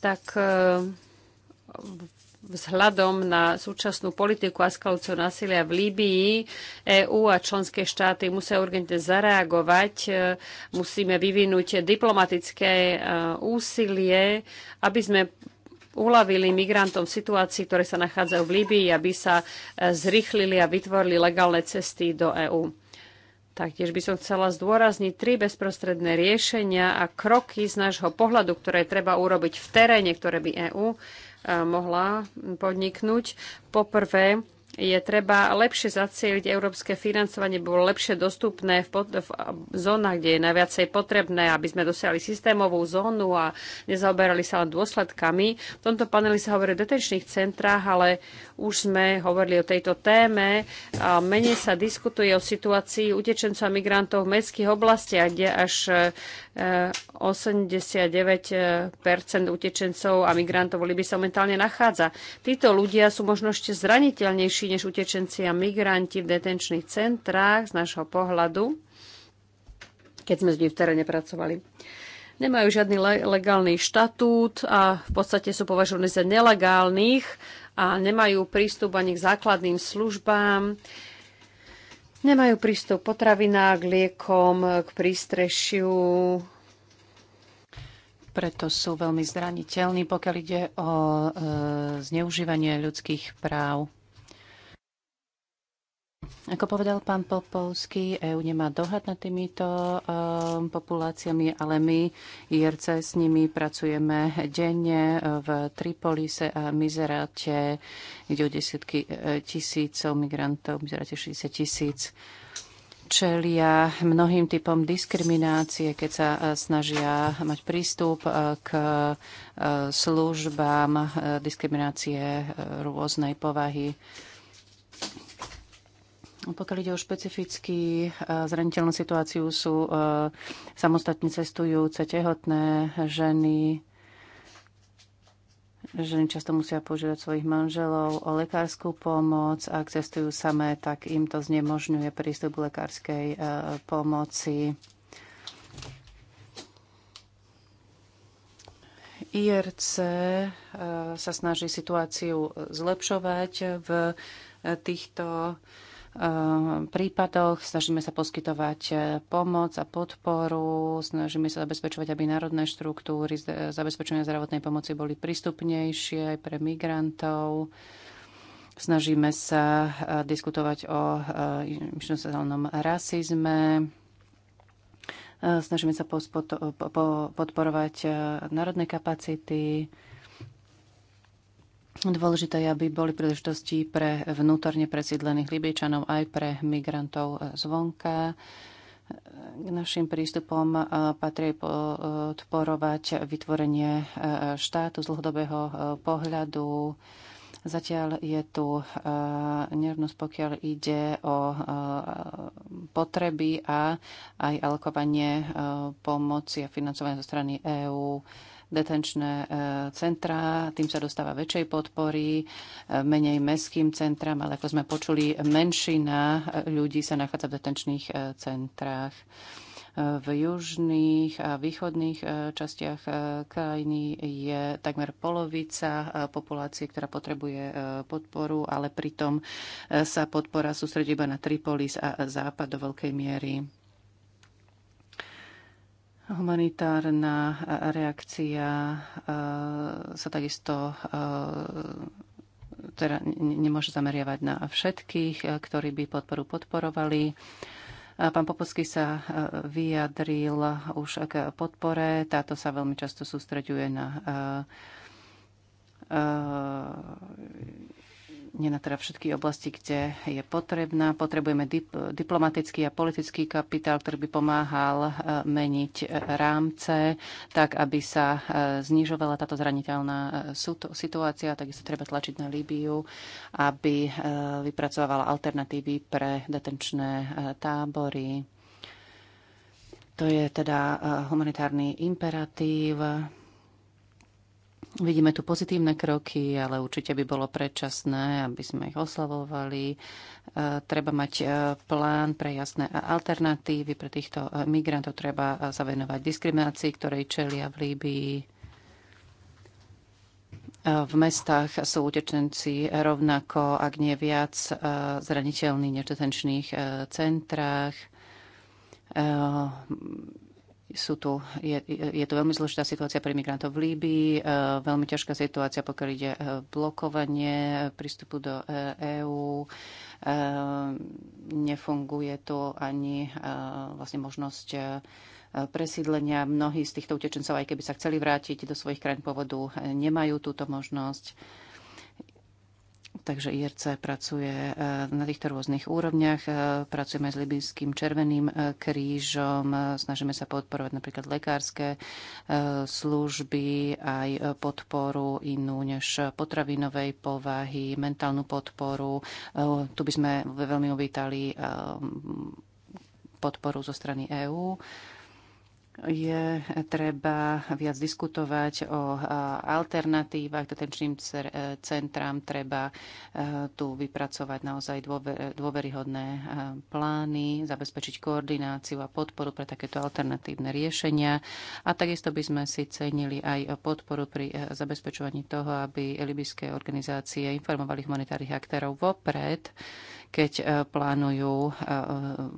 tak eh, vzhľadom na súčasnú politiku a násilia v Líbii EÚ a členské štáty musia urgentne zareagovať. E, musíme vyvinúť diplomatické e, úsilie, aby sme uľavili migrantom v situácii, ktoré sa nachádzajú v Líbii, aby sa e, zrychlili a vytvorili legálne cesty do EÚ. Taktiež by som chcela zdôrazniť tri bezprostredné riešenia a kroky z nášho pohľadu, ktoré treba urobiť v teréne, ktoré by EÚ E, mohla podniknúť. Poprvé, je treba lepšie zacieliť európske financovanie, bolo lepšie dostupné v, pod, v zónach, kde je najviacej potrebné, aby sme dosiahli systémovú zónu a nezaoberali sa len dôsledkami. V tomto paneli sa hovorí o detenčných centrách, ale už sme hovorili o tejto téme. A menej sa diskutuje o situácii utečencov a migrantov v mestských oblastiach, kde až e, 89 utečencov a migrantov v Libii sa momentálne nachádza. Títo ľudia sú možno ešte zraniteľnejší než utečenci a migranti v detenčných centrách z nášho pohľadu, keď sme s nimi v teréne pracovali nemajú žiadny legálny štatút a v podstate sú považovaní za nelegálnych a nemajú prístup ani k základným službám. Nemajú prístup potravinám, k liekom, k prístrešiu, preto sú veľmi zraniteľní, pokiaľ ide o e, zneužívanie ľudských práv. Ako povedal pán Popovský, EU nemá dohľad nad týmito e, populáciami, ale my, IRC, s nimi pracujeme denne v Tripolise a Mizeráte, kde o desiatky e, tisícov migrantov, Mizeráte 60 tisíc čelia mnohým typom diskriminácie, keď sa e, snažia mať prístup e, k e, službám diskriminácie rôznej povahy. Pokiaľ ide o špecificky zraniteľnú situáciu, sú samostatne cestujúce, tehotné ženy, Ženy často musia požiadať svojich manželov o lekárskú pomoc. Ak cestujú samé, tak im to znemožňuje prístup k lekárskej e, pomoci. IRC e, sa snaží situáciu zlepšovať v e, týchto Eh, prípadoch. Snažíme sa poskytovať eh, pomoc a podporu, snažíme sa zabezpečovať, aby národné štruktúry zabezpečenia zdravotnej pomoci boli prístupnejšie aj pre migrantov. Snažíme sa eh, diskutovať o inštitucionálnom rasizme. Snažíme sa podporovať národné kapacity Dôležité je, aby boli príležitosti pre vnútorne presídlených Libyčanov aj pre migrantov zvonka. K našim prístupom e, patrí podporovať vytvorenie e, štátu z dlhodobého e, pohľadu. Zatiaľ je tu nerovnosť, pokiaľ ide o potreby a aj alokovanie pomoci a financovania zo strany EÚ detenčné e, centrá, tým sa dostáva väčšej podpory, e, menej mestským centrám, ale ako sme počuli, menšina e, ľudí sa nachádza v detenčných centrách. V južných a východných častiach krajiny je takmer polovica populácie, ktorá potrebuje podporu, ale pritom sa podpora sústredí iba na Tripolis a západ do veľkej miery. Humanitárna reakcia eh, sa takisto eh, teda nemôže zameriavať na všetkých, eh, ktorí by podporu podporovali. Pán Popovský sa vyjadril už k podpore. Táto sa veľmi často sústreďuje na nenatrá všetky oblasti, kde je potrebná. Potrebujeme dip- diplomatický a politický kapitál, ktorý by pomáhal e, meniť rámce tak, aby sa e, znižovala táto zraniteľná e, situácia. Takisto treba tlačiť na Líbiu, aby vypracovala alternatívy pre detenčné tábory. To je teda humanitárny imperatív Vidíme tu pozitívne kroky, ale určite by bolo predčasné, aby sme ich oslavovali. E, treba mať e, plán pre jasné alternatívy pre týchto e, migrantov. Treba sa venovať diskriminácii, ktorej čelia v Líbii. V mestách sú utečenci rovnako, ak nie viac, zraniteľní než v detenčných centrách sú tu, je, je to veľmi zložitá situácia pre migrantov v Líbii, e, veľmi ťažká situácia, pokiaľ ide e, blokovanie e, prístupu do EÚ. Nefunguje tu ani vlastne možnosť presídlenia. Mnohí z týchto utečencov, aj keby sa chceli vrátiť do svojich krajín pôvodu, nemajú túto možnosť. Takže IRC pracuje e, na týchto rôznych úrovniach. E, pracujeme s Libijským červeným e, krížom, snažíme sa podporovať napríklad lekárske služby, aj podporu inú než potravinovej povahy, mentálnu podporu. Tu by sme veľmi uvítali podporu zo strany EÚ je treba viac diskutovať o alternatívach detenčným e, centrám, treba e, tu vypracovať naozaj e, dôveryhodné plány, zabezpečiť koordináciu a podporu pre takéto alternatívne riešenia. A takisto by sme si cenili aj podporu pri zabezpečovaní toho, aby libyské organizácie informovali humanitárnych aktérov vopred, keď e, plánujú e,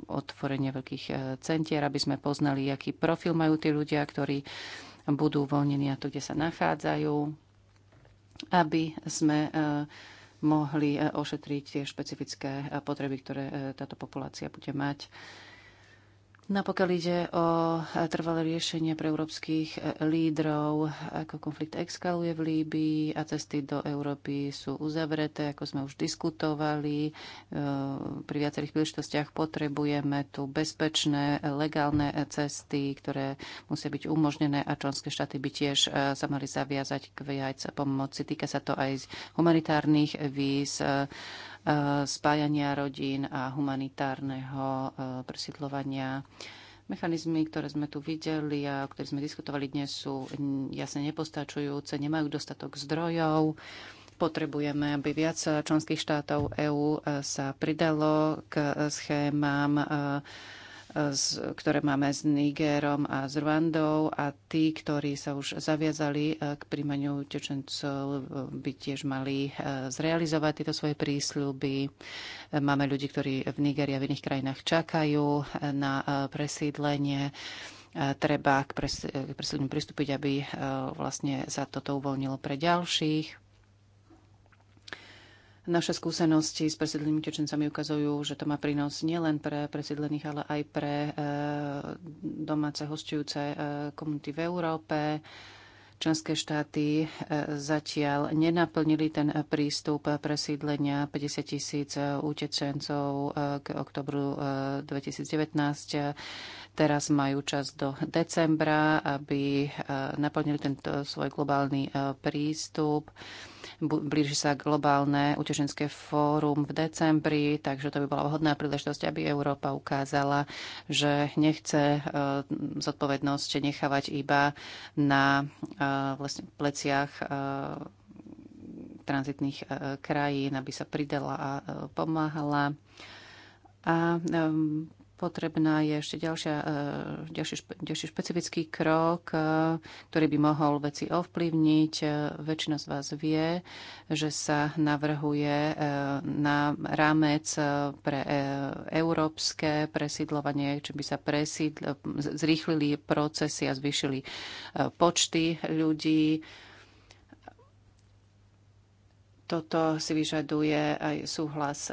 otvorenie veľkých e, centier, aby sme poznali, aký profil majú tí ľudia, ktorí budú uvoľnení a to, kde sa nachádzajú, aby sme mohli ošetriť tie špecifické potreby, ktoré táto populácia bude mať. Napokiaľ no ide o e, trvalé riešenie pre európskych e, lídrov, ako konflikt exkaluje v Líbii a cesty do Európy sú uzavreté, ako sme už diskutovali, e, pri viacerých príležitostiach potrebujeme tu bezpečné, legálne cesty, ktoré musia byť umožnené a členské štáty by tiež sa mali zaviazať k viac pomoci. Týka sa to aj z humanitárnych víz, Eh, spájania rodín a humanitárneho eh, presídlovania. Mechanizmy, ktoré sme tu videli a o ktorých sme diskutovali dnes, sú jasne nepostačujúce, nemajú dostatok zdrojov. Potrebujeme, aby viac členských štátov EÚ eh, sa pridalo k schémám z ktoré máme s Nigérom a s Rwandou a tí, ktorí sa už zaviazali e, k príjmaniu utečencov, e, by tiež mali e, zrealizovať tieto svoje prísľuby. Máme ľudí, ktorí v Nigérii a v iných krajinách čakajú na presídlenie treba k, pres, k presídleniu pristúpiť, aby vlastne sa toto uvoľnilo pre ďalších. Naše skúsenosti s presídlenými utečencami ukazujú, že to má prínos nielen pre presídlených, ale aj pre eh, domáce hostujúce eh, komunity v Európe. Členské štáty eh, zatiaľ nenaplnili ten prístup presídlenia 50 tisíc utečencov k oktobru 2019. Teraz majú čas do decembra, aby naplnili tento svoj globálny prístup Blíži sa globálne utečenské fórum v decembri, takže to by bola vhodná príležitosť, aby Európa ukázala, že nechce e, zodpovednosť nechávať iba na e, vlastne pleciach e, tranzitných krajín, aby sa pridala a pomáhala. A potrebná je ešte ďalšia, e, ďalší, ďalší špecifický krok, e, ktorý by mohol veci ovplyvniť. E, väčšina z vás vie, že sa navrhuje na rámec pre európske presídlovanie, či by sa presídl, zrýchlili procesy a zvýšili počty ľudí toto si vyžaduje aj súhlas e,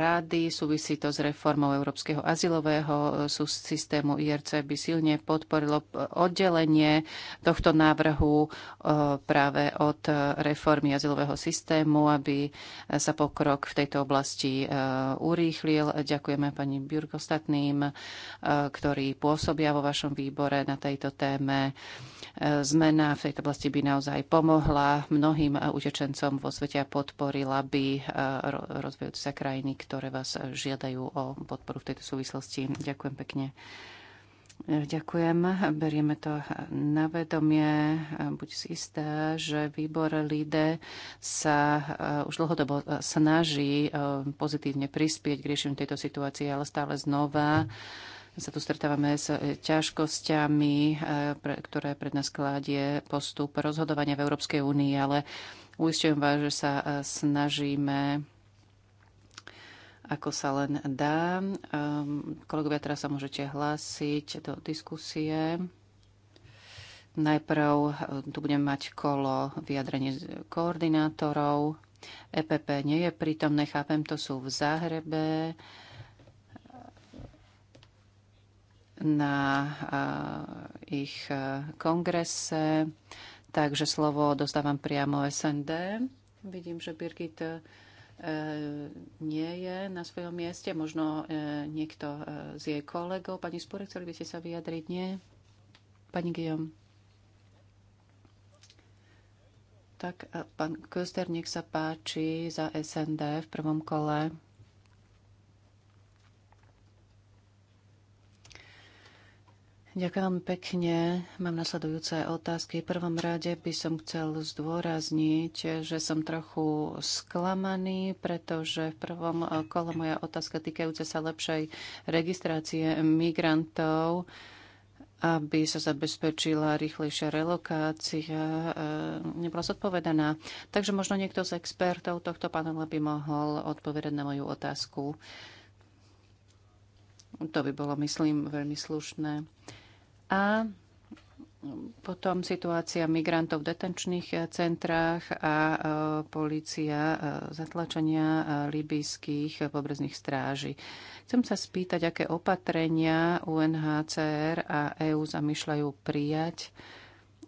rády. Súvisí to s reformou Európskeho azylového e, systému IRC by silne podporilo e, oddelenie tohto návrhu práve od reformy azylového systému, aby sa pokrok v tejto oblasti urýchlil. Ďakujeme pani Bjurkostatným, ktorí pôsobia vo vašom výbore na tejto téme. Zmena v tejto oblasti by naozaj pomohla mnohým utečencom vo svete a podporila by eh, rozvíjajúce sa krajiny, ktoré vás žiadajú o podporu v tejto súvislosti. Ďakujem pekne. Eh, ďakujem. Berieme to na vedomie. Eh, Buď si istá, že výbor LIDE sa už dlhodobo snaží pozitívne prispieť k riešeniu tejto situácie, ale stále znova sa tu stretávame s e, ťažkosťami, e, ktoré pred nás kladie postup rozhodovania v Európskej únii, ale uistujem vás, že sa e, snažíme ako sa len dá. Ehm, kolegovia, teraz sa môžete hlásiť do diskusie. Najprv tu budem mať kolo vyjadrenie koordinátorov. EPP nie je prítomné, chápem, to sú v Záhrebe. na ich e, kongrese. Takže slovo dostávam priamo SND. Vidím, že Birgit e, nie je na svojom mieste. Možno e, niekto z jej kolegov. Pani Spore, chceli by ste sa vyjadriť? Nie? Pani Guillaume. Tak, pán Köster, nech sa páči za SND v prvom kole. Ďakujem vám pekne. Mám nasledujúce otázky. V prvom rade by som chcel zdôrazniť, že som trochu sklamaný, pretože v prvom kole moja otázka týkajúca sa lepšej registrácie migrantov aby sa zabezpečila rýchlejšia relokácia, eh, nebola zodpovedaná. Takže možno niekto z expertov tohto panela by mohol odpovedať na moju otázku. To by bolo, myslím, veľmi slušné. A potom situácia migrantov v detenčných centrách a e, policia e, zatlačenia e, libijských pobrezných stráží. Chcem sa spýtať, aké opatrenia UNHCR a EU zamýšľajú prijať,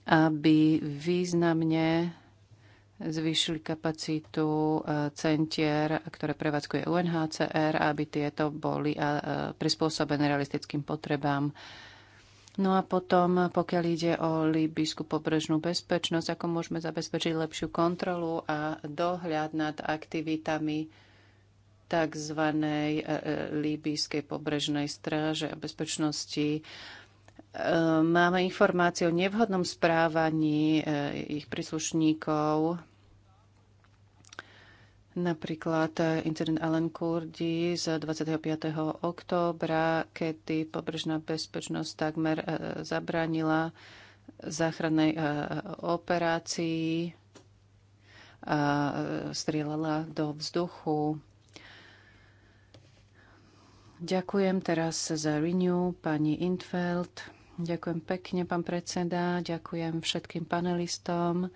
aby významne zvýšili kapacitu e, centier, ktoré prevádzkuje UNHCR, aby tieto boli e, prispôsobené realistickým potrebám. No a potom, pokiaľ ide o Libysku pobrežnú bezpečnosť, ako môžeme zabezpečiť lepšiu kontrolu a dohľad nad aktivitami tzv. E, Libyskej pobrežnej stráže a bezpečnosti máme informácie o nevhodnom správaní ich príslušníkov Napríklad eh, incident Alan Kurdi z 25. októbra, kedy pobrežná bezpečnosť takmer eh, zabránila záchrannej eh, operácii a strieľala do vzduchu. Ďakujem teraz za Renew, pani Intfeld. Ďakujem pekne, pán predseda. Ďakujem všetkým panelistom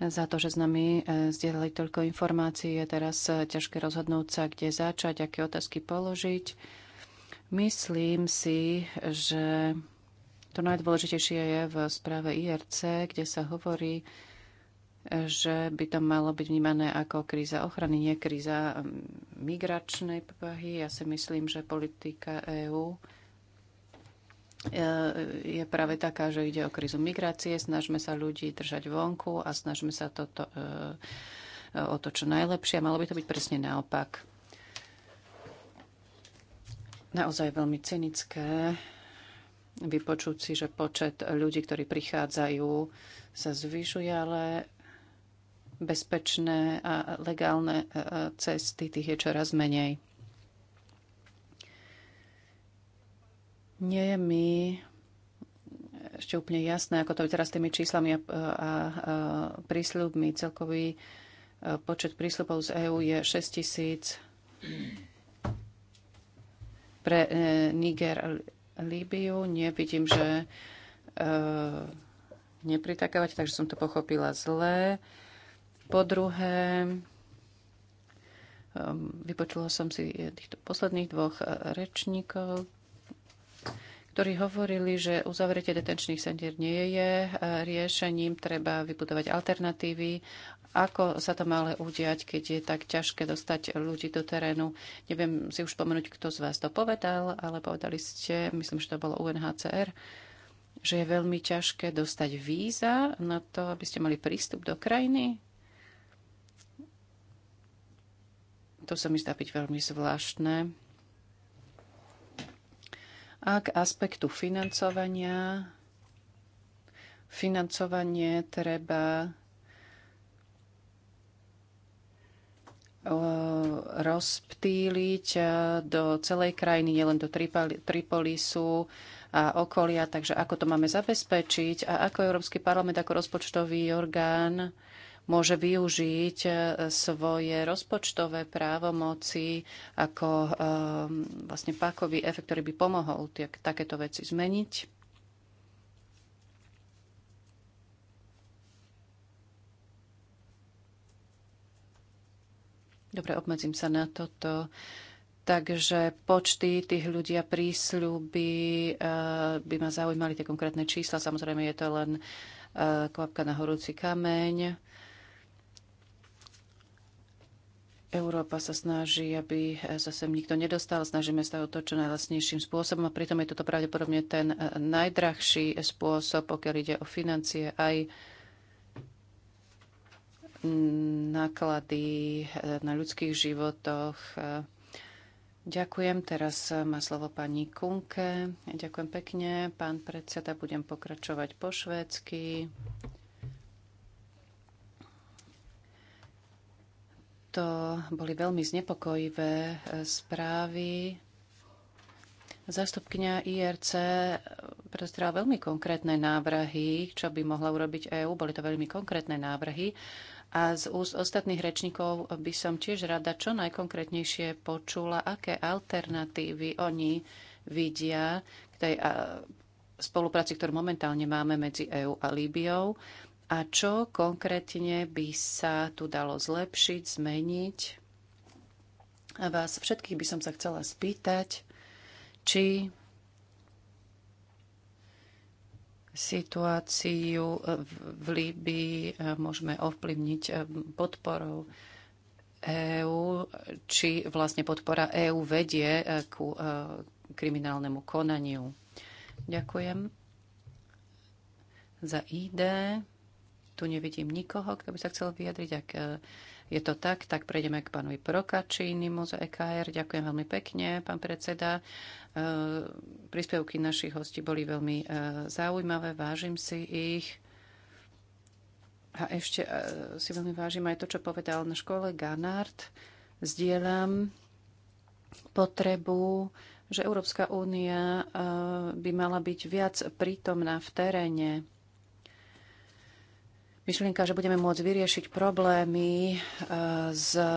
za to, že s nami e, zdieľali toľko informácií. Je teraz e, ťažké rozhodnúť sa, kde začať, aké otázky položiť. Myslím si, že to najdôležitejšie je v správe IRC, kde sa hovorí, e, že by to malo byť vnímané ako kríza ochrany, nie kríza migračnej povahy. Ja si myslím, že politika EÚ EU E, je práve taká, že ide o krízu migrácie, snažme sa ľudí držať vonku a snažme sa toto, e, o to čo najlepšie. Malo by to byť presne naopak. Naozaj veľmi cynické vypočuť si, že počet ľudí, ktorí prichádzajú, sa zvyšuje, ale bezpečné a legálne e, cesty tých je čoraz menej. Nie je mi ešte úplne jasné, ako to je teraz s tými číslami a, a, a prísľubmi. Celkový e, počet prísľubov z EÚ je 6 tisíc pre e, Niger a Líbiu. Nevidím, že e, nepritakávať, takže som to pochopila zle. Po druhé, e, vypočula som si týchto posledných dvoch e, rečníkov, ktorí hovorili, že uzavretie detenčných centier nie je e, riešením, treba vybudovať alternatívy. Ako sa to má ale udiať, keď je tak ťažké dostať ľudí do terénu? Neviem si už spomenúť, kto z vás to povedal, ale povedali ste, myslím, že to bolo UNHCR, že je veľmi ťažké dostať víza na to, aby ste mali prístup do krajiny. To sa mi zdá byť veľmi zvláštne. A k aspektu financovania. Financovanie treba rozptýliť e, do celej krajiny, nielen do Tripolisu a okolia. Takže ako to máme zabezpečiť a ako Európsky parlament, ako rozpočtový orgán môže využiť e, svoje rozpočtové právomoci ako e, vlastne pákový efekt, ktorý by pomohol tiek, takéto veci zmeniť. Dobre, obmedzím sa na toto. Takže počty tých ľudí a prísľuby e, by ma zaujímali tie konkrétne čísla. Samozrejme je to len kvapka na horúci kameň. Európa sa snaží, aby sa sem nikto nedostal. Snažíme sa o to čo najlasnejším spôsobom a pritom je toto pravdepodobne ten eh, najdrahší spôsob, pokiaľ ide o financie aj náklady eh, na ľudských životoch. Eh, ďakujem. Teraz má slovo pani Kunke. Ďakujem pekne. Pán predseda, budem pokračovať po švédsky. To boli veľmi znepokojivé e, správy. Zastupkňa IRC e, predstavila veľmi konkrétne návrhy, čo by mohla urobiť EÚ. Boli to veľmi konkrétne návrhy. A z úst ostatných rečníkov by som tiež rada čo najkonkrétnejšie počula, aké alternatívy oni vidia k tej spolupráci, ktorú momentálne máme medzi EÚ a Líbiou a čo konkrétne by sa tu dalo zlepšiť, zmeniť. A vás všetkých by som sa chcela spýtať, či situáciu v Líbii e, môžeme ovplyvniť e, podporou EÚ, či vlastne podpora EÚ vedie e, ku kriminálnemu konaniu. Ďakujem za ID. Tu nevidím nikoho, kto by sa chcel vyjadriť. Ak e, je to tak, tak prejdeme k pánovi Prokačínimu z EKR. Ďakujem veľmi pekne, pán predseda. E, príspevky našich hostí boli veľmi e, zaujímavé, vážim si ich. A ešte si veľmi vážim aj to, čo povedal na škole Ganard. Zdieľam potrebu že Európska únia by mala byť viac prítomná v teréne. Myšlienka, že budeme môcť vyriešiť problémy e, z e,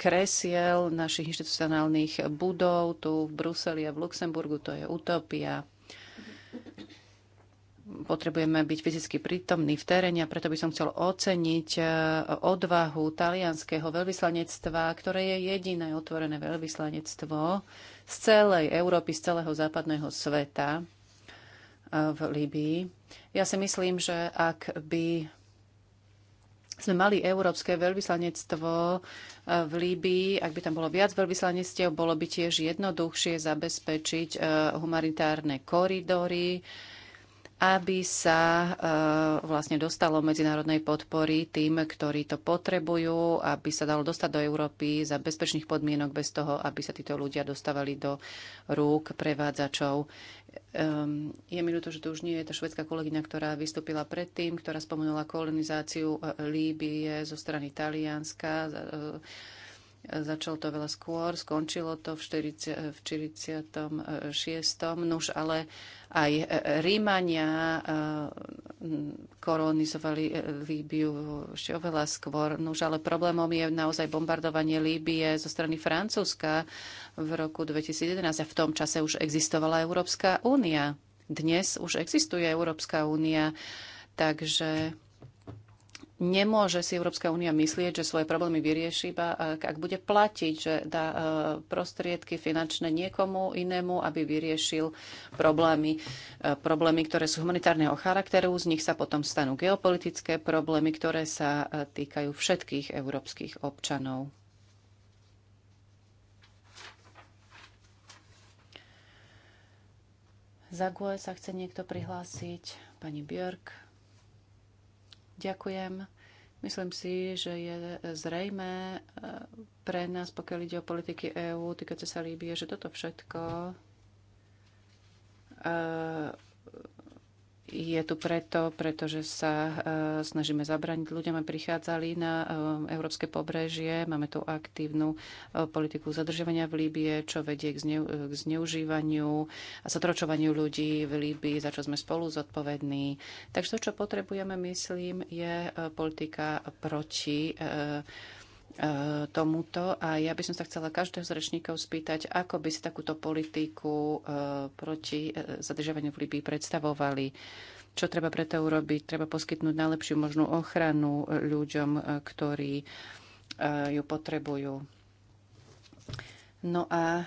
kresiel našich inštitucionálnych budov tu v Bruseli a v Luxemburgu, to je utopia. Potrebujeme byť fyzicky prítomní v teréne a preto by som chcel oceniť e, odvahu talianského veľvyslanectva, ktoré je jediné otvorené veľvyslanectvo z celej Európy, z celého západného sveta v Líbii. Ja si myslím, že ak by sme mali európske veľvyslanectvo eh, v Líbii, ak by tam bolo viac veľvyslanectiev, bolo by tiež jednoduchšie zabezpečiť eh, humanitárne koridory, aby sa eh, vlastne dostalo medzinárodnej podpory tým, ktorí to potrebujú, aby sa dalo dostať do Európy za bezpečných podmienok bez toho, aby sa títo ľudia dostávali do rúk prevádzačov. Ehm, je mi ľúto, že to už nie je tá švedská kolegyňa, ktorá vystúpila predtým, ktorá spomenula kolonizáciu eh, Líbie zo strany Talianska eh, Začalo to veľa skôr, skončilo to v, v 46. Nuž, ale aj e, e, Rímania e, kolonizovali Líbiu ešte oveľa skôr. Nuž, ale problémom je naozaj bombardovanie Líbie zo strany Francúzska v roku 2011 a v tom čase už existovala Európska únia. Dnes už existuje Európska únia, takže Nemôže si Európska únia myslieť, že svoje problémy vyrieši, iba e, ak bude platiť, že dá e, prostriedky finančné niekomu inému, aby vyriešil problémy. E, problémy, ktoré sú humanitárneho charakteru, z nich sa potom stanú geopolitické problémy, ktoré sa týkajú všetkých európskych občanov. Za sa chce niekto prihlásiť. Pani Björk. Ďakujem. Myslím si, že je zrejme eh, pre nás, pokiaľ ide o politiky EÚ týkajúce sa Líbie, že toto všetko eh, je tu preto, pretože sa e, snažíme zabraniť ľuďom, aby prichádzali na e, európske pobrežie. Máme tu aktívnu e, politiku zadržiavania v Líbie, čo vedie k, zneu, k zneužívaniu a zatročovaniu ľudí v Líbii, za čo sme spolu zodpovední. Takže to, čo potrebujeme, myslím, je politika proti E, tomuto a ja by som sa chcela každého z rečníkov spýtať, ako by si takúto politiku e, proti e, zadržiavaniu v Libii predstavovali. Čo treba preto urobiť? Treba poskytnúť najlepšiu možnú ochranu ľuďom, ktorí ju potrebujú. No a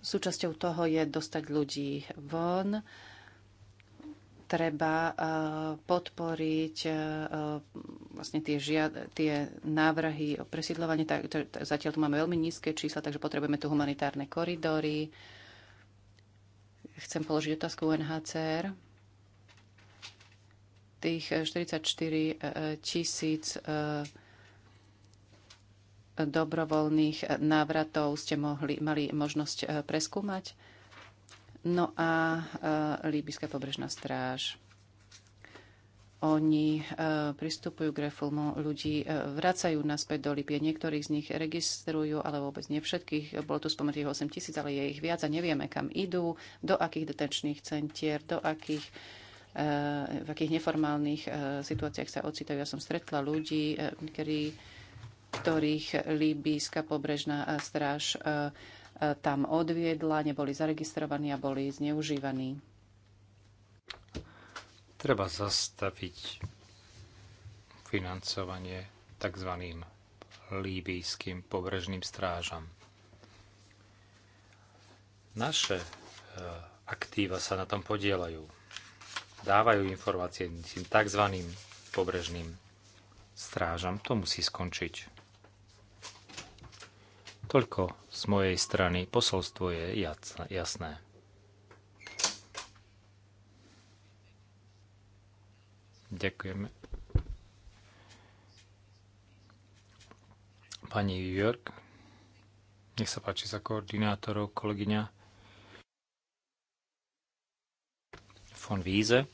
súčasťou toho je dostať ľudí von, treba eh, podporiť eh, eh, vlastne tie, žiad, tie návrhy o presídľovanie. Zatiaľ tu máme veľmi nízke čísla, takže potrebujeme tu humanitárne koridory. Chcem položiť otázku UNHCR. Tých 44 tisíc dobrovoľných návratov ste mohli, mali možnosť preskúmať. No a e, Líbyská pobrežná stráž. Oni e, pristupujú k reformu ľudí, e, vracajú naspäť do Libie. Niektorých z nich registrujú, ale vôbec nie všetkých. Bolo tu spomenutých 8 tisíc, ale je ich viac a nevieme, kam idú, do akých detenčných centier, do akých v akých neformálnych situáciách sa ocitajú. Ja som stretla ľudí, ktorých Líbyska pobrežná stráž E, tam odviedla, neboli zaregistrovaní a boli zneužívaní. Treba zastaviť financovanie tzv. líbijským pobrežným strážam. Naše e, aktíva sa na tom podielajú. Dávajú informácie tým tzv. pobrežným strážam. To musí skončiť. Toľko z mojej strany. Posolstvo je jasné. Ďakujeme. Pani Jörg, nech sa páči za koordinátorov, kolegyňa. Von Wiese.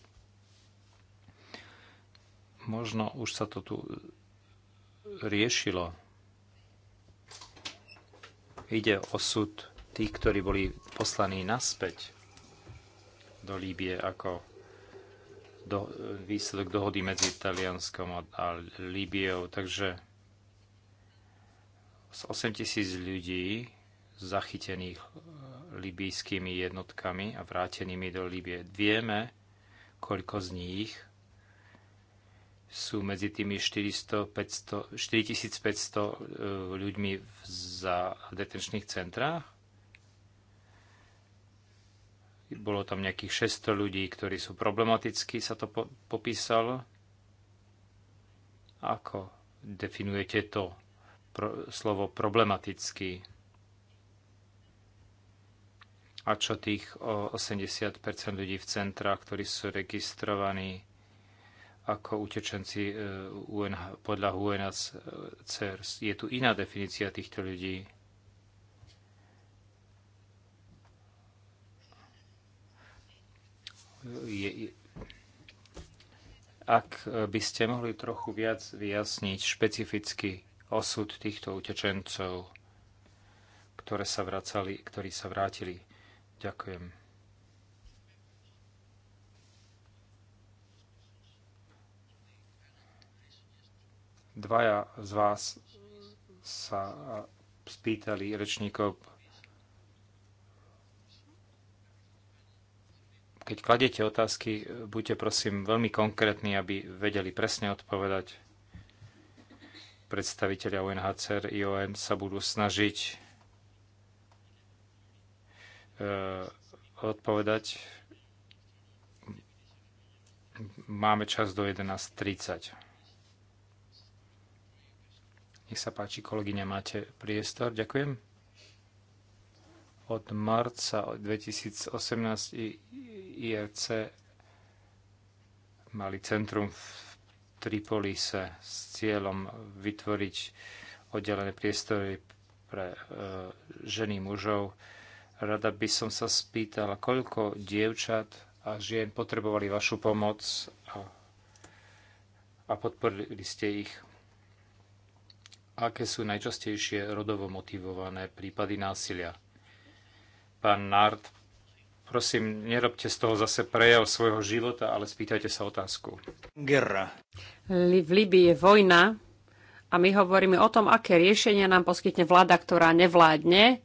Možno už sa to tu riešilo Ide o súd tých, ktorí boli poslaní naspäť do Líbie ako do, výsledok dohody medzi Talianskom a, a Líbiou. Takže z 8 tisíc ľudí zachytených eh, libijskými jednotkami a vrátenými do Líbie. Vieme, koľko z nich sú medzi tými 400, 500, 4500 ľuďmi v, za detenčných centrách. Bolo tam nejakých 600 ľudí, ktorí sú problematicky, sa to po, popísalo. Ako definujete to pro, slovo problematický? A čo tých o 80% ľudí v centrách, ktorí sú registrovaní ako utečenci e, UNH, podľa UNHCR. Je tu iná definícia týchto ľudí. Je, je, ak by ste mohli trochu viac vyjasniť špecificky osud týchto utečencov, ktoré sa vracali, ktorí sa vrátili. Ďakujem. Dvaja z vás sa spýtali rečníkov, keď kladete otázky, buďte prosím veľmi konkrétni, aby vedeli presne odpovedať. Predstaviteľia UNHCR ON sa budú snažiť e, odpovedať. Máme čas do 11.30. Nech sa páči, kolegyňa, máte priestor. Ďakujem. Od marca 2018 IRC mali centrum v Tripolise s cieľom vytvoriť oddelené priestory pre e, ženy mužov. Rada by som sa spýtala, koľko dievčat a žien potrebovali vašu pomoc a, a podporili ste ich aké sú najčastejšie rodovo motivované prípady násilia. Pán Nard, prosím, nerobte z toho zase prejav svojho života, ale spýtajte sa otázku. Gerra. V Libii je vojna a my hovoríme o tom, aké riešenia nám poskytne vláda, ktorá nevládne.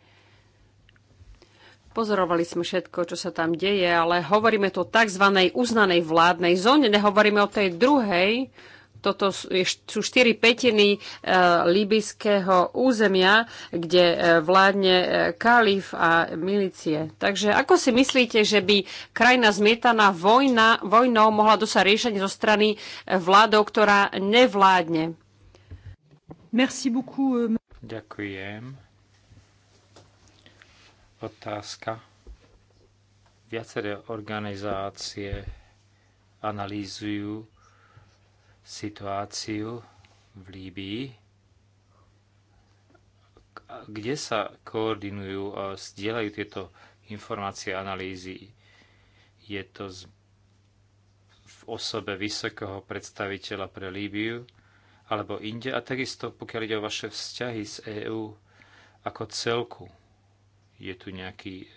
Pozorovali sme všetko, čo sa tam deje, ale hovoríme tu o tzv. uznanej vládnej zóne, nehovoríme o tej druhej, toto sú štyri petiny e, líbyského územia, kde e, vládne e, kalif a milície. Takže ako si myslíte, že by krajina zmietaná vojna, vojnou mohla dosať riešenie zo strany vládov, ktorá nevládne? Merci beaucoup. Euh, Ďakujem. Otázka. Viaceré organizácie analýzujú situáciu v Líbii, kde sa koordinujú a zdieľajú tieto informácie a analýzy. Je to z, v osobe vysokého predstaviteľa pre Líbiu alebo inde a takisto pokiaľ ide o vaše vzťahy s EÚ ako celku. Je tu nejaký e,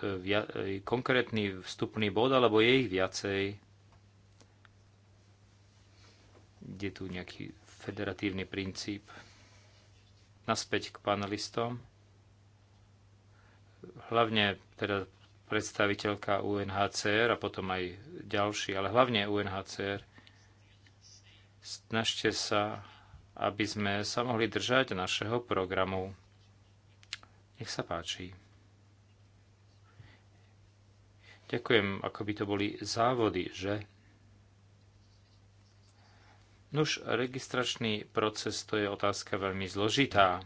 e, konkrétny vstupný bod alebo je ich viacej? kde tu nejaký federatívny princíp. Naspäť k panelistom. Hlavne teda predstaviteľka UNHCR a potom aj ďalší, ale hlavne UNHCR. Snažte sa, aby sme sa mohli držať našeho programu. Nech sa páči. Ďakujem, ako by to boli závody, že? Nuž, registračný proces to je otázka veľmi zložitá.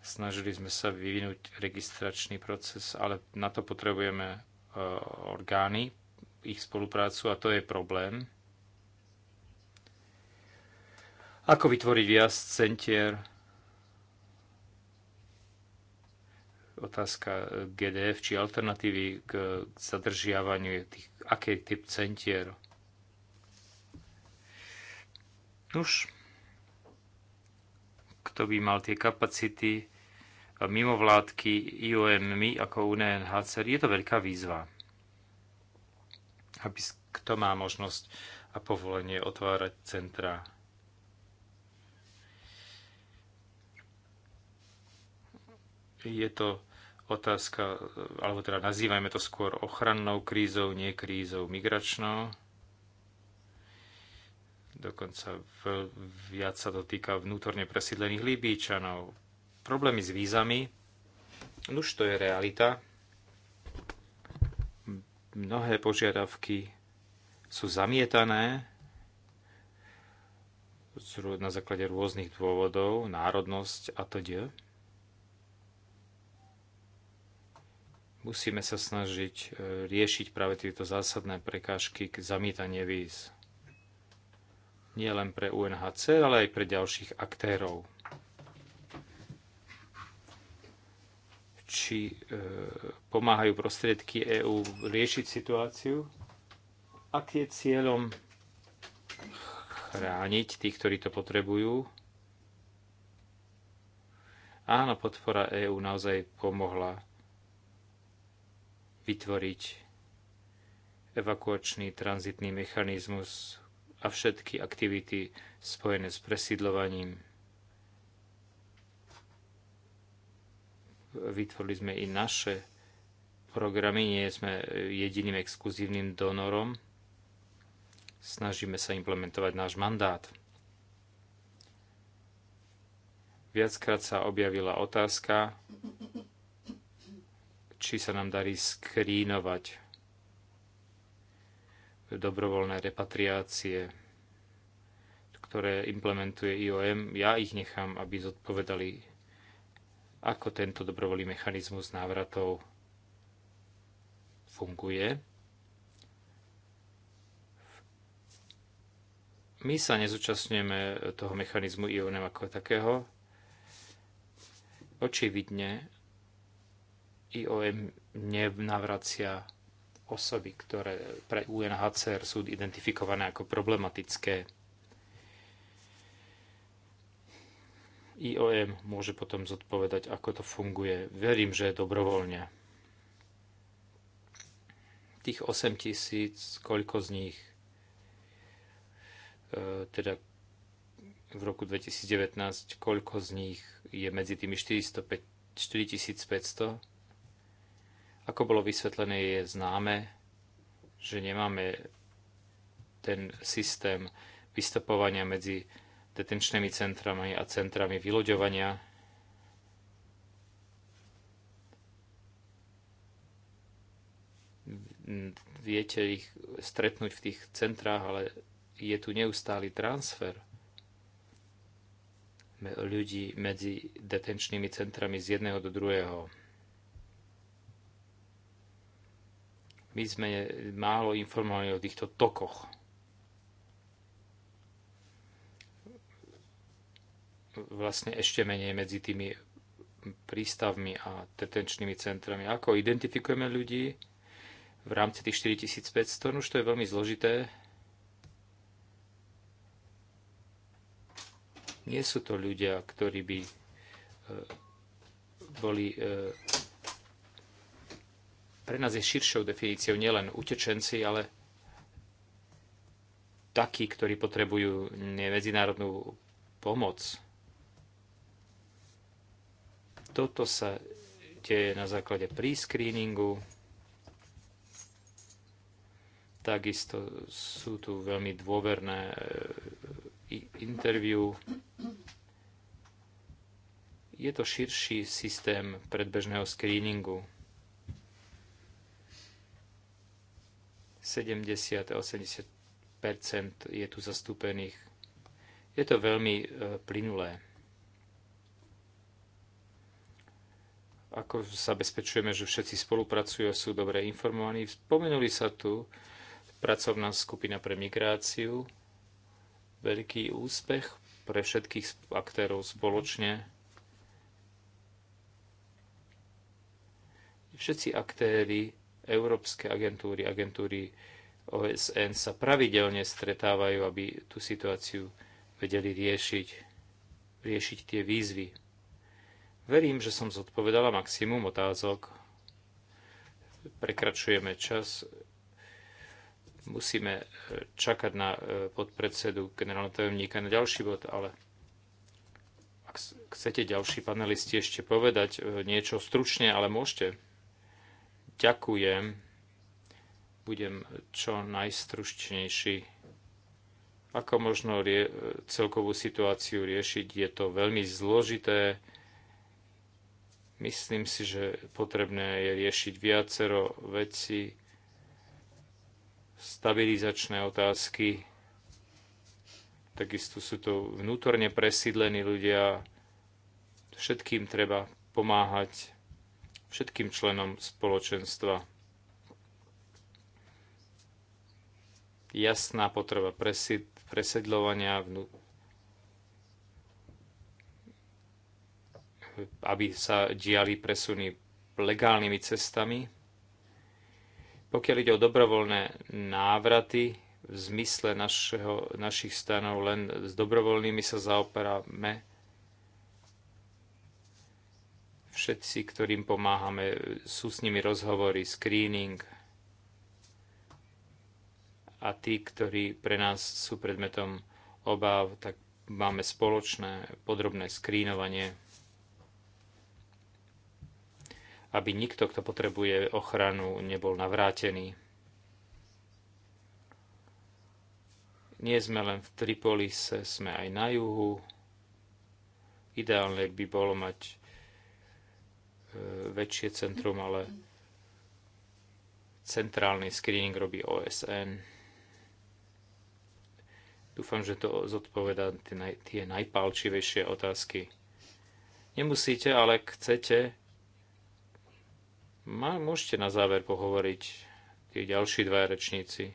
Snažili sme sa vyvinúť registračný proces, ale na to potrebujeme e, orgány, ich spoluprácu a to je problém. Ako vytvoriť viac centier? Otázka e, GDF či alternatívy k zadržiavaniu tých, aký typ centier. Nuž, kto by mal tie kapacity e, mimo vládky IOM, my ako UNHCR, je to veľká výzva. Aby kto má možnosť a povolenie otvárať centra. Je to otázka, e, alebo teda nazývajme to skôr ochrannou krízou, nie krízou migračnou. Dokonca viac sa to týka vnútorne presídlených Líbíčanov. Problémy s vízami, už to je realita. Mnohé požiadavky sú zamietané na základe rôznych dôvodov, národnosť a die. musíme sa snažiť e, riešiť práve tieto zásadné prekážky k zamietanie víz nie len pre UNHC, ale aj pre ďalších aktérov. Či e, pomáhajú prostriedky EÚ riešiť situáciu? Ak je cieľom chrániť tých, ktorí to potrebujú? Áno, podpora EÚ naozaj pomohla vytvoriť evakuačný tranzitný mechanizmus a všetky aktivity spojené s presídlovaním. Vytvorili sme i naše programy, nie sme jediným exkluzívnym donorom. Snažíme sa implementovať náš mandát. Viackrát sa objavila otázka, či sa nám darí skrínovať dobrovoľné repatriácie, ktoré implementuje IOM. Ja ich nechám, aby zodpovedali, ako tento dobrovoľný mechanizmus návratov funguje. My sa nezúčastňujeme toho mechanizmu IOM ako takého. Očividne IOM nenavracia osoby, ktoré pre UNHCR sú identifikované ako problematické. IOM môže potom zodpovedať, ako to funguje. Verím, že je dobrovoľne. Tých 8 tisíc, koľko z nich e, teda v roku 2019, koľko z nich je medzi tými 405, 4500 ako bolo vysvetlené, je známe, že nemáme ten systém vystupovania medzi detenčnými centrami a centrami vyloďovania. Viete ich stretnúť v tých centrách, ale je tu neustály transfer ľudí medzi detenčnými centrami z jedného do druhého. My sme málo informovaní o týchto tokoch. Vlastne ešte menej medzi tými prístavmi a detenčnými centrami. Ako identifikujeme ľudí v rámci tých 4500, no už to je veľmi zložité. Nie sú to ľudia, ktorí by eh, boli eh, pre nás je širšou definíciou nielen utečenci, ale takí, ktorí potrebujú medzinárodnú pomoc. Toto sa deje na základe prískríningu. Takisto sú tu veľmi dôverné e, interview. Je to širší systém predbežného screeningu. 70 a 80 je tu zastúpených. Je to veľmi e, plynulé. Ako sa bezpečujeme, že všetci spolupracujú a sú dobre informovaní? Spomenuli sa tu pracovná skupina pre migráciu. Veľký úspech pre všetkých aktérov spoločne. Všetci aktéry Európske agentúry, agentúry OSN sa pravidelne stretávajú, aby tú situáciu vedeli riešiť, riešiť tie výzvy. Verím, že som zodpovedala maximum otázok. Prekračujeme čas. Musíme e, čakať na e, podpredsedu generálneho tajomníka na ďalší bod, ale ak chcete ďalší panelisti ešte povedať e, niečo stručne, ale môžete. Ďakujem. Budem čo najstručnejší. Ako možno celkovú situáciu riešiť? Je to veľmi zložité. Myslím si, že potrebné je riešiť viacero veci, stabilizačné otázky, takisto sú to vnútorne presídlení ľudia, všetkým treba pomáhať všetkým členom spoločenstva. Jasná potreba presedľovania, aby sa diali presuny legálnymi cestami. Pokiaľ ide o dobrovoľné návraty, v zmysle našeho, našich stanov len s dobrovoľnými sa zaoperáme Všetci, ktorým pomáhame, sú s nimi rozhovory, screening. A tí, ktorí pre nás sú predmetom obáv, tak máme spoločné podrobné skrínovanie, aby nikto, kto potrebuje ochranu, nebol navrátený. Nie sme len v Tripolise, sme aj na juhu. Ideálne by bolo mať E, väčšie centrum, ale centrálny screening robí OSN. Dúfam, že to zodpoveda tie najpálčivejšie otázky. Nemusíte, ale chcete. Môžete na záver pohovoriť tie ďalší dva rečníci.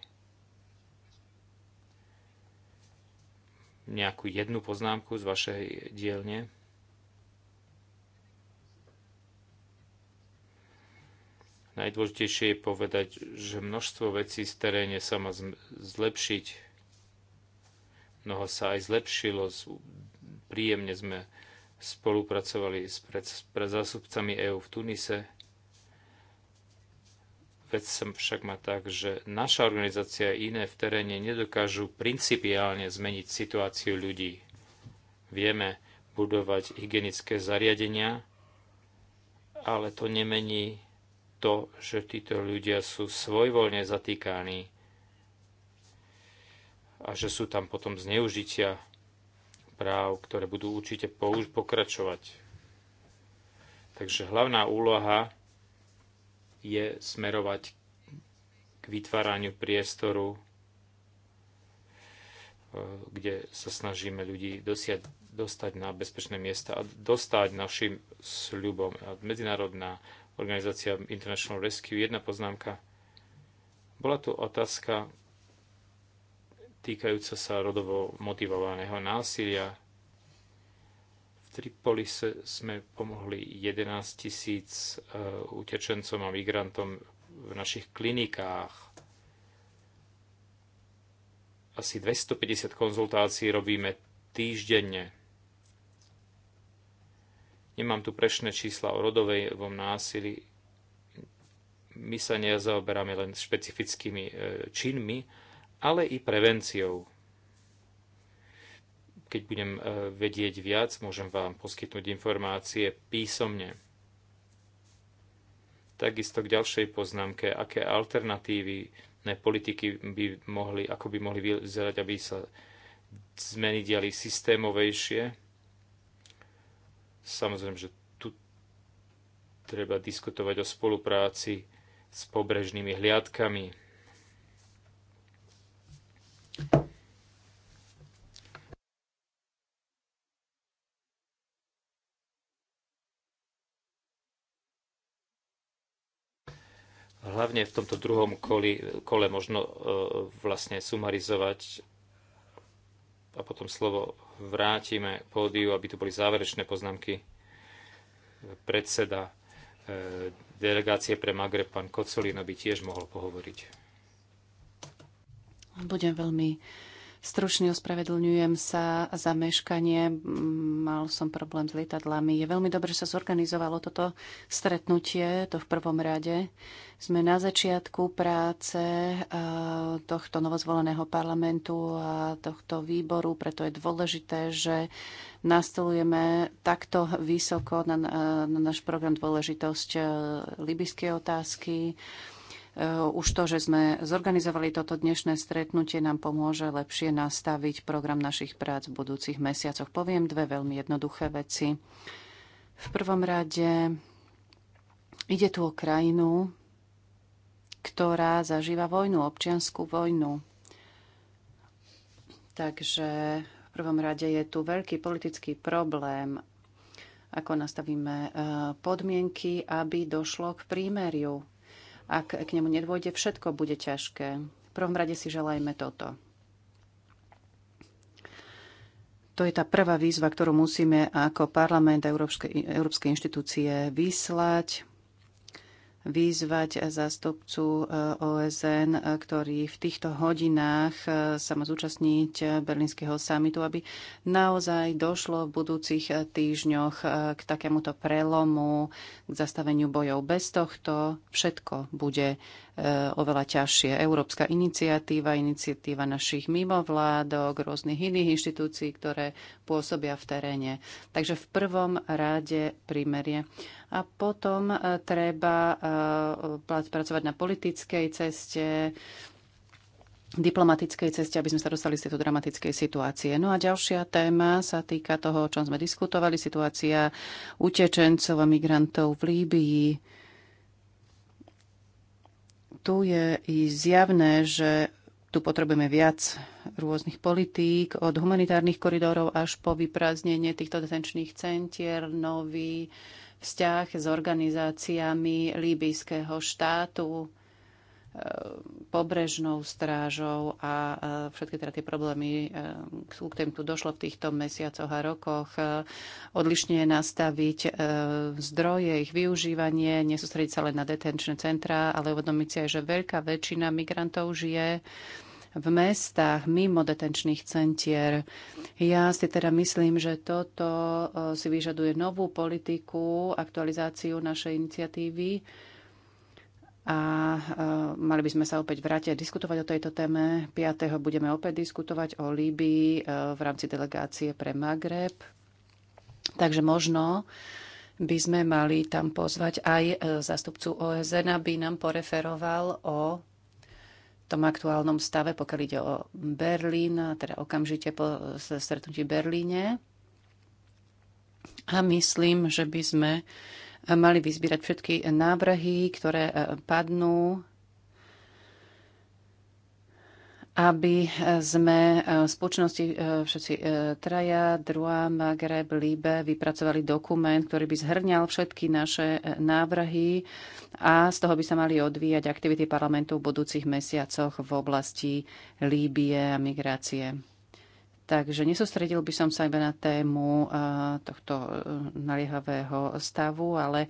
Nejakú jednu poznámku z vašej dielne. Najdôležitejšie je povedať, že množstvo vecí z teréne sa má zlepšiť. Mnoho sa aj zlepšilo. Príjemne sme spolupracovali s, pred, pred zásupcami EÚ v Tunise. Vec som však má tak, že naša organizácia a iné v teréne nedokážu principiálne zmeniť situáciu ľudí. Vieme budovať hygienické zariadenia, ale to nemení to, že títo ľudia sú svojvoľne zatýkaní a že sú tam potom zneužitia práv, ktoré budú určite pokračovať. Takže hlavná úloha je smerovať k vytváraniu priestoru, e, kde sa snažíme ľudí dosiať, dostať na bezpečné miesta a dostať našim sľubom. Medzinárodná organizácia International Rescue. Jedna poznámka. Bola tu otázka týkajúca sa rodovo motivovaného násilia. V Tripolise sme pomohli 11 tisíc e, utečencom a migrantom v našich klinikách. Asi 250 konzultácií robíme týždenne Nemám tu prešné čísla o rodovej vom násilí. My sa nezaoberáme len špecifickými e, činmi, ale i prevenciou. Keď budem e, vedieť viac, môžem vám poskytnúť informácie písomne. Takisto k ďalšej poznámke, aké alternatívy politiky by mohli, ako by mohli vyzerať, aby sa zmeny diali systémovejšie, Samozrejme, že tu treba diskutovať o spolupráci s pobrežnými hliadkami. hlavne v tomto druhom kole, kole možno e, vlastne sumarizovať a potom slovo vrátime pódiu, aby tu boli záverečné poznámky predseda eh, delegácie pre Magreb, pán Kocolino, by tiež mohol pohovoriť. Budem veľmi Stručne ospravedlňujem sa za meškanie. Mal som problém s lietadlami. Je veľmi dobre, že sa zorganizovalo toto stretnutie. To v prvom rade. Sme na začiatku práce eh, tohto novozvoleného parlamentu a tohto výboru, preto je dôležité, že nastolujeme takto vysoko na, na náš program dôležitosť eh, libyskej otázky Eh, už to, že sme zorganizovali toto dnešné stretnutie, nám pomôže lepšie nastaviť program našich prác v budúcich mesiacoch. Poviem dve veľmi jednoduché veci. V prvom rade ide tu o krajinu, ktorá zažíva vojnu, občianskú vojnu. Takže v prvom rade je tu veľký politický problém, ako nastavíme eh, podmienky, aby došlo k prímeriu ak k nemu nedôjde, všetko bude ťažké. V prvom rade si želajme toto. To je tá prvá výzva, ktorú musíme ako parlament a európske, európske inštitúcie vyslať vyzvať zástupcu eh, OSN, eh, ktorý v týchto hodinách eh, sa má zúčastniť berlínskeho samitu, aby naozaj došlo v budúcich týždňoch k takémuto prelomu, k zastaveniu bojov. Bez tohto všetko bude oveľa ťažšie. Európska iniciatíva, iniciatíva našich mimovládok, rôznych iných inštitúcií, ktoré pôsobia v teréne. Takže v prvom rade primerie. A potom e, treba e, pracovať na politickej ceste, diplomatickej ceste, aby sme sa dostali z tejto dramatickej situácie. No a ďalšia téma sa týka toho, o čom sme diskutovali, situácia utečencov a migrantov v Líbii. Tu je i zjavné, že tu potrebujeme viac rôznych politík, od humanitárnych koridorov až po vyprázdnenie týchto detenčných centier, nový vzťah s organizáciami líbyjského štátu, e, pobrežnou strážou a e, všetky teda tie problémy, e, k ktorým tu došlo v týchto mesiacoch a rokoch, odlišne nastaviť zdroje, ich využívanie, nesústrediť sa len na detenčné centrá, ale uvedomiť si aj, že veľká väčšina migrantov žije v mestách mimo detenčných centier. Ja si teda myslím, že toto e, si vyžaduje novú politiku, aktualizáciu našej iniciatívy a e, mali by sme sa opäť vrátiť a diskutovať o tejto téme. 5. budeme opäť diskutovať o Líbii e, v rámci delegácie pre Magreb. Takže možno by sme mali tam pozvať aj zástupcu OSN, aby nám poreferoval o tom aktuálnom stave, pokiaľ ide o Berlín, teda okamžite po stretnutí Berlíne. A myslím, že by sme mali vyzbierať všetky návrhy, ktoré e, padnú aby e, sme e, v spoločnosti e, všetci traja, druhá, Magreb, Líbe vypracovali dokument, ktorý by zhrňal všetky naše návrhy a z toho by sa mali odvíjať aktivity parlamentu v budúcich mesiacoch v oblasti Líbie a migrácie. Takže nesostredil by som sa iba na tému tohto naliehavého stavu, ale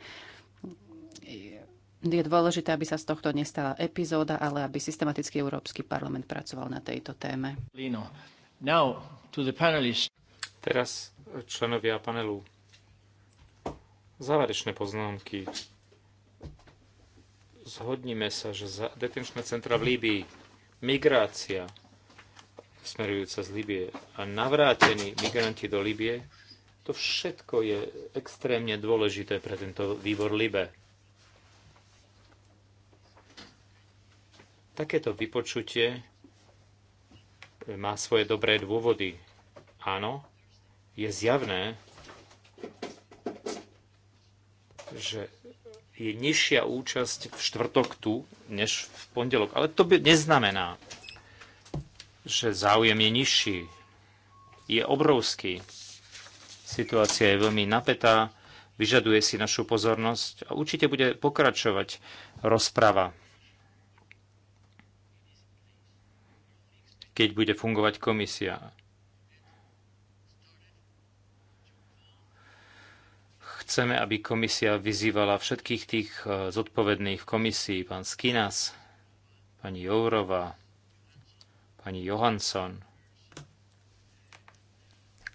je dôležité, aby sa z tohto nestala epizóda, ale aby systematicky Európsky parlament pracoval na tejto téme. Now to the Teraz členovia panelu. Záverečné poznámky. Zhodníme sa, že za detenčné centra v Líbii, migrácia smerujúca z Líbie a navrátení migranti do Líbie, to všetko je extrémne dôležité pre tento výbor Libe Takéto vypočutie má svoje dobré dôvody. Áno, je zjavné, že je nižšia účasť v štvrtok tu, než v pondelok. Ale to by neznamená, že záujem je nižší. Je obrovský. Situácia je veľmi napätá, vyžaduje si našu pozornosť a určite bude pokračovať rozprava keď bude fungovať komisia. Chceme, aby komisia vyzývala všetkých tých e, zodpovedných v komisii, pán Skinas, pani Jourova, pani Johansson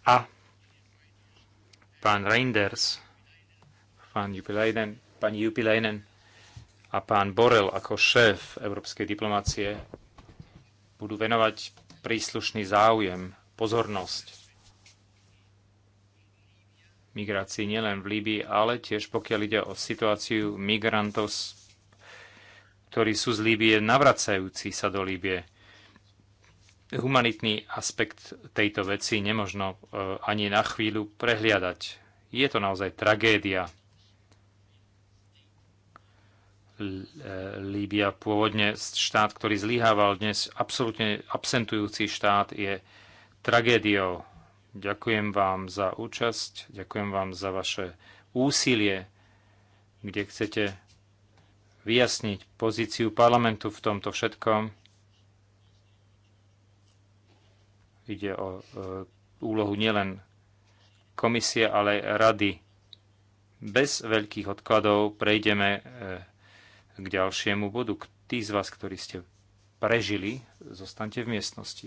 a pán Reinders, pán Jupilainen, pani Jupilainen a pán Borel ako šéf európskej diplomácie budú venovať príslušný záujem, pozornosť migrácii nielen v Líbii, ale tiež pokiaľ ide o situáciu migrantov, ktorí sú z Líbie navracajúci sa do Líbie. Humanitný aspekt tejto veci nemožno e, ani na chvíľu prehliadať. Je to naozaj tragédia. Líbia pôvodne štát, ktorý zlyhával, dnes absolútne absentujúci štát je tragédiou. Ďakujem vám za účasť, ďakujem vám za vaše úsilie, kde chcete vyjasniť pozíciu parlamentu v tomto všetkom. Ide o e, úlohu nielen komisie, ale rady. Bez veľkých odkladov prejdeme e, k ďalšiemu bodu. Tí z vás, ktorí ste prežili, zostaňte v miestnosti.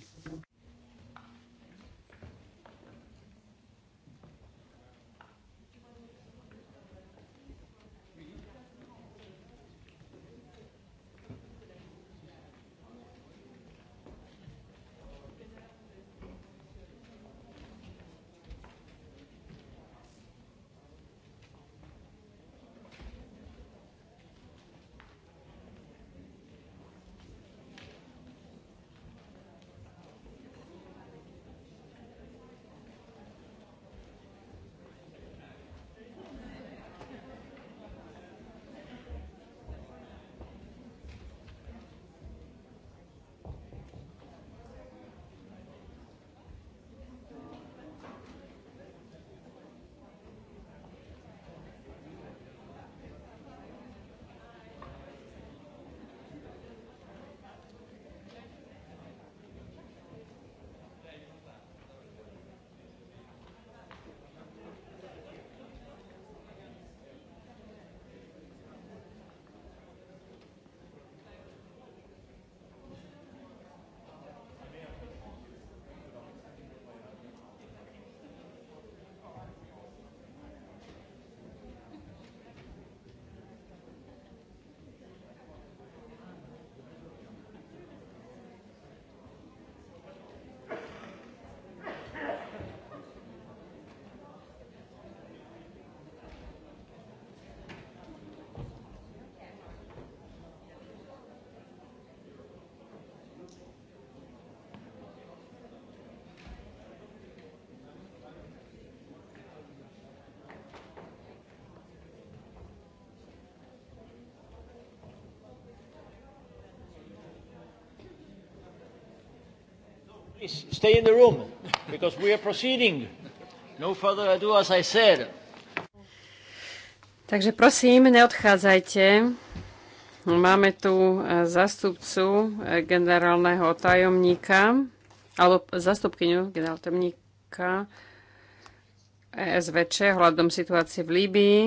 Please stay in the room, because we are proceeding. No further ado, as I said. Takže prosím, neodchádzajte. Máme tu e, zastupcu e, generálneho tajomníka, alebo zastupkyňu generálneho tajomníka e SVČ hľadom situácie v Líbii.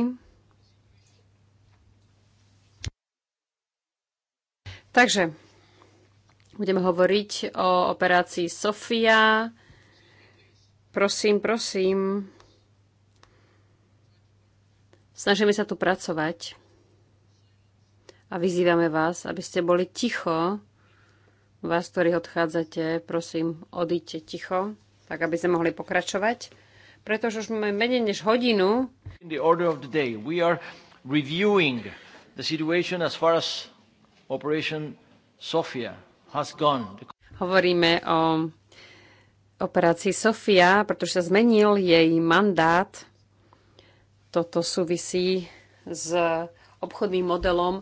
Takže Budeme hovoriť o operácii Sofia. Prosím, prosím. Snažíme sa tu pracovať a vyzývame vás, aby ste boli ticho. Vás, ktorí odchádzate, prosím, odíďte ticho, tak aby sme mohli pokračovať. Pretože už máme menej než hodinu. In the order of the day, we are reviewing the situation as far as Operation Sofia Hovoríme o operácii Sofia, pretože sa zmenil jej mandát. Toto súvisí s obchodným modelom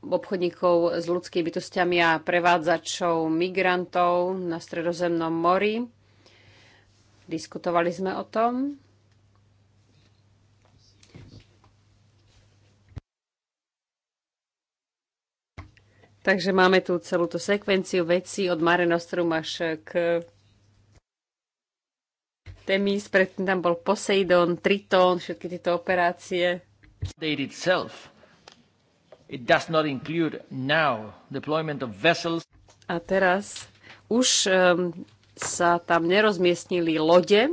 obchodníkov s ľudskými bytostiami a prevádzačov migrantov na Stredozemnom mori. Diskutovali sme o tom. Takže máme tu celú tú sekvenciu vecí od Mare Nostrum až k Temis, predtým tam bol Poseidon, Triton, všetky tieto operácie. itself. It does not include now deployment of vessels. A teraz už um, sa tam nerozmiestnili lode,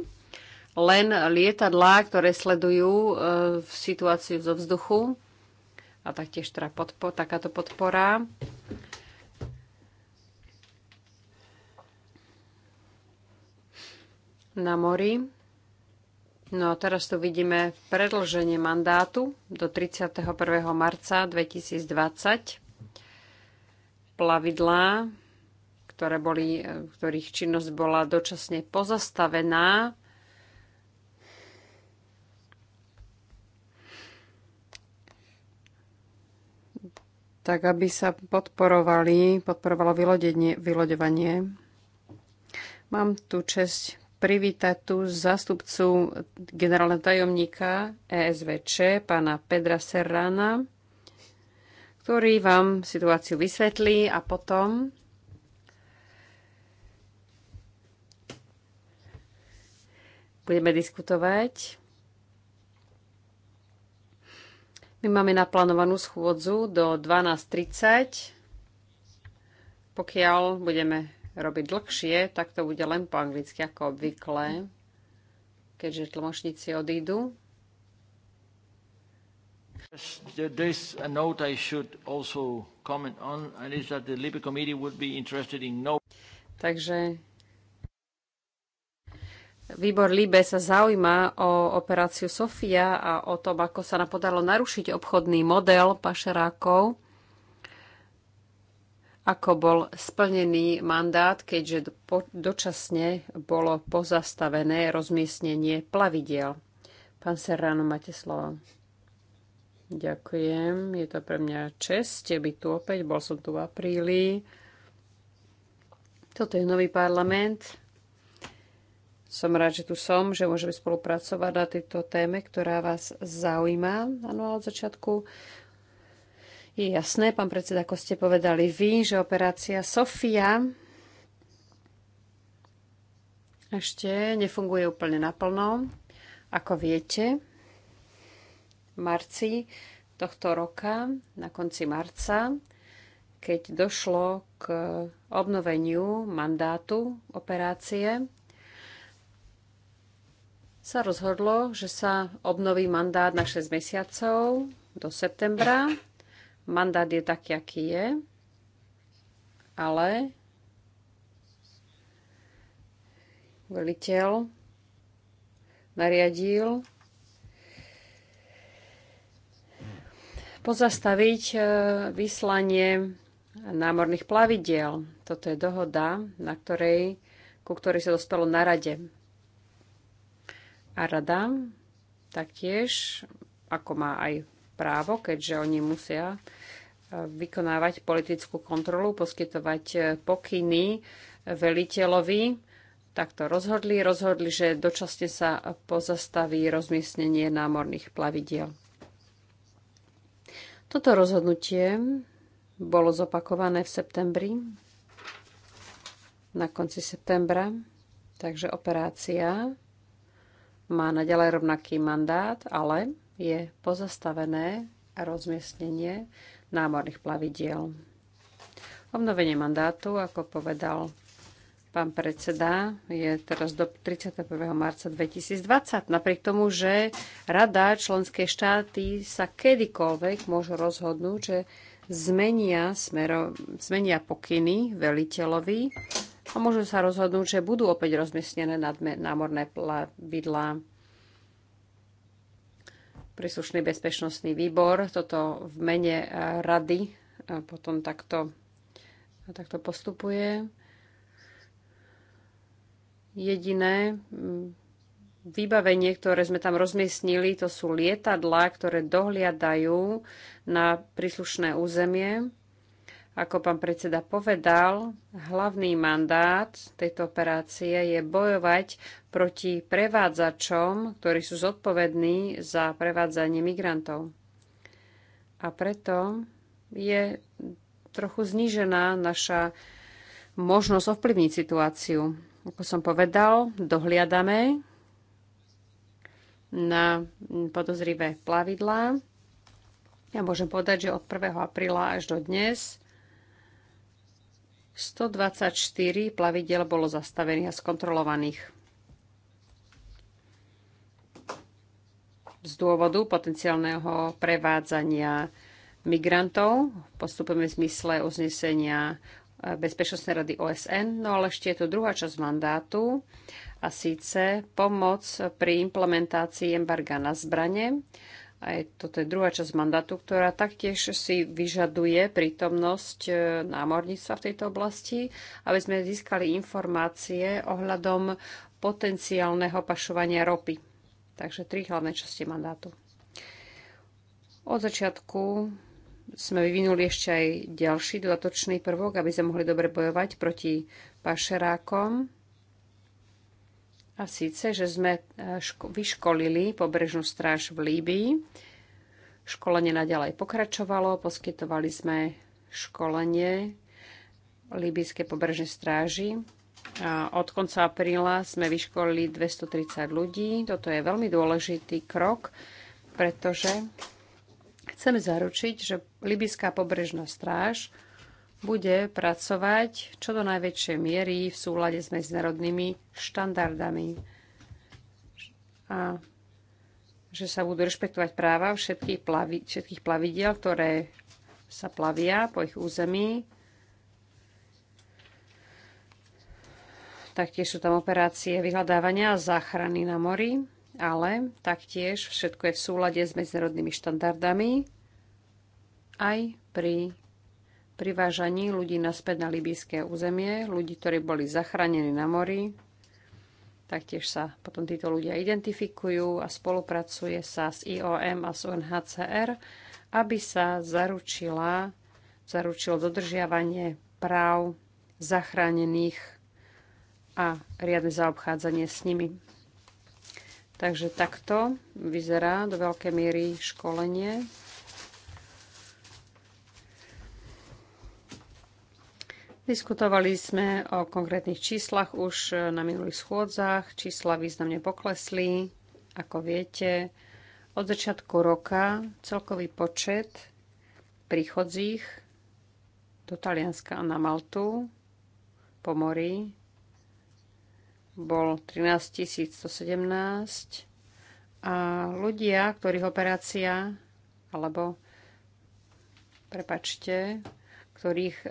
len lietadlá, ktoré sledujú uh, situáciu zo vzduchu a taktiež teda podpo- takáto podpora. na mori. No a teraz tu vidíme predlženie mandátu do 31. marca 2020. Plavidlá, ktoré boli, ktorých činnosť bola dočasne pozastavená, tak aby sa podporovali, podporovalo vyloďovanie. Mám tu čest privítať tu zástupcu generálneho tajomníka ESVČ, pána Pedra Serrana, ktorý vám situáciu vysvetlí a potom budeme diskutovať My máme naplánovanú schôdzu do 12.30. Pokiaľ budeme robiť dlhšie, tak to bude len po anglicky, ako obvykle, keďže tlmočníci odídu. Uh, a note I should also comment on, and is that the Committee would be interested in no... Takže Výbor Libe sa zaujíma o operáciu Sofia a o tom, ako sa nám podarilo narušiť obchodný model pašerákov, ako bol splnený mandát, keďže dočasne bolo pozastavené rozmiestnenie plavidiel. Pán Serrano, máte slovo. Ďakujem, je to pre mňa čest byť tu opäť, bol som tu v apríli. Toto je nový parlament, som rád, že tu som, že môžeme spolupracovať na tejto téme, ktorá vás zaujíma. Áno, od začiatku je jasné, pán predseda, ako ste povedali vy, že operácia Sofia ešte nefunguje úplne naplno. Ako viete, v marci tohto roka, na konci marca, keď došlo k obnoveniu mandátu operácie, sa rozhodlo, že sa obnoví mandát na 6 mesiacov do septembra. Mandát je taký, aký je, ale veliteľ nariadil pozastaviť e, vyslanie námorných plavidiel. Toto je dohoda, na ktorej, ku ktorej sa dospelo na rade. A rada taktiež, ako má aj právo, keďže oni musia e, vykonávať politickú kontrolu, poskytovať e, pokyny e, veliteľovi, takto rozhodli. Rozhodli, že dočasne sa pozastaví rozmiestnenie námorných plavidiel. Toto rozhodnutie bolo zopakované v septembri, na konci septembra, takže operácia má naďalej rovnaký mandát, ale je pozastavené rozmiestnenie námorných plavidiel. Obnovenie mandátu, ako povedal pán predseda, je teraz do 31. marca 2020. Napriek tomu, že rada, členské štáty sa kedykoľvek môžu rozhodnúť, že zmenia, smero, zmenia pokyny veliteľovi a môžu sa rozhodnúť, že budú opäť rozmiestnené námorné plavidlá. Príslušný bezpečnostný výbor toto v mene eh, rady eh, potom takto, takto postupuje. Jediné mm, vybavenie, ktoré sme tam rozmiestnili, to sú lietadlá, ktoré dohliadajú na príslušné územie ako pán predseda povedal, hlavný mandát tejto operácie je bojovať proti prevádzačom, ktorí sú zodpovední za prevádzanie migrantov. A preto je trochu znížená naša možnosť ovplyvniť situáciu. Ako som povedal, dohliadame na podozrivé plavidlá. Ja môžem povedať, že od 1. apríla až do dnes 124 plavidel bolo zastavených a skontrolovaných. Z dôvodu potenciálneho prevádzania migrantov postupujeme v zmysle uznesenia eh, Bezpečnostnej rady OSN, no ale ešte je tu druhá časť mandátu a síce pomoc pri implementácii embarga na zbrane. Aj toto je druhá časť mandátu, ktorá taktiež si vyžaduje prítomnosť e, námorníctva v tejto oblasti, aby sme získali informácie ohľadom potenciálneho pašovania ropy. Takže tri hlavné časti mandátu. Od začiatku sme vyvinuli ešte aj ďalší dodatočný prvok, aby sme mohli dobre bojovať proti pašerákom. A síce, že sme e, vyškolili pobrežnú stráž v Líbii. Školenie naďalej pokračovalo, poskytovali sme školenie Líbijskej pobrežnej stráži. A od konca apríla sme vyškolili 230 ľudí. Toto je veľmi dôležitý krok, pretože chceme zaručiť, že Libyská pobrežná stráž bude pracovať čo do najväčšej miery v súlade s medzinárodnými štandardami a že sa budú rešpektovať práva všetkých, plavi, všetkých plavidiel, ktoré sa plavia po ich území. Taktiež sú tam operácie vyhľadávania a záchrany na mori, ale taktiež všetko je v súlade s medzinárodnými štandardami aj pri privážaní ľudí naspäť na libijské územie, ľudí, ktorí boli zachránení na mori. Taktiež sa potom títo ľudia identifikujú a spolupracuje sa s IOM a s UNHCR, aby sa zaručila, zaručilo dodržiavanie práv zachránených a riadne zaobchádzanie s nimi. Takže takto vyzerá do veľkej miery školenie Diskutovali sme o konkrétnych číslach už na minulých schôdzach. Čísla významne poklesli. Ako viete, od začiatku roka celkový počet príchodzích do Talianska a na Maltu po mori bol 13 117 a ľudia, ktorých operácia alebo prepačte, ktorých e,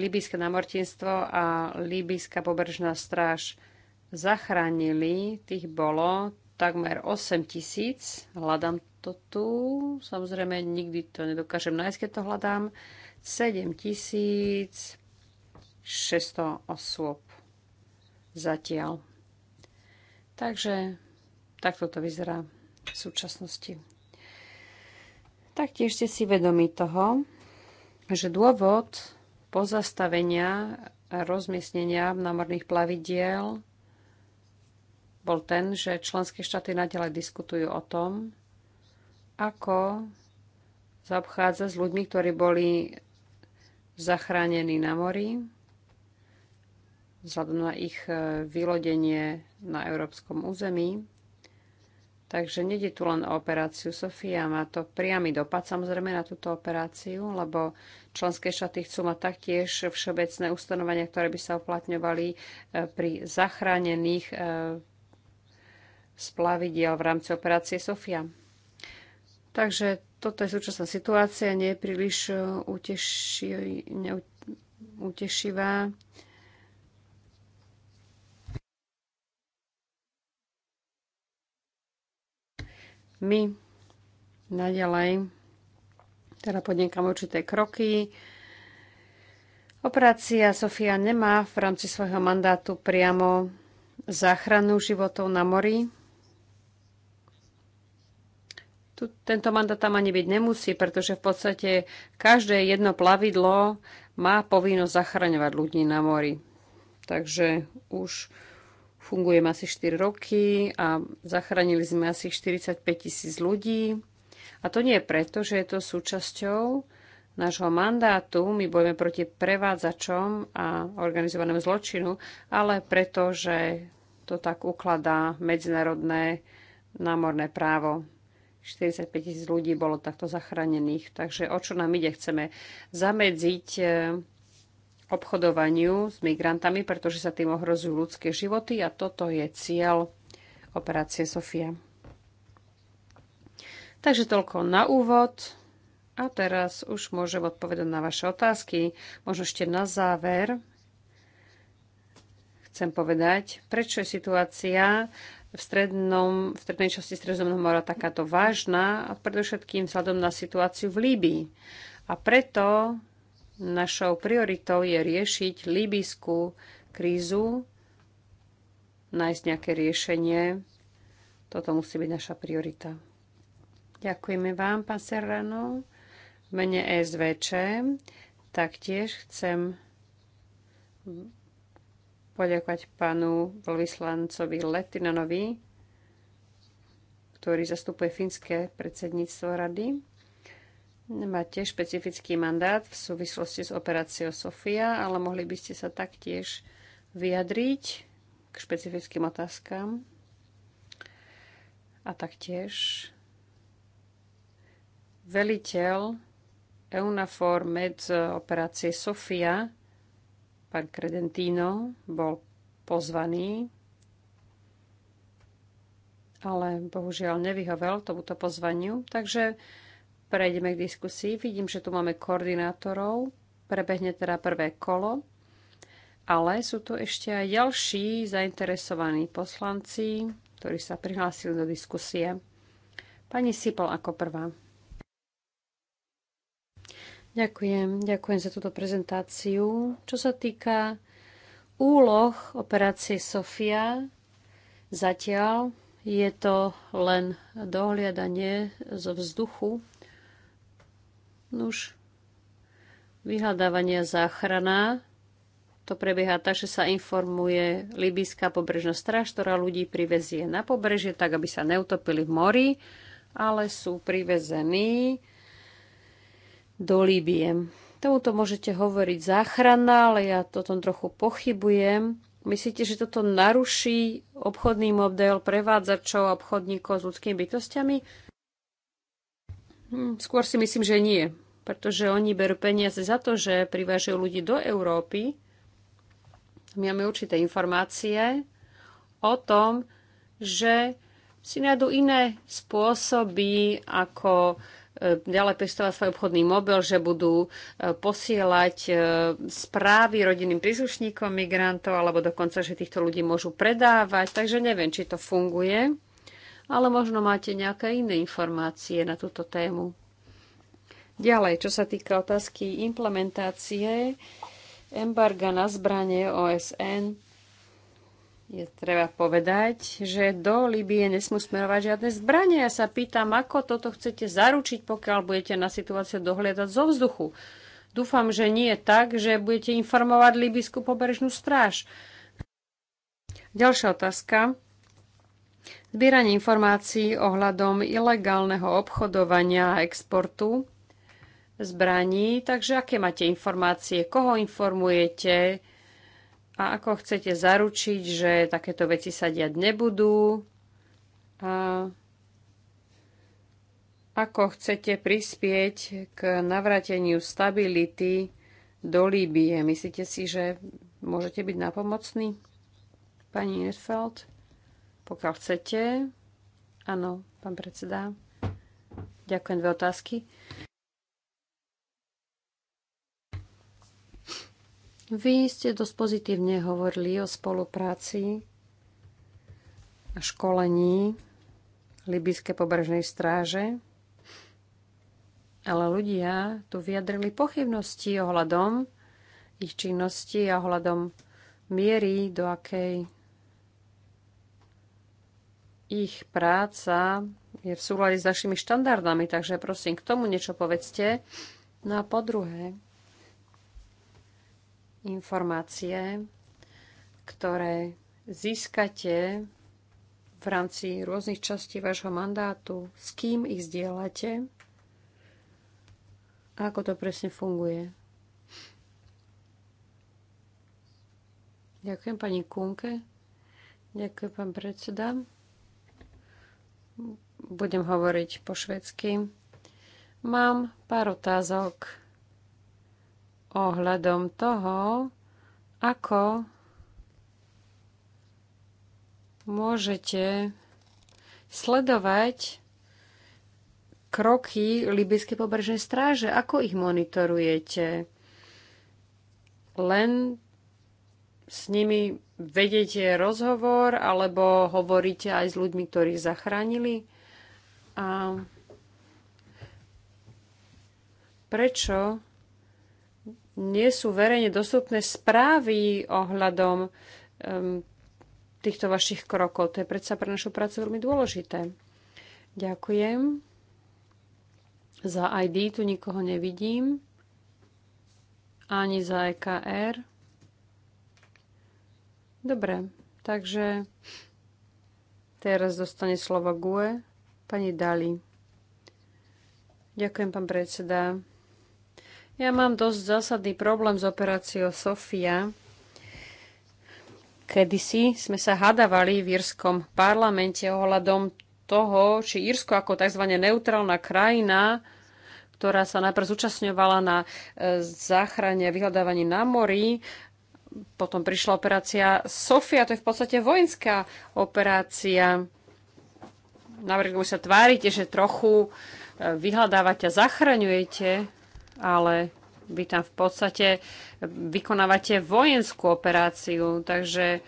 Libijské namortinstvo a Libijská pobržná stráž zachránili. Tých bolo takmer 8 tisíc. Hľadám to tu. Samozrejme, nikdy to nedokážem nájsť, keď to hľadám. 7 tisíc 600 osôb zatiaľ. Takže takto to vyzerá v súčasnosti. Taktiež ste si vedomi toho, že dôvod pozastavenia a rozmiestnenia námorných plavidiel bol ten, že členské štáty nadalej diskutujú o tom, ako zaobchádza s ľuďmi, ktorí boli zachránení na mori vzhľadom na ich e, vylodenie na európskom území. Takže nede tu len o operáciu Sofia, má to priamy dopad samozrejme na túto operáciu, lebo členské štáty chcú mať taktiež všeobecné ustanovenia, ktoré by sa uplatňovali e, pri zachránených e, splavidiel v rámci operácie Sofia. Takže toto je súčasná situácia, nie je príliš e, uteši, neutešivá. My naďalej teda podnikám určité kroky. Operácia Sofia nemá v rámci svojho mandátu priamo záchranu životov na mori. Tento mandát tam ani byť nemusí, pretože v podstate každé jedno plavidlo má povinnosť zachraňovať ľudí na mori. Takže už fungujem asi 4 roky a zachránili sme asi 45 tisíc ľudí. A to nie je preto, že je to súčasťou nášho mandátu. My bojujeme proti prevádzačom a organizovanému zločinu, ale preto, že to tak ukladá medzinárodné námorné právo. 45 tisíc ľudí bolo takto zachránených. Takže o čo nám ide? Chceme zamedziť eh, obchodovaniu s migrantami, pretože sa tým ohrozujú ľudské životy a toto je cieľ operácie Sofia. Takže toľko na úvod. A teraz už môžem odpovedať na vaše otázky. Možno ešte na záver chcem povedať, prečo je situácia v, strednom, v strednej časti Stredozemného mora takáto vážna a predovšetkým vzhľadom na situáciu v Líbii. A preto Našou prioritou je riešiť líbyskú krízu, nájsť nejaké riešenie. Toto musí byť naša priorita. Ďakujeme vám, pán Serrano. V mene SVČ taktiež chcem poďakovať pánu Vlvislancovi Letinanovi, ktorý zastupuje fínske predsedníctvo rady. Máte špecifický mandát v súvislosti s operáciou Sofia, ale mohli by ste sa taktiež vyjadriť k špecifickým otázkam a taktiež veliteľ EUNAFOR med operácie Sofia, pán Credentino, bol pozvaný, ale bohužiaľ nevyhovel tomuto pozvaniu. Takže prejdeme k diskusii. Vidím, že tu máme koordinátorov. Prebehne teda prvé kolo. Ale sú tu ešte aj ďalší zainteresovaní poslanci, ktorí sa prihlásili do diskusie. Pani Sipol ako prvá. Ďakujem, ďakujem za túto prezentáciu. Čo sa týka úloh operácie Sofia, zatiaľ je to len dohliadanie zo vzduchu Nuž, Vyhľadávania záchrana. To prebieha tak, že sa informuje Libyská pobrežná stráž, ktorá ľudí privezie na pobrežie, tak aby sa neutopili v mori, ale sú privezení do Líbie. Tomuto môžete hovoriť záchrana, ale ja to tom trochu pochybujem. Myslíte, že toto naruší obchodný model prevádzačov a obchodníkov s ľudskými bytostiami? Hm, skôr si myslím, že nie pretože oni berú peniaze za to, že privážajú ľudí do Európy. My máme určité informácie o tom, že si nájdú iné spôsoby, ako e, ďalej pestovať svoj obchodný mobil, že budú e, posielať e, správy rodinným príslušníkom migrantov, alebo dokonca, že týchto ľudí môžu predávať. Takže neviem, či to funguje, ale možno máte nejaké iné informácie na túto tému. Ďalej, čo sa týka otázky implementácie embarga na zbranie OSN, je treba povedať, že do Libie nesmú smerovať žiadne zbranie. Ja sa pýtam, ako toto chcete zaručiť, pokiaľ budete na situáciu dohliadať zo vzduchu. Dúfam, že nie je tak, že budete informovať Libijskú pobrežnú stráž. Ďalšia otázka. Zbieranie informácií ohľadom ilegálneho obchodovania a exportu zbraní. Takže aké máte informácie, koho informujete a ako chcete zaručiť, že takéto veci sa diať nebudú. A ako chcete prispieť k navrateniu stability do Líbie. Myslíte si, že môžete byť napomocní? Pani Netfeld, pokiaľ chcete. Áno, pán predseda. Ďakujem dve otázky. Vy ste dosť pozitívne hovorili o spolupráci a školení Libyskej pobrežnej stráže, ale ľudia tu vyjadrili pochybnosti ohľadom ich činnosti a ohľadom miery, do akej ich práca je v súlade s našimi štandardami, takže prosím, k tomu niečo povedzte. No a po druhé, informácie, ktoré získate v rámci rôznych častí vášho mandátu, s kým ich zdieľate a ako to presne funguje. Ďakujem pani Kunke. Ďakujem pán predseda. Budem hovoriť po švedsky. Mám pár otázok ohľadom toho, ako môžete sledovať kroky Libyskej pobrežnej stráže, ako ich monitorujete. Len s nimi vedete rozhovor alebo hovoríte aj s ľuďmi, ktorých zachránili. A prečo nie sú verejne dostupné správy ohľadom um, týchto vašich krokov. To je predsa pre našu prácu veľmi dôležité. Ďakujem. Za ID tu nikoho nevidím. Ani za EKR. Dobre, takže teraz dostane slova GUE pani Dali. Ďakujem, pán predseda. Ja mám dosť zásadný problém s operáciou Sofia. Kedysi sme sa hadavali v írskom parlamente ohľadom toho, či Írsko ako tzv. neutrálna krajina, ktorá sa najprv zúčastňovala na e, záchrane a vyhľadávaní na mori, potom prišla operácia Sofia, to je v podstate vojenská operácia. Navrhujem sa tváriť, že trochu e, vyhľadávate a zachraňujete ale vy tam v podstate vykonávate vojenskú operáciu, takže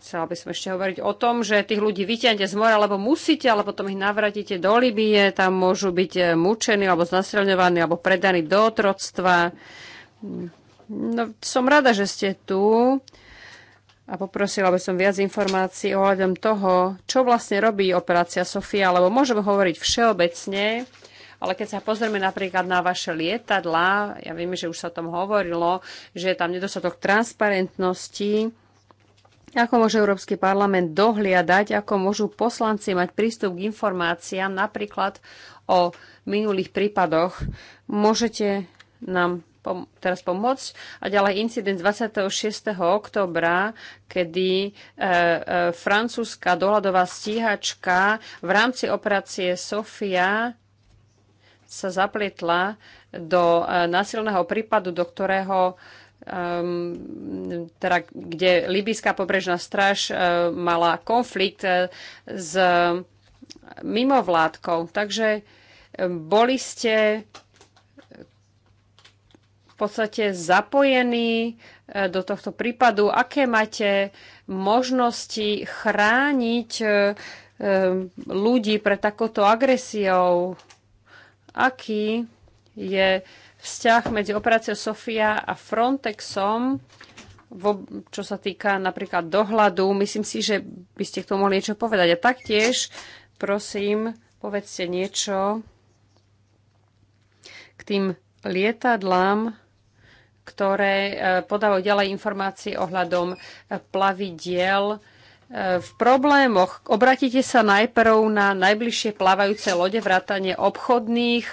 chcela by som ešte hovoriť o tom, že tých ľudí vyťahnete z mora, lebo musíte, ale potom ich navratíte do Libie, tam môžu byť eh, mučení, alebo znasilňovaní, alebo predaní do otroctva. No, som rada, že ste tu a poprosila by som viac informácií ohľadom toho, čo vlastne robí operácia Sofia, lebo môžeme hovoriť všeobecne, ale keď sa pozrieme napríklad na vaše lietadla, ja viem, že už sa o tom hovorilo, že je tam nedostatok transparentnosti, ako môže Európsky parlament dohliadať, ako môžu poslanci mať prístup k informáciám napríklad o minulých prípadoch? Môžete nám pom- teraz pomôcť? A ďalej incident 26. oktobra, kedy e, e, francúzska dohľadová stíhačka v rámci operácie Sofia sa zapletla do e, násilného prípadu, do ktorého um, teda, kde Libyská pobrežná straž uh, e, mala konflikt uh, s mimovládkou. Takže boli ste v podstate zapojení do tohto prípadu. Aké máte možnosti chrániť ľudí pred takouto agresiou? aký je vzťah medzi operáciou Sofia a Frontexom, vo, čo sa týka napríklad dohľadu. Myslím si, že by ste k tomu mohli niečo povedať. A taktiež, prosím, povedzte niečo k tým lietadlám, ktoré eh, podávajú ďalej informácie ohľadom eh, plavidiel, v problémoch. Obratite sa najprv na najbližšie plávajúce lode, vrátanie obchodných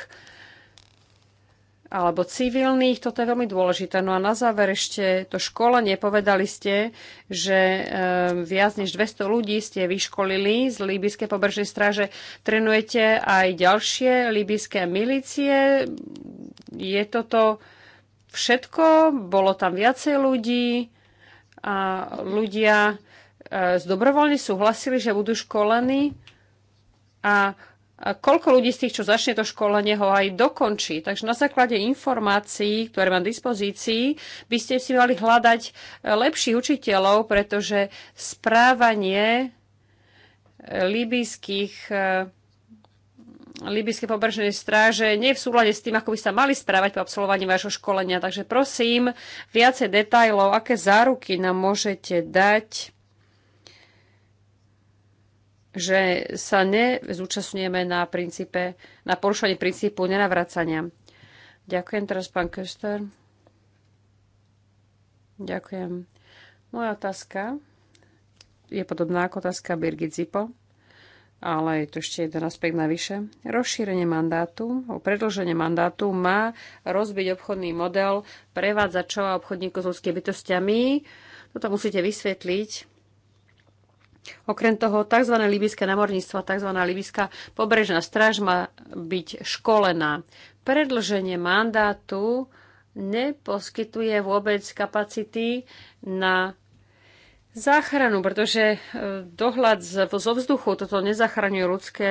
alebo civilných. Toto je veľmi dôležité. No a na záver ešte to školenie. Povedali ste, že eh, viac než 200 ľudí ste vyškolili z Líbyskej pobržnej stráže. Trenujete aj ďalšie líbyské milície. Je toto všetko? Bolo tam viacej ľudí a ľudia Eh, dobrovoľne súhlasili, že budú školení a koľko ľudí z tých, čo začne to školenie, ho aj dokončí. Takže na základe informácií, ktoré mám v dispozícii, by ste si mali hľadať eh, lepších učiteľov, pretože správanie eh, libyských Libyskej pobrežnej stráže nie je v súlade s tým, ako by sa mali správať po absolvovaní vášho školenia. Takže prosím, viacej detajlov, aké záruky nám môžete dať že sa nezúčastňujeme na, princípe, na porušovanie princípu nenavracania. Ďakujem teraz, pán Köster. Ďakujem. Moja otázka je podobná ako otázka Birgit Zipo, ale je tu ešte jeden aspekt navyše. Rozšírenie mandátu, predlženie mandátu má rozbiť obchodný model prevádzačov a obchodníkov s ľudskými bytostiami. Toto musíte vysvetliť, Okrem toho, tzv. libyské námorníctvo, tzv. libyská pobrežná stráž má byť školená. Predlženie mandátu neposkytuje vôbec kapacity na záchranu, pretože e, dohľad zo vzduchu toto nezachraňuje ľudské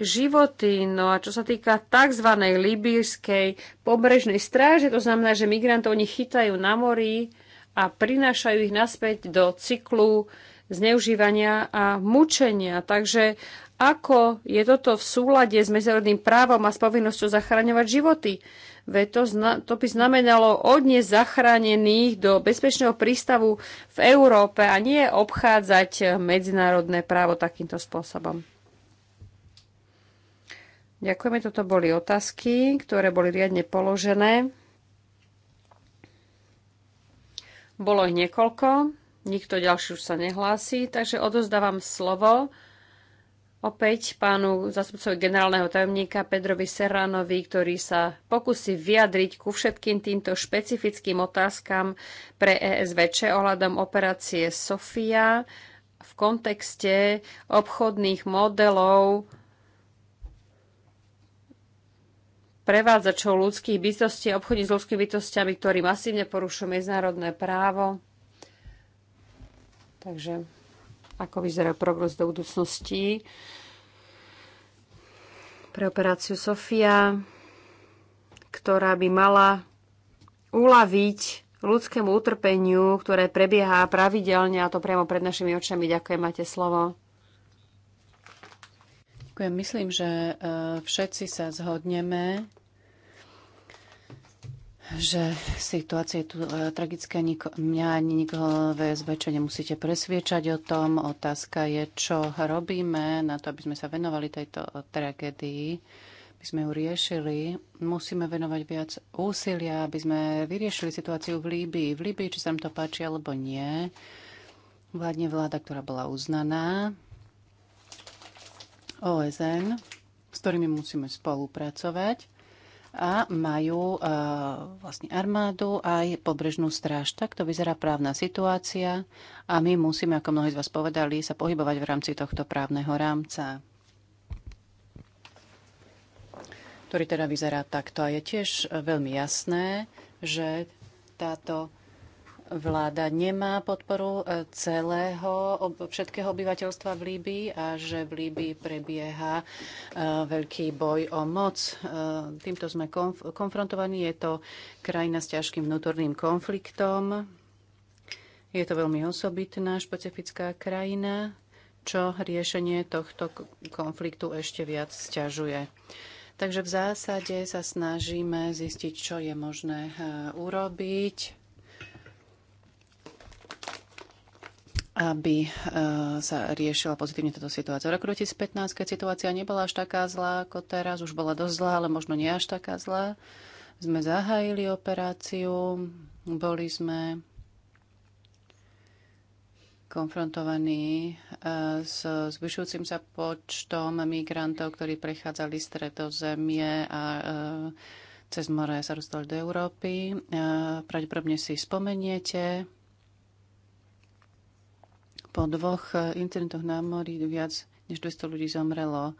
životy. No a čo sa týka tzv. libýskej pobrežnej stráže, to znamená, že migrantov oni chytajú na mori a prinášajú ich naspäť do cyklu zneužívania a mučenia. Takže ako je toto v súlade s medzinárodným právom a s povinnosťou zachraňovať životy? Veď to, to by znamenalo odniesť zachránených do bezpečného prístavu v Európe a nie obchádzať medzinárodné právo takýmto spôsobom. Ďakujeme, toto boli otázky, ktoré boli riadne položené. Bolo ich niekoľko. Nikto ďalší už sa nehlási, takže odozdávam slovo opäť pánu zastupcovi generálneho tajomníka Pedrovi Serranovi, ktorý sa pokusí vyjadriť ku všetkým týmto špecifickým otázkam pre ESVČ ohľadom operácie Sofia v kontexte obchodných modelov prevádzačov ľudských bytostí a obchodí s ľudskými bytostiami, ktorí masívne porušujú medzinárodné právo. Takže ako vyzerá progres do budúcnosti pre operáciu Sofia, ktorá by mala uľaviť ľudskému utrpeniu, ktoré prebieha pravidelne a to priamo pred našimi očami. Ďakujem, máte slovo. Ďakujem. Myslím, že eh, všetci sa zhodneme že situácia je tu e, tragická. Niko, mňa ani nikoho VSB, čo nemusíte presviečať o tom. Otázka je, čo robíme na to, aby sme sa venovali tejto tragédii, aby sme ju riešili. Musíme venovať viac úsilia, aby sme vyriešili situáciu v Líbii. V Líbii, či sa nám to páči alebo nie, vládne vláda, ktorá bola uznaná, OSN, s ktorými musíme spolupracovať a majú e, vlastne armádu aj pobrežnú stráž. Takto vyzerá právna situácia a my musíme, ako mnohí z vás povedali, sa pohybovať v rámci tohto právneho rámca ktorý teda vyzerá takto. A je tiež e, veľmi jasné, že táto vláda nemá podporu e, celého, všetkého obyvateľstva v Líbii a že v Líbii prebieha e, veľký boj o moc. E, týmto sme konf- konfrontovaní. Je to krajina s ťažkým vnútorným konfliktom. Je to veľmi osobitná, špecifická krajina, čo riešenie tohto konfliktu ešte viac sťažuje. Takže v zásade sa snažíme zistiť, čo je možné urobiť aby e, sa riešila pozitívne táto situácia. V roku 2015, keď situácia nebola až taká zlá ako teraz, už bola dosť zlá, ale možno nie až taká zlá, sme zahájili operáciu, boli sme konfrontovaní e, s zvyšujúcim sa počtom migrantov, ktorí prechádzali z stredozemie a e, cez more sa dostali do Európy. Pravdepodobne si spomeniete, po dvoch e, incidentoch na mori viac než 200 ľudí zomrelo.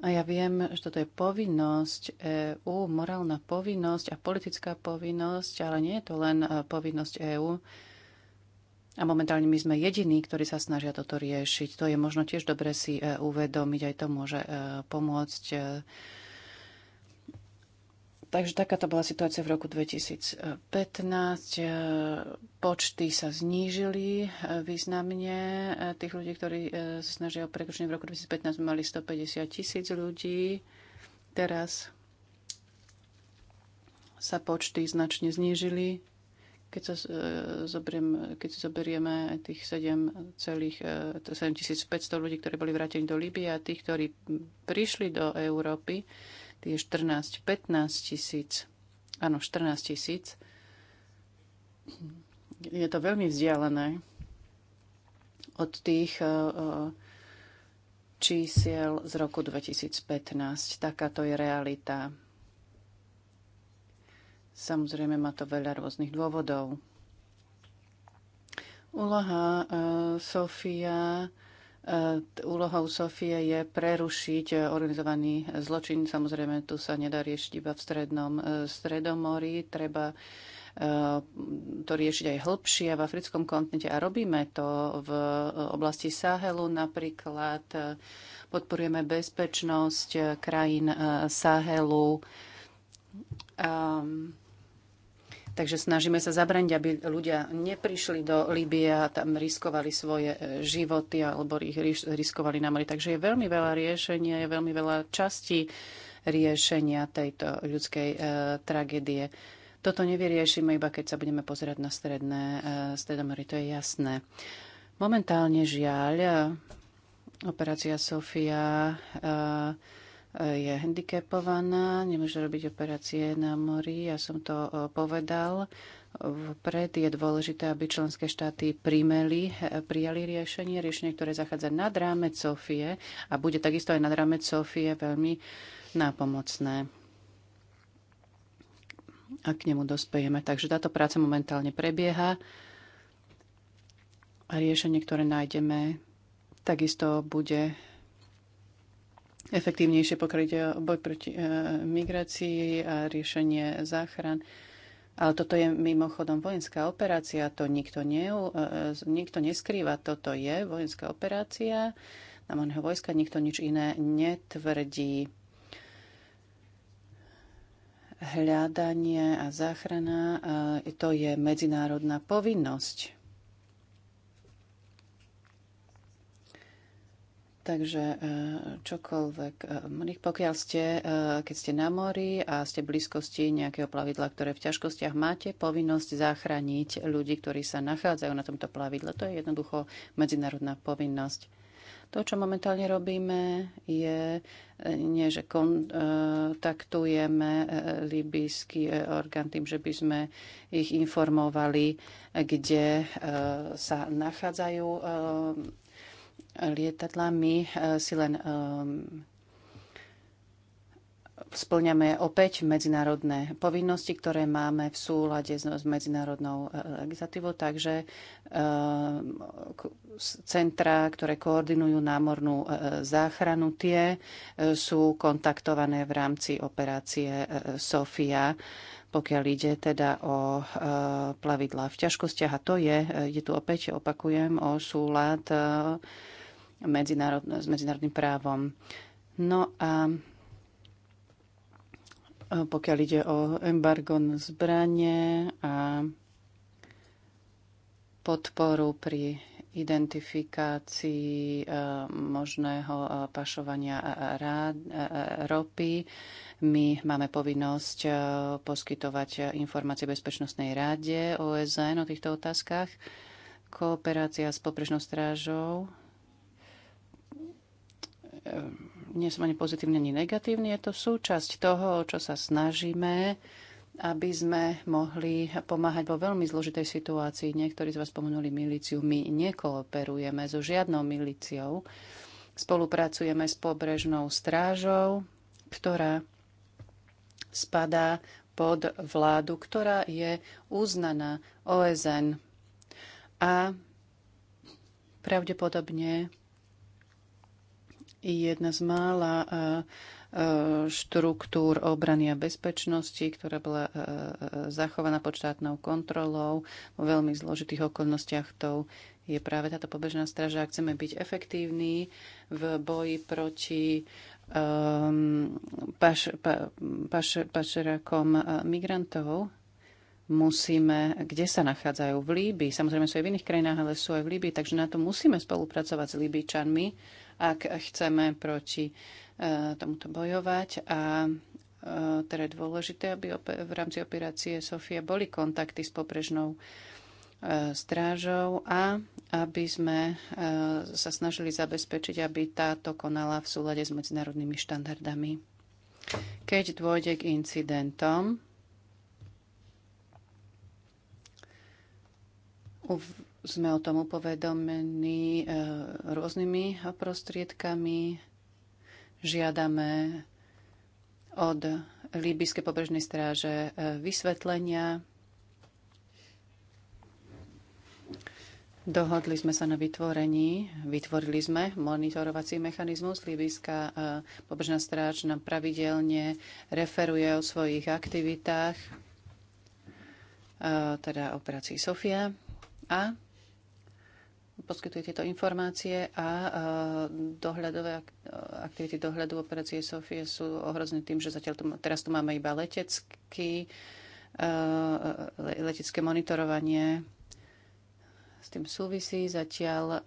A ja viem, že toto je povinnosť EÚ, morálna povinnosť a politická povinnosť, ale nie je to len e, povinnosť EÚ. A momentálne my sme jediní, ktorí sa snažia toto riešiť. To je možno tiež dobre si e uvedomiť, aj to môže pomôcť Takže takáto bola situácia v roku 2015. E, počty sa znížili e, významne. E, tých ľudí, ktorí sa snažia o prekročenie v roku 2015, mali 150 tisíc ľudí. Teraz sa počty značne znížili. Keď, sa, zoberiem, keď si zoberieme tých 7, celých, 7500 ľudí, ktorí boli vrátení do Líbie a tých, ktorí prišli do Európy, tie 14-15 tisíc, áno, 14 tisíc, je to veľmi vzdialené od tých eh, eh, čísiel z roku 2015. Takáto je realita. Samozrejme má to veľa rôznych dôvodov. Úloha eh, Sofia Úlohou Sofie je prerušiť eh, organizovaný eh, zločin. Samozrejme, tu sa nedá riešiť iba v strednom eh, stredomorí. Treba to riešiť aj hĺbšie v africkom kontinente a robíme to v oblasti Sahelu napríklad. Podporujeme bezpečnosť krajín Sahelu. Um, Takže snažíme sa zabraniť, aby ľudia neprišli do Libie a tam riskovali svoje e, životy alebo ich riskovali na mori. Takže je veľmi veľa riešenia, je veľmi veľa častí riešenia tejto ľudskej e, tragédie. Toto nevyriešime iba, keď sa budeme pozerať na stredné, e, stredomory, to je jasné. Momentálne žiaľ, e, operácia Sofia e, je handicapovaná, nemôže robiť operácie na mori. Ja som to e, povedal. Vpred je dôležité, aby členské štáty primeli, e, prijali riešenie, riešenie, ktoré zachádza nad rámec Sofie a bude takisto aj nad rámec Sofie veľmi nápomocné a k nemu dospejeme. Takže táto práca momentálne prebieha a riešenie, ktoré nájdeme, takisto bude efektívnejšie pokryť eh, boj proti eh, migrácii a riešenie záchran. Ale toto je mimochodom vojenská operácia, to nikto, ne, eh, nikto neskrýva, toto je vojenská operácia na môjho vojska, nikto nič iné netvrdí. Hľadanie a záchrana, to je medzinárodná povinnosť. Takže e, čokoľvek, e, pokiaľ ste, e, keď ste na mori a ste v blízkosti nejakého plavidla, ktoré v ťažkostiach máte, povinnosť zachrániť ľudí, ktorí sa nachádzajú na tomto plavidle. To je jednoducho medzinárodná povinnosť. To, čo momentálne robíme, je, nie, že kontaktujeme libýsky orgán tým, že by sme ich informovali, kde sa nachádzajú lietadlami e, si len e, splňame opäť medzinárodné povinnosti, ktoré máme v súlade s, medzinárodnou e, legislatívou, takže centra, ktoré koordinujú námornú záchranu, tie sú kontaktované v rámci operácie SOFIA, pokiaľ ide teda o plavidla v ťažkostiach. A to je, je tu opäť, opakujem, o súlad medzinárod, s medzinárodným právom. No a pokiaľ ide o embargo na zbranie a podporu pri identifikácii e, možného e, pašovania e, ropy. My máme povinnosť poskytovať informácie Bezpečnostnej rade OSN o týchto otázkach. Kooperácia s Poprežnou strážou nie som ani pozitívny, ani negatívny. Je to súčasť toho, čo sa snažíme, aby sme mohli pomáhať vo veľmi zložitej situácii. Niektorí z vás spomenuli milíciu. My nekooperujeme so žiadnou milíciou. Spolupracujeme s pobrežnou strážou, ktorá spadá pod vládu, ktorá je uznaná OSN a pravdepodobne jedna z mála e, e, štruktúr obrany a bezpečnosti, ktorá bola e, zachovaná pod štátnou kontrolou. Vo veľmi zložitých okolnostiach to je práve táto pobežná straža. Ak chceme byť efektívni v boji proti um, paš, pa, paš, pašerakom migrantov, musíme, kde sa nachádzajú v Líbii. Samozrejme sú aj v iných krajinách, ale sú aj v Líbii, takže na to musíme spolupracovať s Líbičanmi ak chceme proti e, tomuto bojovať. A e, teda je dôležité, aby v rámci operácie Sofia boli kontakty s pobrežnou e, strážou a aby sme sa snažili zabezpečiť, aby táto konala v súlade s medzinárodnými štandardami. Keď dôjde k incidentom, sme o tom upovedomení eh, rôznymi prostriedkami. Žiadame od Líbyskej pobrežnej stráže eh, vysvetlenia. Dohodli sme sa na vytvorení, vytvorili sme monitorovací mechanizmus. Líbyská eh, pobrežná stráž nám pravidelne referuje o svojich aktivitách, teda operácii Sofia. A poskytuje tieto informácie a dohľadové aktivity dohľadu operácie Sofie sú ohrozené tým, že zatiaľ tu, teraz tu máme iba letecky, letecké monitorovanie. S tým súvisí zatiaľ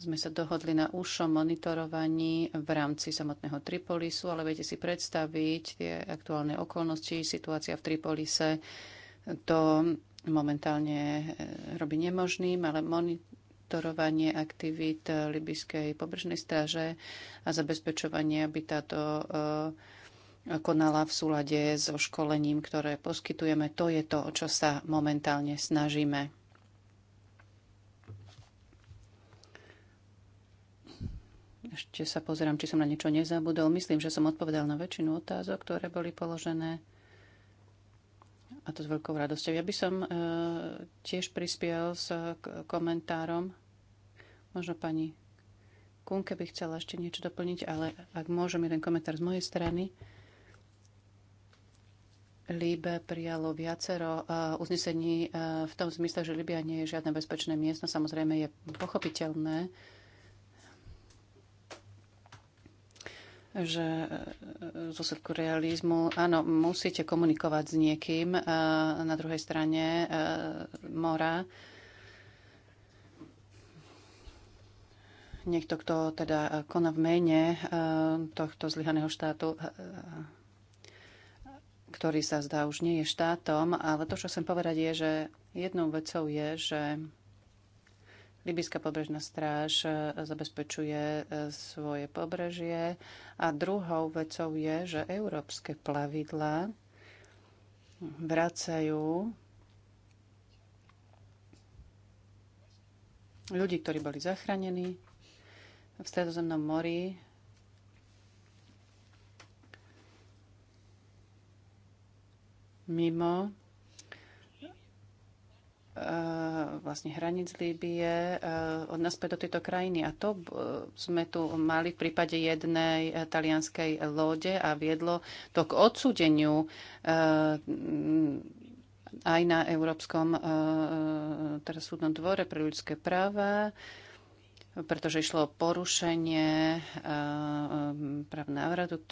sme sa dohodli na úšom monitorovaní v rámci samotného Tripolisu, ale viete si predstaviť tie aktuálne okolnosti, situácia v Tripolise to momentálne e, robí nemožným, ale monitorovanie aktivít eh, Libyskej pobržnej stráže a zabezpečovanie, aby táto eh, konala v súlade so školením, ktoré poskytujeme. To je to, o čo sa momentálne snažíme. Ešte sa pozerám, či som na niečo nezabudol. Myslím, že som odpovedal na väčšinu otázok, ktoré boli položené. A to s veľkou radosťou. Ja by som e, tiež prispiel s komentárom. Možno pani Kunke by chcela ešte niečo doplniť, ale ak môžem, jeden komentár z mojej strany. Líbe prijalo viacero eh, uznesení eh, v tom zmysle, že Libia nie je žiadne bezpečné miesto. Samozrejme je pochopiteľné, že eh, z úsledku realizmu, áno, musíte komunikovať s niekým na druhej strane mora niekto, kto teda e, koná v mene e, tohto zlyhaného štátu, e, ktorý sa zdá už nie je štátom, ale to, čo chcem povedať, je, že jednou vecou je, že Libyská pobrežná stráž zabezpečuje svoje pobrežie a druhou vecou je, že európske plavidla vracajú ľudí, ktorí boli zachránení v Stredozemnom mori. Mimo eh, vlastne hranic Líbie eh, od nás do tejto krajiny. A to eh, sme tu mali v prípade jednej talianskej lode a viedlo to k odsúdeniu aj na Európskom teraz súdnom dvore pre ľudské práva pretože išlo o porušenie eh, práv návratu,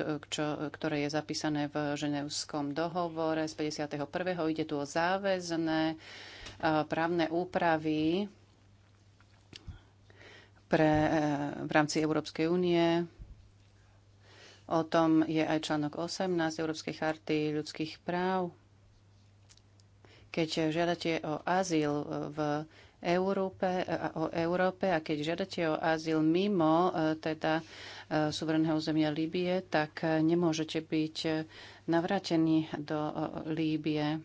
ktoré je zapísané v Ženevskom dohovore z 51. Ide tu o záväzné eh, právne úpravy pre, eh, v rámci Európskej únie. O tom je aj článok 18 Európskej charty ľudských práv. Keď žiadate o azyl v Európe, e, o Európe a keď žiadate o azyl mimo e, teda e, suvereného územia Líbie, tak nemôžete byť navrátení do Líbie.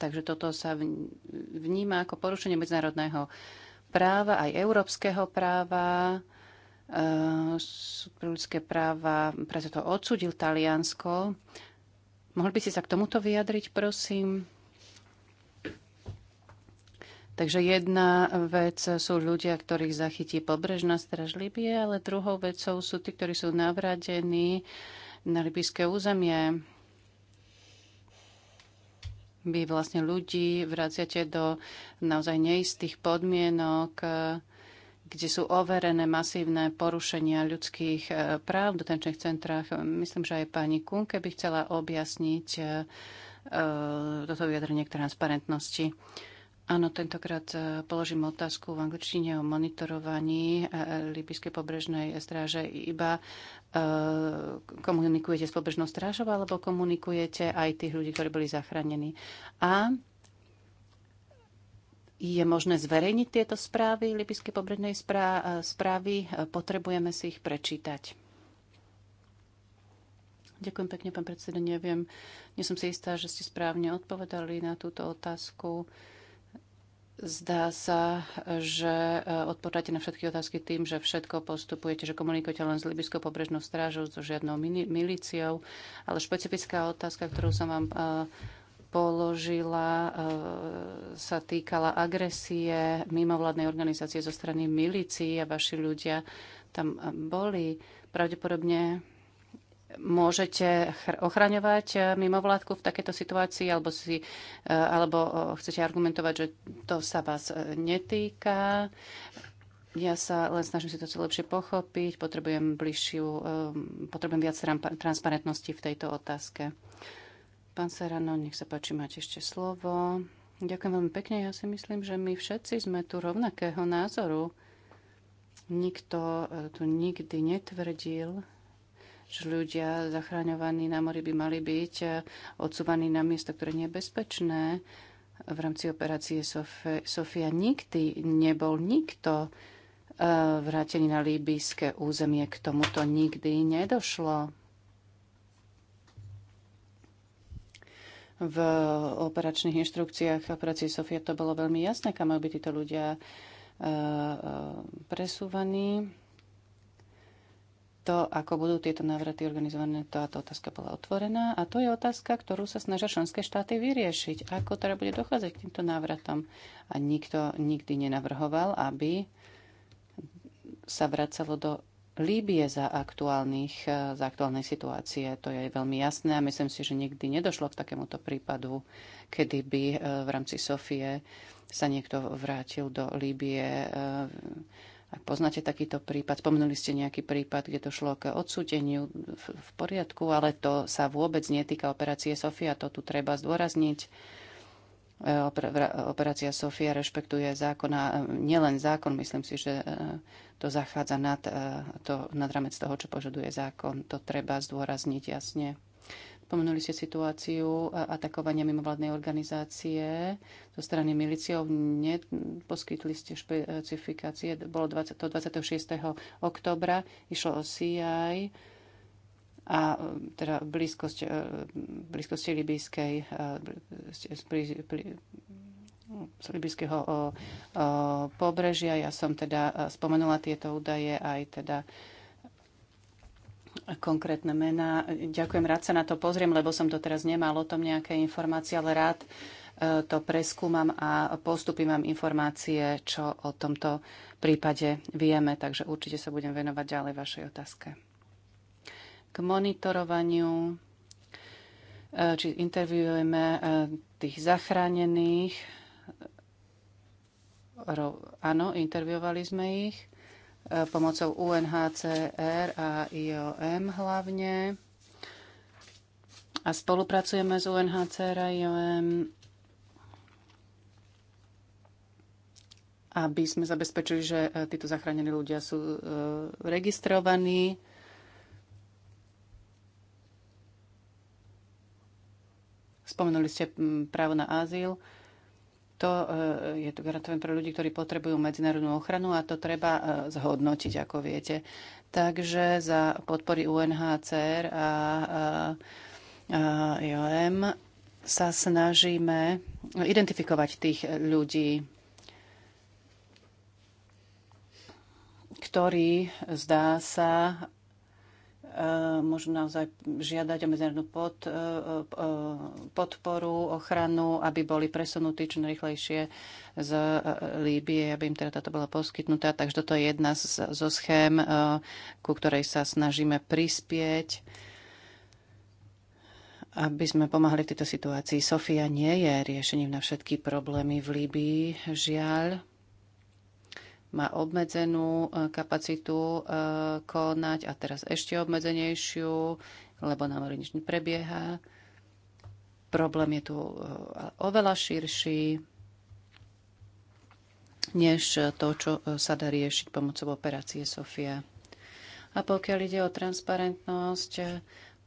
Takže toto sa vníma ako porušenie medzinárodného práva, aj európskeho práva. Ľudské práva, preto to odsudil Taliansko. Mohli by si sa k tomuto vyjadriť, prosím? Takže jedna vec sú ľudia, ktorých zachytí pobrežná straž Libie, ale druhou vecou sú tí, ktorí sú navradení na libyské územie. Vy vlastne ľudí vraciate do naozaj neistých podmienok, kde sú overené masívne porušenia ľudských e, práv v detenčných centrách. Myslím, že aj pani Kunke by chcela objasniť e, e, toto vyjadrenie k transparentnosti. Áno, tentokrát e, položím otázku v angličtine o monitorovaní e, e, Libyskej pobrežnej stráže. Iba komunikujete s pobrežnou strážou alebo komunikujete aj tých ľudí, ktorí boli zachránení? A je možné zverejniť tieto správy Libyskej pobrežnej správy? Potrebujeme si ich prečítať. Ďakujem pekne, pán predseda. Neviem, nie som si istá, že ste správne odpovedali na túto otázku. Uh, Zdá sa, že e, odpovedáte na všetky otázky tým, že všetko postupujete, že komunikujete len s Libyskou pobrežnou strážou, so žiadnou milíciou. Ale špecifická otázka, ktorú som vám e, položila, e, sa týkala agresie mimovládnej organizácie zo strany milícií a vaši ľudia tam boli. Pravdepodobne môžete ochraňovať eh, mimovládku v takéto situácii alebo, si, eh, alebo eh, chcete argumentovať, že to sa vás netýka. Ja sa len snažím si to lepšie pochopiť, potrebujem bližšiu, potrebujem viac transparentnosti v tejto otázke. Pán Serano, nech sa páči, máte ešte slovo. Ďakujem veľmi pekne. Ja si myslím, že my všetci sme tu rovnakého názoru. Nikto tu nikdy netvrdil, že ľudia zachraňovaní na mori by mali byť e, odsúvaní na miesto, ktoré nie je bezpečné. V rámci operácie Sofia nikdy nebol nikto e, vrátený na líbyjské územie. K tomuto nikdy nedošlo. v operačných inštrukciách operácie Sofia to bolo veľmi jasné, kam majú byť títo ľudia e, presúvaní to, ako budú tieto návraty organizované, táto otázka bola otvorená a to je otázka, ktorú sa snažia členské štáty vyriešiť. Ako teda bude dochádzať k týmto návratom? A nikto nikdy nenavrhoval, aby sa vracalo do Líbie za, aktuálnych, e, za aktuálnej situácie. To je veľmi jasné a myslím si, že nikdy nedošlo k takémuto prípadu, kedy by e, v rámci Sofie sa niekto vrátil do Líbie e, ak poznáte takýto prípad, spomenuli ste nejaký prípad, kde to šlo k odsúdeniu v, v poriadku, ale to sa vôbec netýka operácie Sofia, to tu treba zdôrazniť. E, operácia Sofia rešpektuje zákon a e, nielen zákon, myslím si, že e, to zachádza nad, to, nad ramec toho, čo požaduje zákon. To treba zdôrazniť jasne. Spomenuli ste situáciu atakovania mimovládnej organizácie zo strany miliciov. Poskytli ste špecifikácie. Bolo 20, to 26. oktobra. Išlo o CI a teda blízkosť, e, blízkosti libijskej, z e, libijského e, pobrežia. Ja som teda spomenula tieto údaje aj teda konkrétne mená. Ďakujem, rád sa na to pozriem, lebo som to teraz nemal o tom nejaké informácie, ale rád e, to preskúmam a postupím vám informácie, čo o tomto prípade vieme, takže určite sa budem venovať ďalej vašej otázke. K monitorovaniu, e, či interviujeme e, tých zachránených. Áno, interviovali sme ich. E, pomocou UNHCR a IOM hlavne. A spolupracujeme s UNHCR a IOM, aby sme zabezpečili, že e, títo zachránení ľudia sú e, registrovaní. Spomenuli ste právo na azyl. To e, je to garantované pre ľudí, ktorí potrebujú medzinárodnú ochranu a to treba e, zhodnotiť, ako viete. Takže za podpory UNHCR a IOM sa snažíme identifikovať tých ľudí, ktorí zdá sa Eh, môžu naozaj žiadať o medzinárodnú pod, eh, eh, podporu, ochranu, aby boli presunutí čo najrychlejšie z Líbie, aby im teda táto bola poskytnutá. Takže toto je jedna z, zo schém, ku ktorej sa snažíme prispieť aby sme pomáhali v tejto situácii. Sofia nie je riešením na všetky problémy v Líbii, žiaľ má obmedzenú e, kapacitu e, konať a teraz ešte obmedzenejšiu, lebo na mori nič neprebieha. Problém je tu e, oveľa širší než to, čo sa dá riešiť pomocou operácie Sofia. A pokiaľ ide o transparentnosť,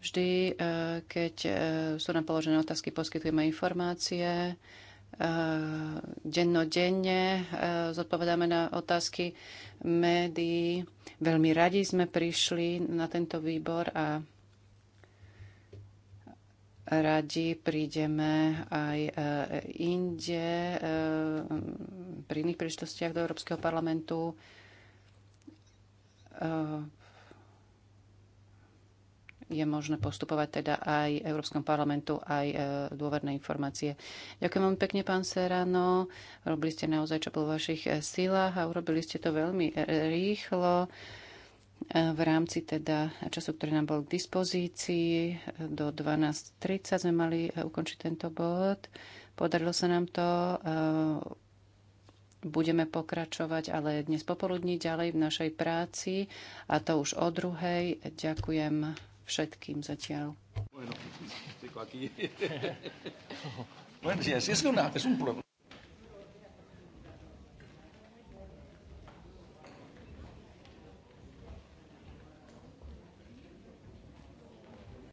vždy, keď sú nám položené otázky, poskytujeme informácie Eh, dennodenne eh, zodpovedáme na otázky médií. Veľmi radi sme prišli na tento výbor a radi prídeme aj eh, inde pri iných príležitostiach do Európskeho parlamentu je možné postupovať teda aj Európskom parlamentu, aj e, dôverné informácie. Ďakujem veľmi pekne, pán Serano. Robili ste naozaj, čo bolo v vašich e, silách a urobili ste to veľmi e, rýchlo v rámci teda času, ktorý nám bol k dispozícii. Do 12.30 sme mali ukončiť tento bod. Podarilo sa nám to. Budeme pokračovať ale dnes popoludní ďalej v našej práci a to už o druhej. Ďakujem všetkým zatiaľ. Bueno,